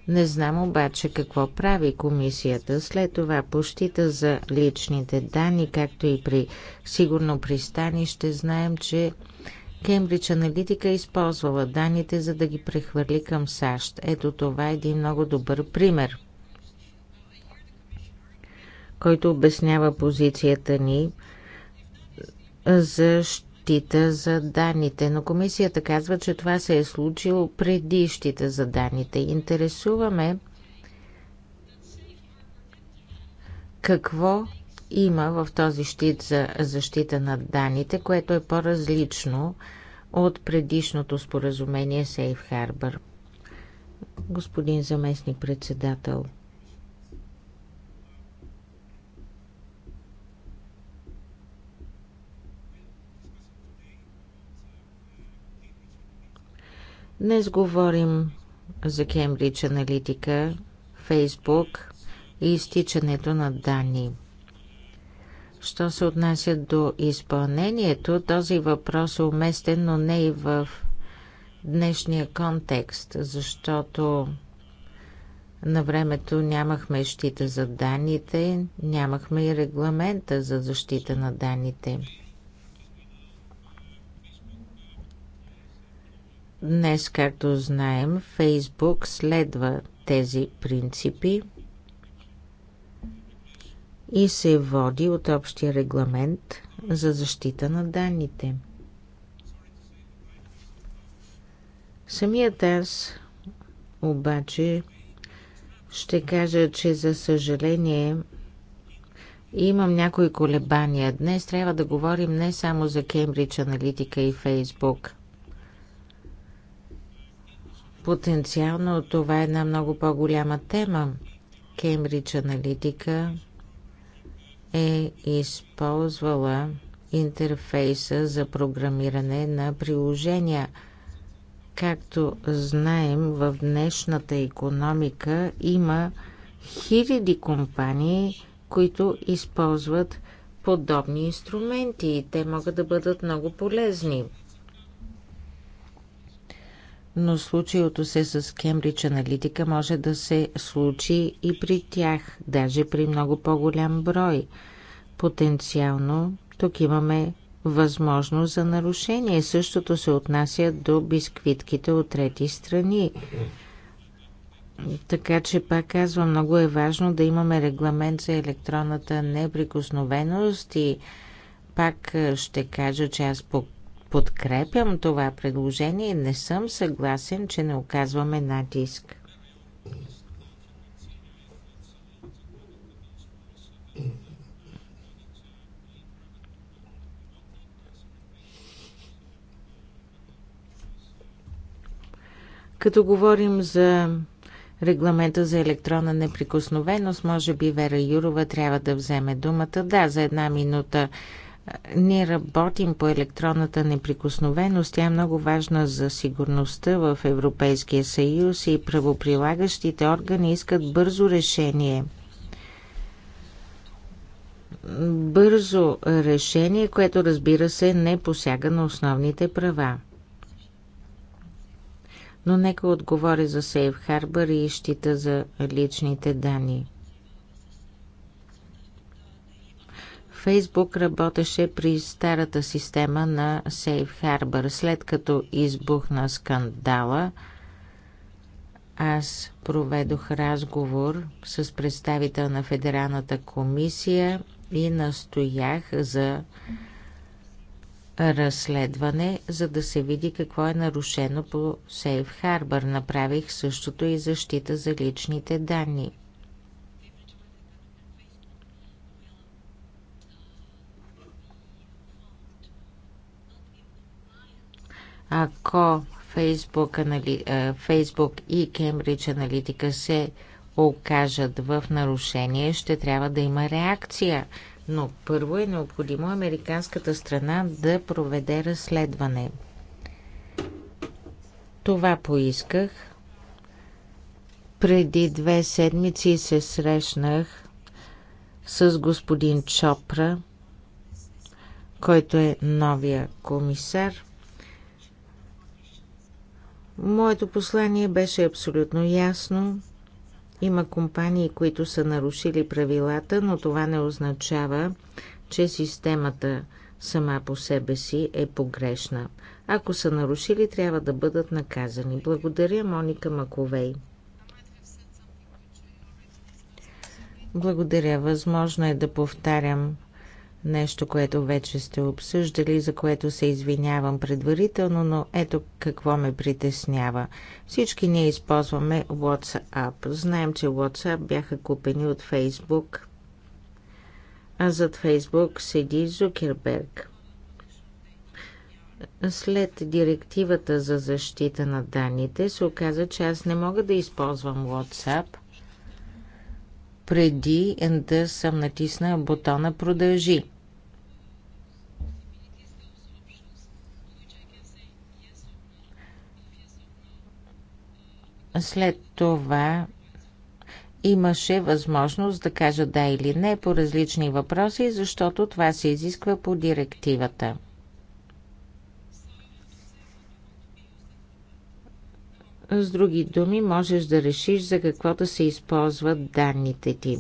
Не знам обаче какво прави комисията. След това пощита за личните данни, както и при сигурно пристанище, знаем, че Кембридж Аналитика е използвала данните, за да ги прехвърли към САЩ. Ето това е един много добър пример – който обяснява позицията ни за щита за данните. Но комисията казва, че това се е случило преди щита за данните. Интересуваме какво има в този щит за защита на данните, което е по-различно от предишното споразумение Safe Harbor. Господин заместник председател – Днес говорим за Кембридж аналитика, Фейсбук и изтичането на данни. Що се отнася до изпълнението, този въпрос е уместен, но не и в днешния контекст, защото на времето нямахме щита за данните, нямахме и регламента за защита на данните. Днес, както знаем, Фейсбук следва тези принципи и се води от общия регламент за защита на данните. Самият аз обаче ще кажа, че за съжаление имам някои колебания. Днес трябва да говорим не само за Кембридж Аналитика и Фейсбук – Потенциално това е една много по-голяма тема. Кембридж Аналитика е използвала интерфейса за програмиране на приложения. Както знаем, в днешната економика има хиляди компании, които използват подобни инструменти и те могат да бъдат много полезни но случилото се с Кембридж Аналитика може да се случи и при тях, даже при много по-голям брой. Потенциално тук имаме възможност за нарушение. Същото се отнася до бисквитките от трети страни. Така че, пак казвам, много е важно да имаме регламент за електронната неприкосновеност и пак е, ще кажа, че аз по Подкрепям това предложение и не съм съгласен, че не оказваме натиск. Като говорим за регламента за електронна неприкосновеност, може би Вера Юрова трябва да вземе думата. Да, за една минута ние работим по електронната неприкосновеност. Тя е много важна за сигурността в Европейския съюз и правоприлагащите органи искат бързо решение. Бързо решение, което разбира се не посяга на основните права. Но нека отговоря за Сейф Харбър и щита за личните данни. Фейсбук работеше при старата система на Safe Harbor. След като избухна скандала, аз проведох разговор с представител на Федералната комисия и настоях за разследване, за да се види какво е нарушено по Сейф Harbor. Направих същото и защита за личните данни. Ако Фейсбук, анали... Е, Facebook и Cambridge Аналитика се окажат в нарушение, ще трябва да има реакция. Но първо е необходимо американската страна да проведе разследване. Това поисках. Преди две седмици се срещнах с господин Чопра, който е новия комисар – Моето послание беше абсолютно ясно. Има компании, които са нарушили правилата, но това не означава, че системата сама по себе си е погрешна. Ако са нарушили, трябва да бъдат наказани. Благодаря, Моника Маковей. Благодаря. Възможно е да повтарям Нещо, което вече сте обсъждали, за което се извинявам предварително, но ето какво ме притеснява. Всички ние използваме WhatsApp. Знаем, че WhatsApp бяха купени от Facebook, а зад Facebook седи Зукерберг. След директивата за защита на данните се оказа, че аз не мога да използвам WhatsApp, преди да съм натисна бутона продължи. След това имаше възможност да кажа да или не по различни въпроси, защото това се изисква по директивата. С други думи, можеш да решиш за какво да се използват данните ти.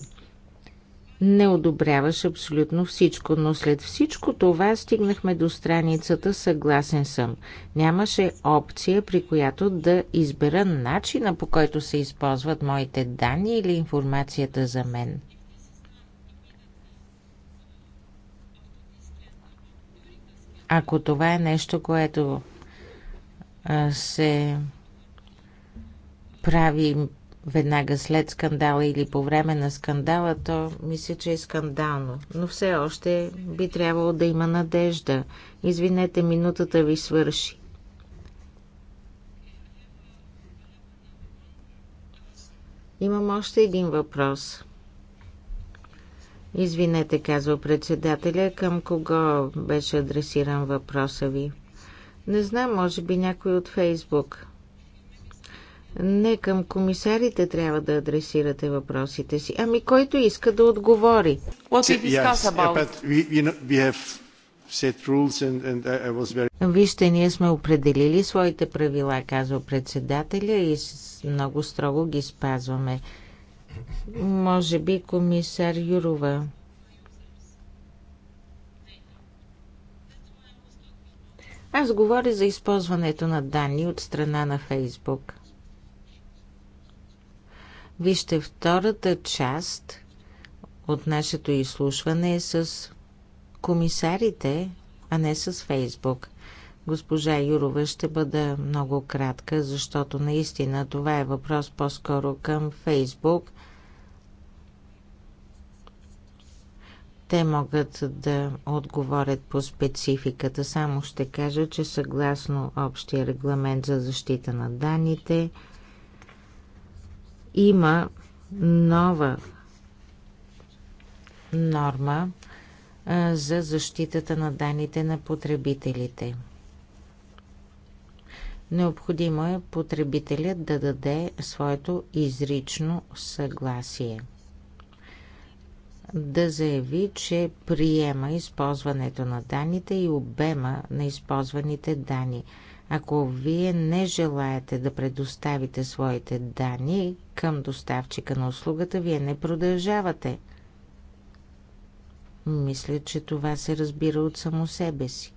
Не одобряваш абсолютно всичко, но след всичко това стигнахме до страницата Съгласен съм. Нямаше опция, при която да избера начина по който се използват моите данни или информацията за мен. Ако това е нещо, което се прави веднага след скандала или по време на скандала, то мисля, че е скандално. Но все още би трябвало да има надежда. Извинете, минутата ви свърши. Имам още един въпрос. Извинете, казва председателя, към кого беше адресиран въпроса ви. Не знам, може би някой от Фейсбук. Не към комисарите трябва да адресирате въпросите си. Ами който иска да отговори. Вижте, ние сме определили своите правила, казва председателя и много строго ги спазваме. Може би комисар Юрова. Аз говоря за използването на данни от страна на Фейсбук. Вижте, втората част от нашето изслушване е с комисарите, а не с Фейсбук. Госпожа Юрова ще бъда много кратка, защото наистина това е въпрос по-скоро към Фейсбук. Те могат да отговорят по спецификата. Само ще кажа, че съгласно общия регламент за защита на данните – има нова норма за защитата на данните на потребителите. Необходимо е потребителят да даде своето изрично съгласие. Да заяви, че приема използването на данните и обема на използваните данни – ако вие не желаете да предоставите своите данни към доставчика на услугата, вие не продължавате. Мисля, че това се разбира от само себе си.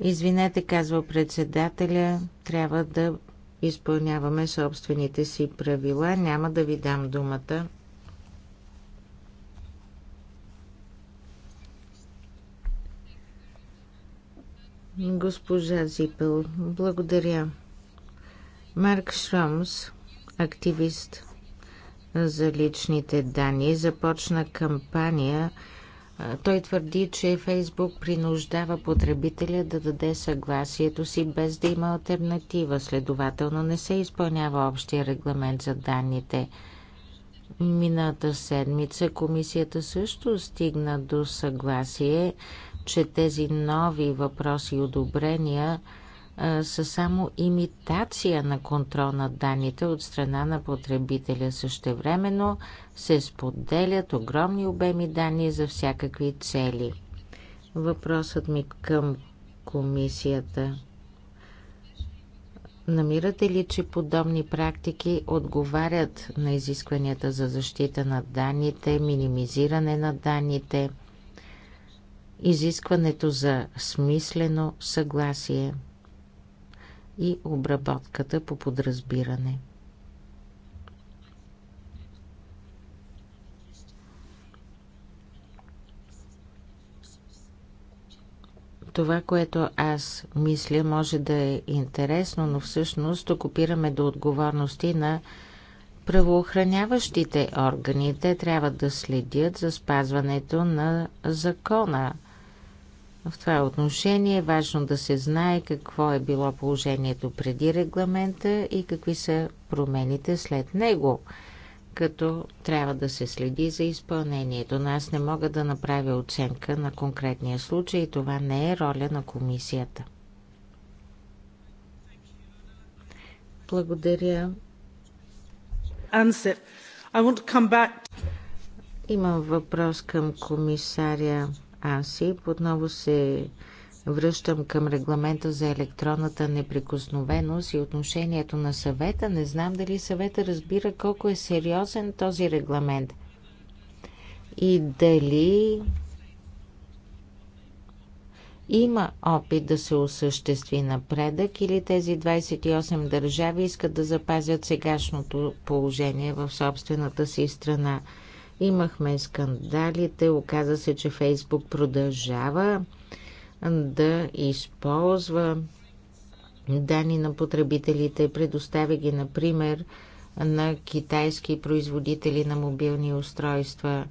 Извинете, казва председателя, трябва да изпълняваме собствените си правила. Няма да ви дам думата. Госпожа Зипел, благодаря. Марк Шрамс, активист за личните данни, започна кампания. Той твърди, че Фейсбук принуждава потребителя да даде съгласието си без да има альтернатива. Следователно не се изпълнява общия регламент за данните. Мината седмица комисията също стигна до съгласие че тези нови въпроси и одобрения са само имитация на контрол на данните от страна на потребителя. Същевременно се споделят огромни обеми данни за всякакви цели. Въпросът ми към комисията. Намирате ли, че подобни практики отговарят на изискванията за защита на данните, минимизиране на данните – изискването за смислено съгласие и обработката по подразбиране. това, което аз мисля, може да е интересно, но всъщност окупираме до отговорности на правоохраняващите органи. Те трябва да следят за спазването на закона. В това отношение е важно да се знае какво е било положението преди регламента и какви са промените след него, като трябва да се следи за изпълнението. Но аз не мога да направя оценка на конкретния случай и това не е роля на комисията. Благодаря. I want to come back. Имам въпрос към комисаря АСИП. Отново се връщам към регламента за електронната неприкосновеност и отношението на съвета. Не знам дали съвета разбира колко е сериозен този регламент и дали има опит да се осъществи напредък или тези 28 държави искат да запазят сегашното положение в собствената си страна. Имахме скандалите, оказа се, че Фейсбук продължава да използва данни на потребителите, предоставя ги, например, на китайски производители на мобилни устройства.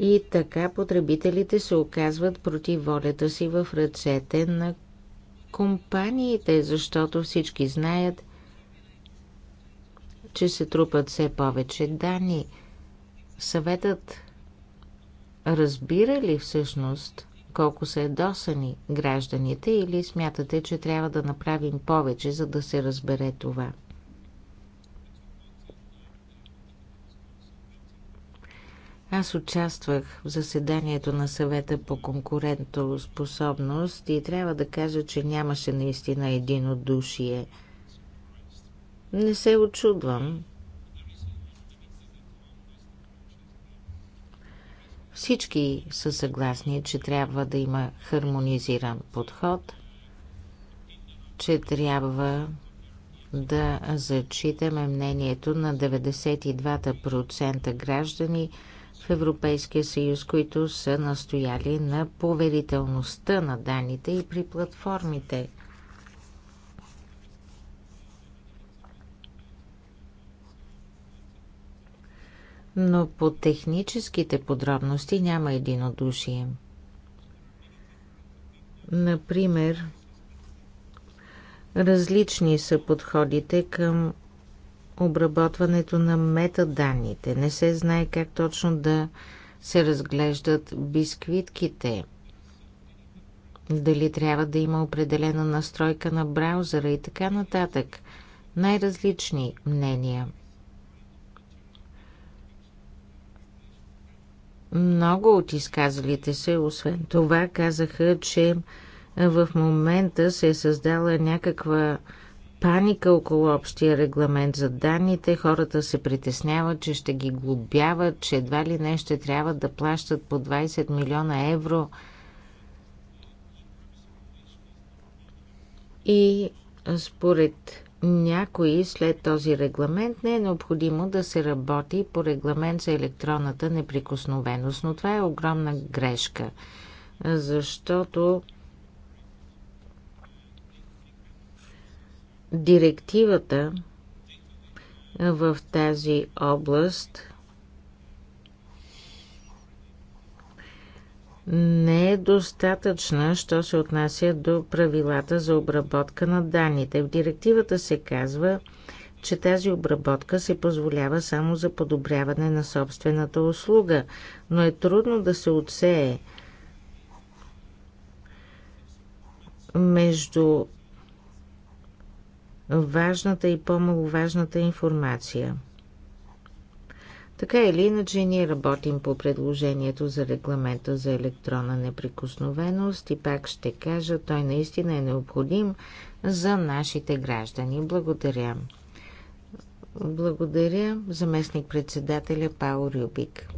И така потребителите се оказват против волята си в ръцете на компаниите, защото всички знаят, че се трупат все повече данни. Съветът разбира ли всъщност колко са едосани гражданите или смятате, че трябва да направим повече, за да се разбере това? Аз участвах в заседанието на съвета по конкурентоспособност и трябва да кажа, че нямаше наистина един от единодушие – не се очудвам. Всички са съгласни, че трябва да има хармонизиран подход, че трябва да зачитаме мнението на 92% граждани в Европейския съюз, които са настояли на поверителността на данните и при платформите – но по техническите подробности няма единодушие. Например, различни са подходите към обработването на метаданните. Не се знае как точно да се разглеждат бисквитките. Дали трябва да има определена настройка на браузъра и така нататък. Най-различни мнения – Много от изказалите се, освен това, казаха, че в момента се е създала някаква паника около общия регламент за данните. Хората се притесняват, че ще ги глобяват, че едва ли не ще трябва да плащат по 20 милиона евро. И според някои след този регламент не е необходимо да се работи по регламент за електронната неприкосновеност, но това е огромна грешка, защото директивата в тази област не е достатъчна, що се отнася до правилата за обработка на данните. В директивата се казва, че тази обработка се позволява само за подобряване на собствената услуга, но е трудно да се отсее между важната и по-маловажната информация – така или иначе, ние работим по предложението за регламента за електронна неприкосновеност и пак ще кажа, той наистина е необходим за нашите граждани. Благодаря. Благодаря заместник председателя Пао Рюбик.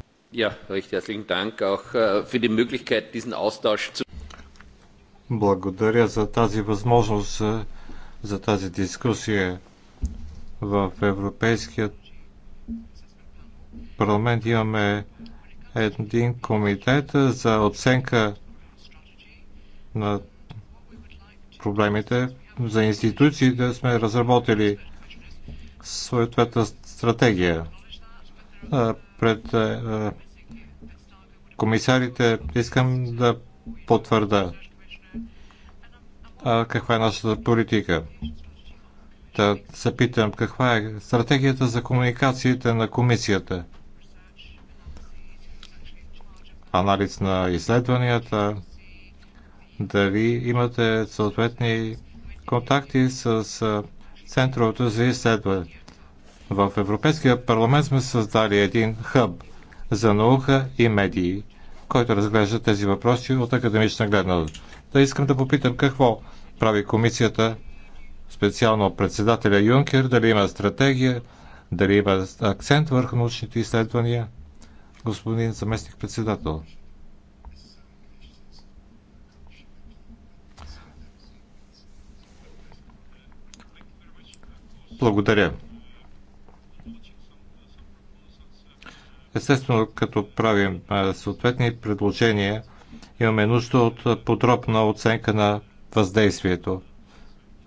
Ja, recht herzlichen Dank auch äh, für die Möglichkeit, diesen Austausch zu... Благодаря за тази възможност, за тази дискусия в Европейският парламент имаме един комитет за оценка на проблемите. За институциите сме разработили своята стратегия. Пред комисарите искам да потвърда каква е нашата политика. Да се питам каква е стратегията за комуникациите на комисията – анализ на изследванията, дали имате съответни контакти с Центровето за изследване. В Европейския парламент сме създали един хъб за наука и медии, който разглежда тези въпроси от академична гледна. Да искам да попитам какво прави комисията, специално председателя Юнкер, дали има стратегия, дали има акцент върху научните изследвания – господин заместник председател. Благодаря. Естествено, като правим съответни предложения, имаме нужда от подробна оценка на въздействието,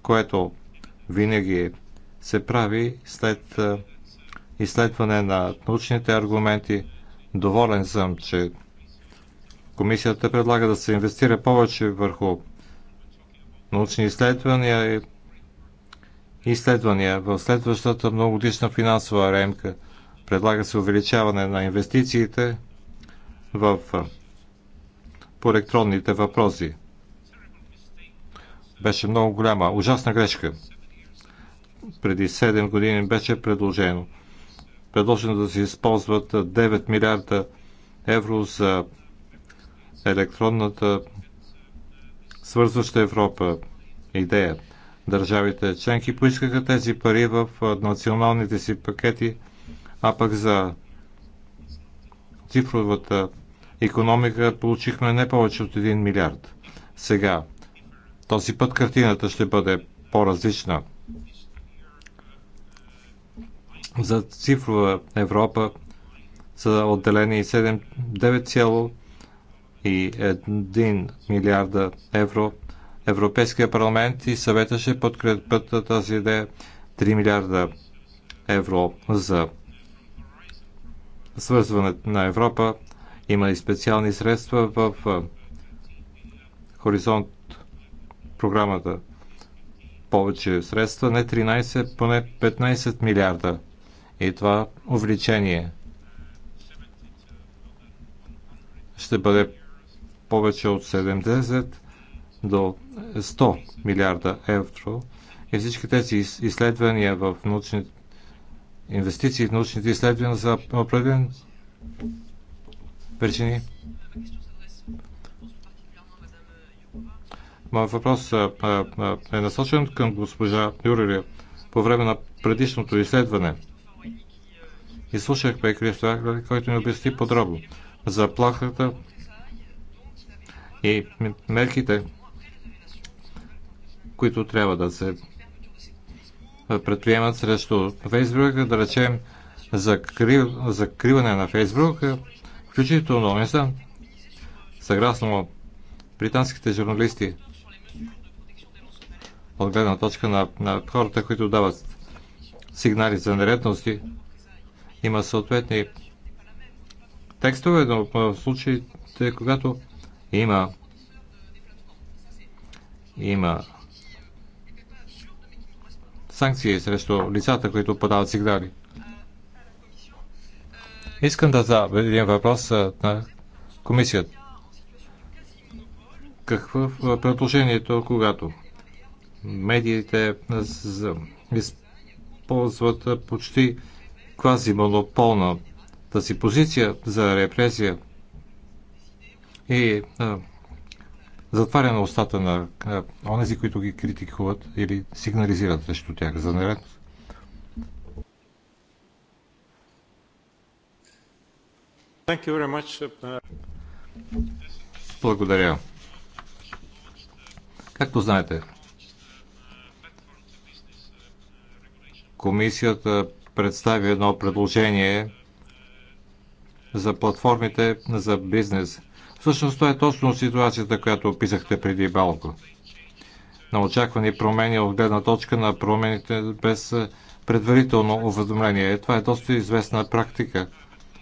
което винаги се прави след изследване на научните аргументи, Доволен съм, че комисията предлага да се инвестира повече върху научни изследвания и изследвания в следващата многогодишна финансова ремка. Предлага се увеличаване на инвестициите в по електронните въпроси. Беше много голяма, ужасна грешка. Преди 7 години беше предложено предложено да се използват 9 милиарда евро за електронната свързваща Европа идея. Държавите членки поискаха тези пари в националните си пакети, а пък за цифровата економика получихме не повече от 1 милиард. Сега, този път картината ще бъде по-различна. За цифрова Европа са отделени 9,1 милиарда евро. Европейския парламент и съвета ще подкрепят тази идея 3 милиарда евро за свързване на Европа. Има и специални средства в Хоризонт програмата повече средства, не 13, поне 15 милиарда и това увеличение ще бъде повече от 70 до 100 милиарда евро. И всички тези изследвания в научни инвестиции в научните изследвания за определен причини. Моят въпрос е насочен към госпожа Юрилия по време на предишното изследване – и слушахме Кристофер, който ни обясни подробно заплахата и мерките, които трябва да се предприемат срещу Фейсбук, да речем закрив, закриване на Фейсбук, включително не са, съгласно британските журналисти от гледна точка на, на хората, които дават сигнали за нередности, има съответни текстове, но в случаите, когато има има санкции срещу лицата, които подават сигнали. Искам да задам един въпрос на комисията. Какво е предложението, когато медиите използват почти квази монополна тази позиция за репресия и а, е, затваря на устата на а, е, онези, които ги критикуват или сигнализират срещу тях за наред. Uh, Благодаря. Както знаете, комисията представи едно предложение за платформите за бизнес. Всъщност това е точно ситуацията, която описахте преди малко. На очаквани промени от гледна точка на промените без предварително уведомление. Това е доста известна практика,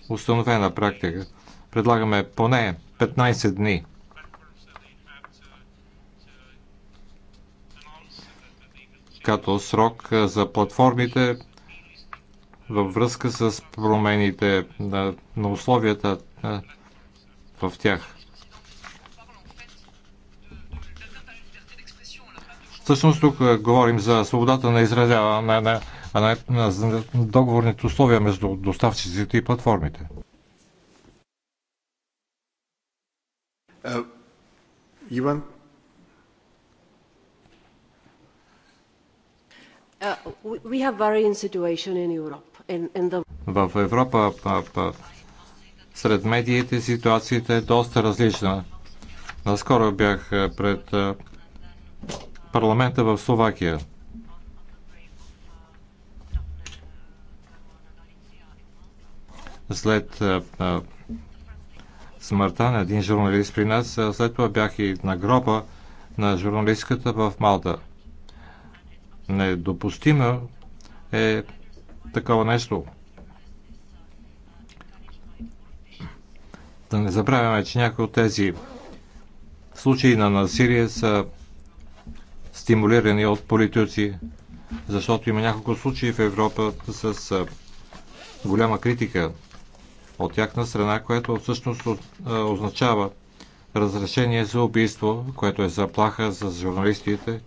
установена практика. Предлагаме поне 15 дни. като срок за платформите във връзка с промените на, на условията на, в тях. Всъщност тук говорим за свободата на изразяване, на, на, на, на договорните условия между доставчиците и платформите. Uh, Иван, Uh, в Европа сред медиите ситуацията е доста различна. Наскоро бях е, пред е, парламента в Словакия. След е, смъртта на един журналист при нас, след това бях и на гроба на журналистката в Малта недопустимо е такова нещо. Да не забравяме, че някои от тези случаи на насилие са стимулирани от политици, защото има няколко случаи в Европа с голяма критика от тяхна страна, което всъщност означава разрешение за убийство, което е заплаха за журналистите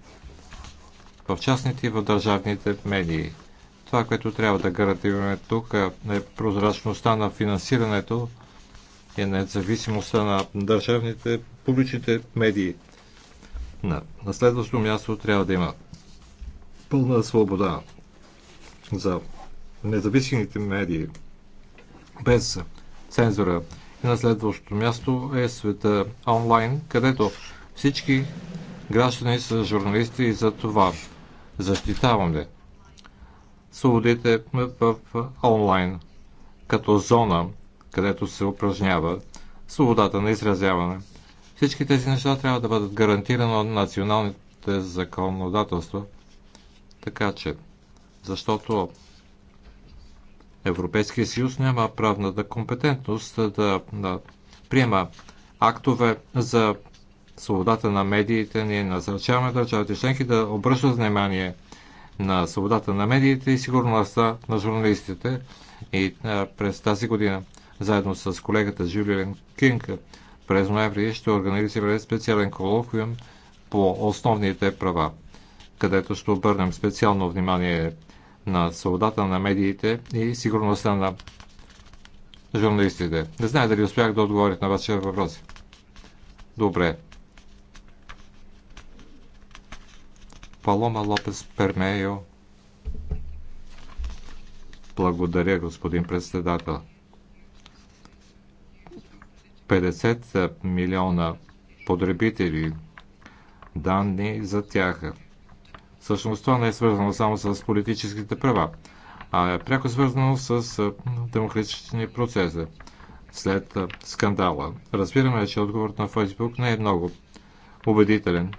в частните и в държавните медии. Това, което трябва да гарантираме тук е прозрачността на финансирането и независимостта на държавните публичните медии. На, на следващо място трябва да има пълна свобода за независимите медии без цензура. И на следващото място е света онлайн, където всички граждани са журналисти и за това защитаваме свободите в онлайн като зона, където се упражнява свободата на изразяване. Всички тези неща трябва да бъдат гарантирани от националните законодателства. Така че, защото Европейския съюз няма правната компетентност да, да приема актове за свободата на медиите. Ние насърчаваме държавите членки да обръщат внимание на свободата на медиите и сигурността на журналистите. И а, през тази година, заедно с колегата Жюлиен Кинг, през ноември ще организираме специален колоквиум по основните права, където ще обърнем специално внимание на свободата на медиите и сигурността на журналистите. Не знае дали успях да отговоря на вашия въпрос. Добре. Палома Лопес Пермейо. Благодаря, господин председател. 50 милиона потребители данни за тях. Всъщност това не е свързано само с политическите права, а е пряко свързано с демократични процеси. След скандала разбираме, че отговорът на Фейсбук не е много убедителен.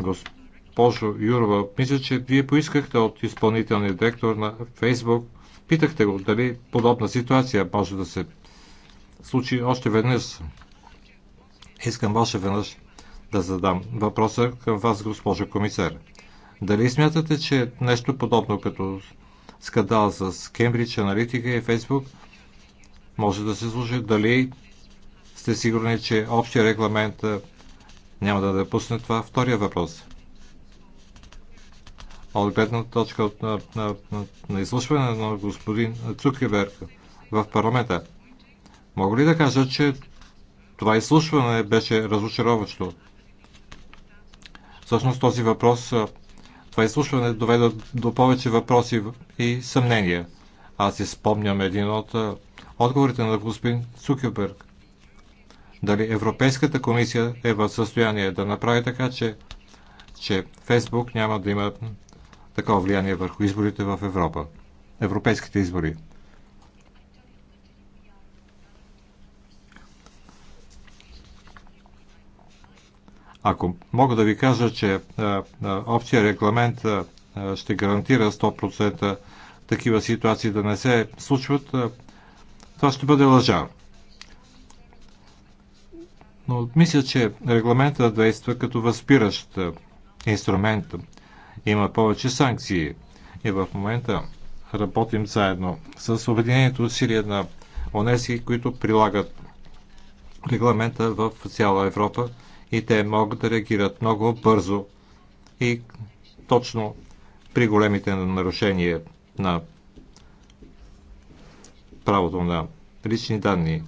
Госп... Пожо Юрова, мисля, че вие поискахте от изпълнителния директор на Фейсбук, питахте го дали подобна ситуация може да се случи още веднъж. Искам още веднъж да задам въпроса към вас, госпожо комисар. Дали смятате, че нещо подобно като скандал с Кембридж Аналитика и Фейсбук може да се случи? Дали сте сигурни, че общия регламент няма да допусне това? Втория въпрос от гледна точка от, на, на, на, на изслушване на господин Цукерберг в парламента. Мога ли да кажа, че това изслушване беше разочароващо? Всъщност този въпрос, това изслушване доведе до повече въпроси и съмнения. Аз си спомням един от отговорите на господин Цукерберг. Дали Европейската комисия е в състояние да направи така, че, че Фейсбук няма да има такова влияние върху изборите в Европа. Европейските избори. Ако мога да ви кажа, че е, е, общия регламент е, ще гарантира 100% такива ситуации да не се случват, това ще бъде лъжа. Но мисля, че регламента действа като възпиращ инструмент има повече санкции. И в момента работим заедно с Обединението усилия на ОНЕСИ, които прилагат регламента в цяла Европа и те могат да реагират много бързо и точно при големите нарушения на правото на лични данни.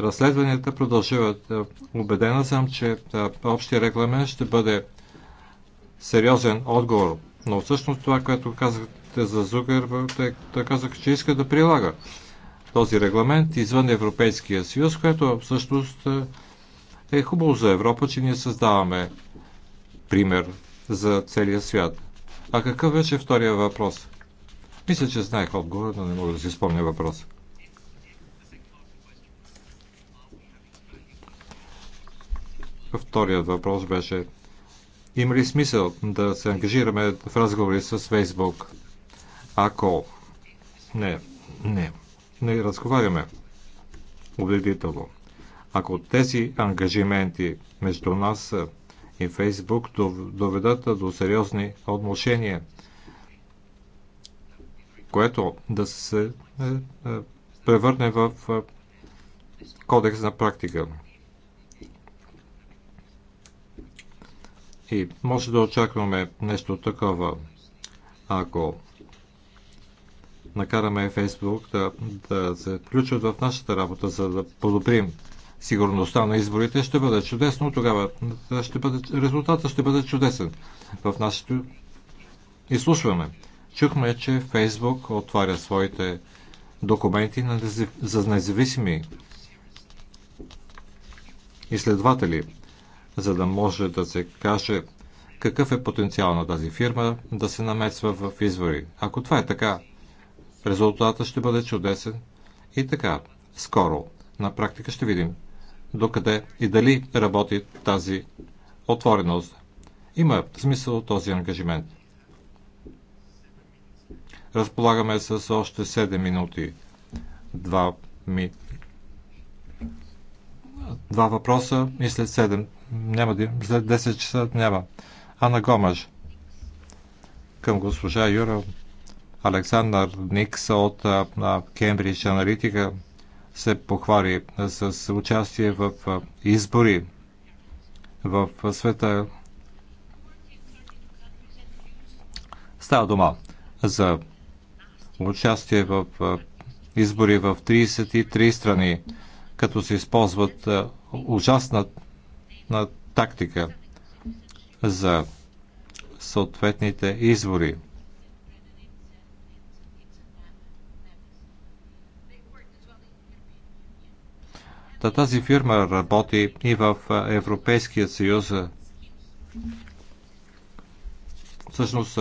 Разследванията продължават. Убедена съм, че общия регламент ще бъде сериозен отговор. Но всъщност това, което казахте за Зугер, той казах, че иска да прилага този регламент извън Европейския съюз, което всъщност е, е хубаво за Европа, че ние създаваме пример за целия свят. А какъв беше втория въпрос? Мисля, че знаех отговора, но не мога да си спомня въпроса. Вторият въпрос беше има ли смисъл да се ангажираме в разговори с Фейсбук? Ако не, не, не разговаряме убедително. Ако тези ангажименти между нас и Фейсбук доведат до сериозни отношения, което да се е, е, превърне в е, кодекс на практика. И може да очакваме нещо такова, ако накараме Фейсбук да, да се включат в нашата работа, за да подобрим сигурността на изборите, ще бъде чудесно. Тогава ще бъде, резултата ще бъде чудесен. В нашето изслушване чухме, че Фейсбук отваря своите документи за независими изследователи за да може да се каже какъв е потенциал на тази фирма да се намесва в извори. Ако това е така, резултатът ще бъде чудесен. И така, скоро, на практика ще видим докъде и дали работи тази отвореност. Има смисъл този ангажимент. Разполагаме с още 7 минути. Два, ми... Два въпроса и след 7 няма да, след 10 часа няма. Ана Гомаш към госпожа Юра Александър Никс от Кембридж Аналитика се похвали с участие в избори в света. Става дума за участие в избори в 33 страни, като се използват ужасна на тактика за съответните избори. Та тази фирма работи и в Европейския съюз. Всъщност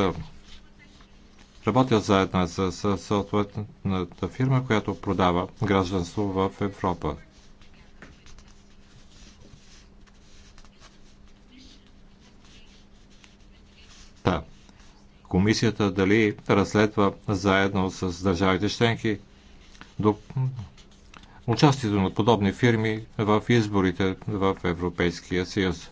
работя заедно с съответната фирма, която продава гражданство в Европа. комисията дали разследва заедно с държавите членки до участието на подобни фирми в изборите в Европейския съюз.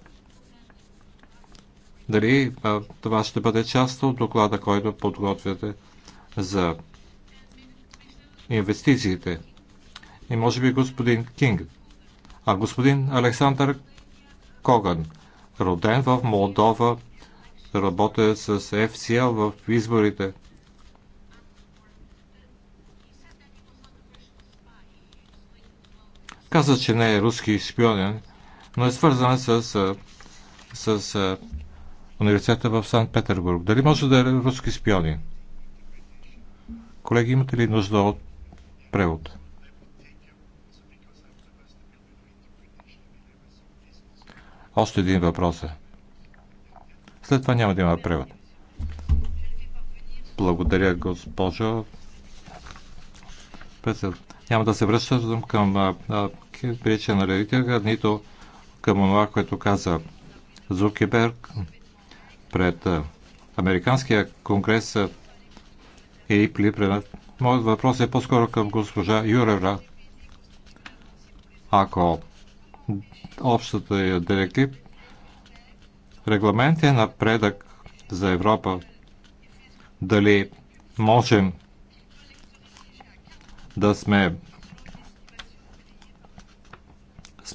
Дали а, това ще бъде част от доклада, който подготвяте за инвестициите? И може би господин Кинг. А господин Александър Коган, роден в Молдова работя с FCL в изборите. Каза, че не е руски шпионен, но е свързан с, с, с университета в Санкт Петербург. Дали може да е руски шпионин? Колеги, имате ли нужда от превод? Още един въпрос е. След това няма да има превод. Благодаря, госпожо. Няма да се връщам към прилича на редителя, нито към това, което каза Зукеберг пред Американския конгрес и Пли. Моят въпрос е по-скоро към госпожа Юрера. Ако общата е директива Регламент е напредък за Европа. Дали можем да сме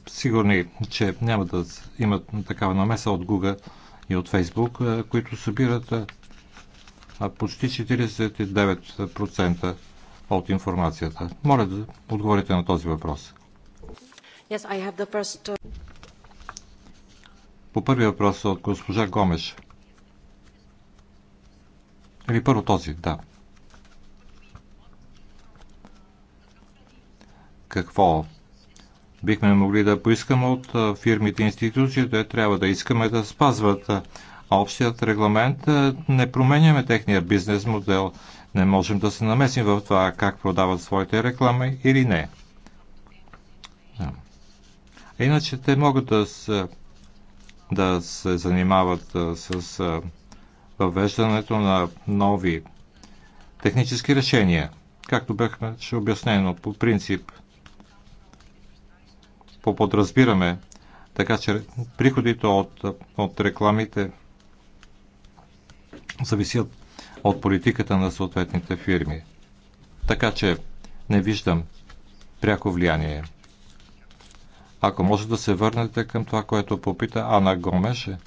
сигурни, че няма да имат такава намеса от Google и от Facebook, които събират почти 49% от информацията. Моля да отговорите на този въпрос. Yes, I have the first... Uh, по първия въпрос от госпожа Гомеш. Или първо този, да. Какво бихме могли да поискаме от фирмите и институциите, трябва да искаме да спазват общият регламент. Не променяме техния бизнес модел. Не можем да се намесим в това как продават своите реклами или не. Иначе те могат да се да се занимават с въвеждането на нови технически решения, както ще обяснено по принцип по подразбираме, така че приходите от, от рекламите зависят от политиката на съответните фирми. Така че не виждам пряко влияние ако може да се върнете към това, което попита Ана Гомеше.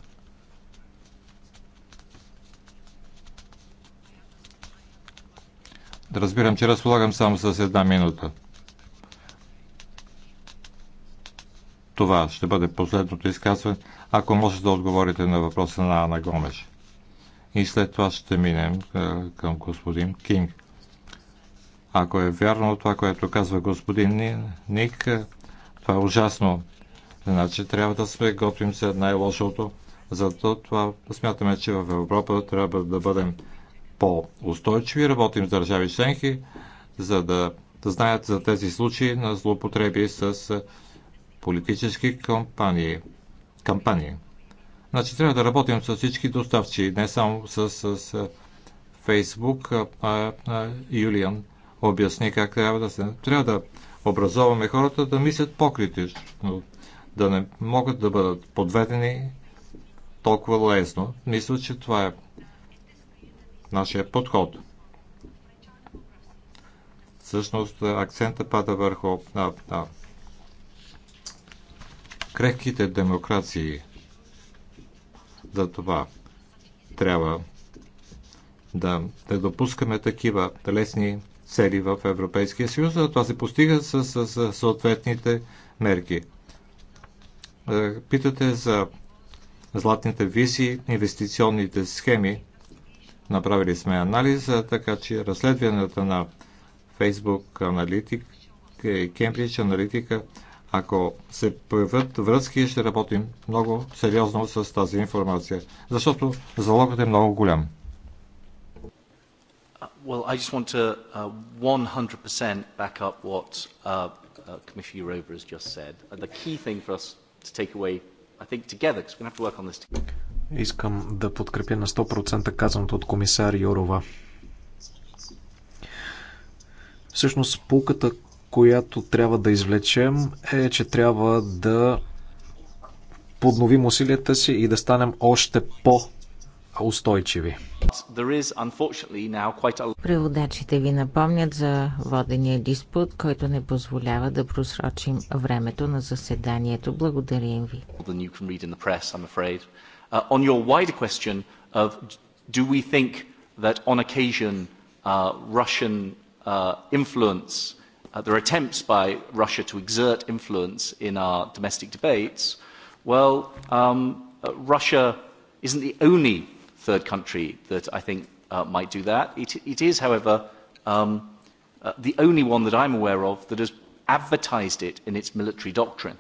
Да разбирам, че разполагам само с една минута. Това ще бъде последното изказване, ако може да отговорите на въпроса на Ана Гомеш. И след това ще минем към господин Кинг. Ако е вярно това, което казва господин Ник, това е ужасно. Значи трябва да сме готвим се най-лошото. Зато това смятаме, че в Европа трябва да бъдем по-устойчиви. Работим с държави членки, за да, да знаят за тези случаи на злоупотреби с политически кампании. кампании. Значи трябва да работим с всички доставчи, не само с, с, с Фейсбук. А, а, Юлиан обясни как трябва да се... Трябва да образоваме хората да мислят по-критично, да не могат да бъдат подведени толкова лесно. Мисля, че това е нашия подход. Всъщност акцента пада върху а, а, крехките демокрации. За това трябва да не допускаме такива лесни цели в Европейския съюз, а това се постига с, с, с съответните мерки. Е, питате за златните виси, инвестиционните схеми. Направили сме анализа, така че разследванията на Facebook Analytic и Cambridge аналитика, ако се появят връзки, ще работим много сериозно с тази информация, защото залогът е много голям. Well, I just want to uh, 100% back up what uh, uh, Commissioner Rover has just said. Uh, the key thing for us to take away, I think, together, because we're going to have to work on this together. Искам да подкрепя на 100% казаното от комисар Йорова. Всъщност, полката, която трябва да извлечем, е, че трябва да подновим усилията си и да станем още по- устойчиви. Преводачите ви напомнят за водения диспут, който не позволява да просрочим времето на заседанието. Благодарим ви. on your wider question of do we think that on occasion uh, Russian uh, influence, uh, there are attempts by Russia to exert influence in our domestic debates, well, um, uh, Russia isn't the only third country that I think uh, might do that. It, it is, however, um, uh, the only one that I'm aware of that has advertised it in its military doctrine.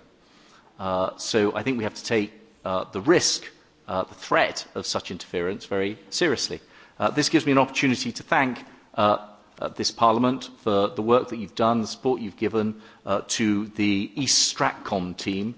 Uh, so I think we have to take uh, the risk, uh, the threat of such interference very seriously. Uh, this gives me an opportunity to thank uh, uh, this Parliament for the work that you've done, the support you've given uh, to the East Stratcom team,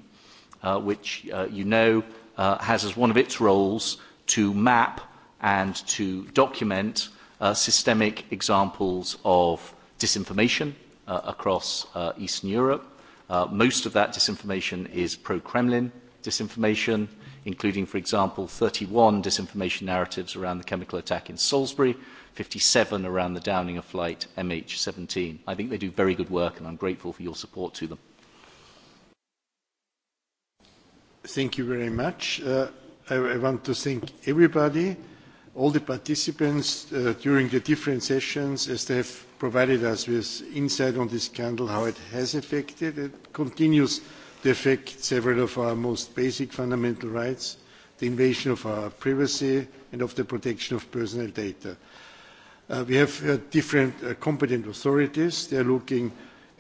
uh, which uh, you know uh, has as one of its roles to map and to document uh, systemic examples of disinformation uh, across uh, Eastern Europe. Uh, most of that disinformation is pro-Kremlin disinformation, including, for example, 31 disinformation narratives around the chemical attack in Salisbury, 57 around the downing of flight MH17. I think they do very good work, and I'm grateful for your support to them. Thank you very much. Uh, I want to thank everybody, all the participants during the different sessions, as they have provided us with insight on this scandal, how it has affected and continues to affect several of our most basic fundamental rights, the invasion of our privacy and of the protection of personal data. we have different competent authorities. They are looking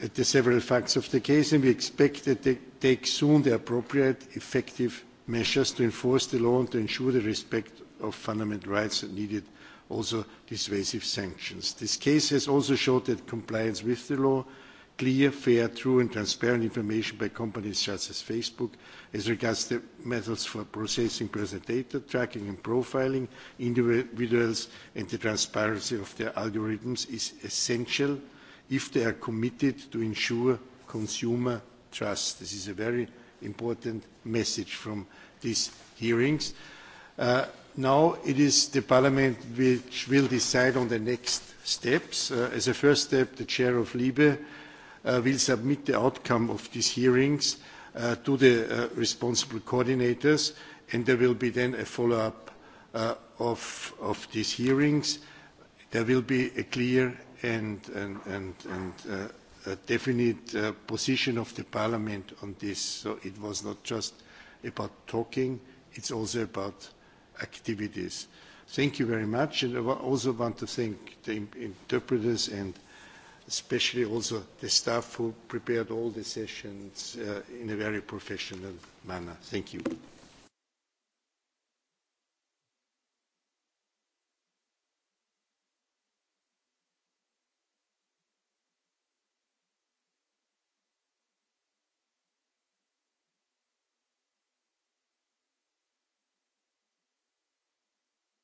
at the several facts of the case, and we expect that they take soon the appropriate, effective measures to enforce the law and to ensure the respect of fundamental rights and needed also dissuasive sanctions. This case has also showed that compliance with the law, clear, fair, true and transparent information by companies such as Facebook as regards the methods for processing personal data, tracking and profiling individuals and the transparency of their algorithms is essential if they are committed to ensure consumer trust. This is a very important message from these hearings. now it is the Parliament which will decide on the next steps. as a first step, the Chair of LIBE will submit the outcome of these hearings to the responsible coordinators, and there will be then a follow-up of, these hearings. There will be a clear and, definite uh, position of the Parliament on this. So it was not just about talking, it's also about activities. Thank you very much. And I also want to thank the interpreters and especially also the staff who prepared all the sessions uh, in a very professional manner. Thank you.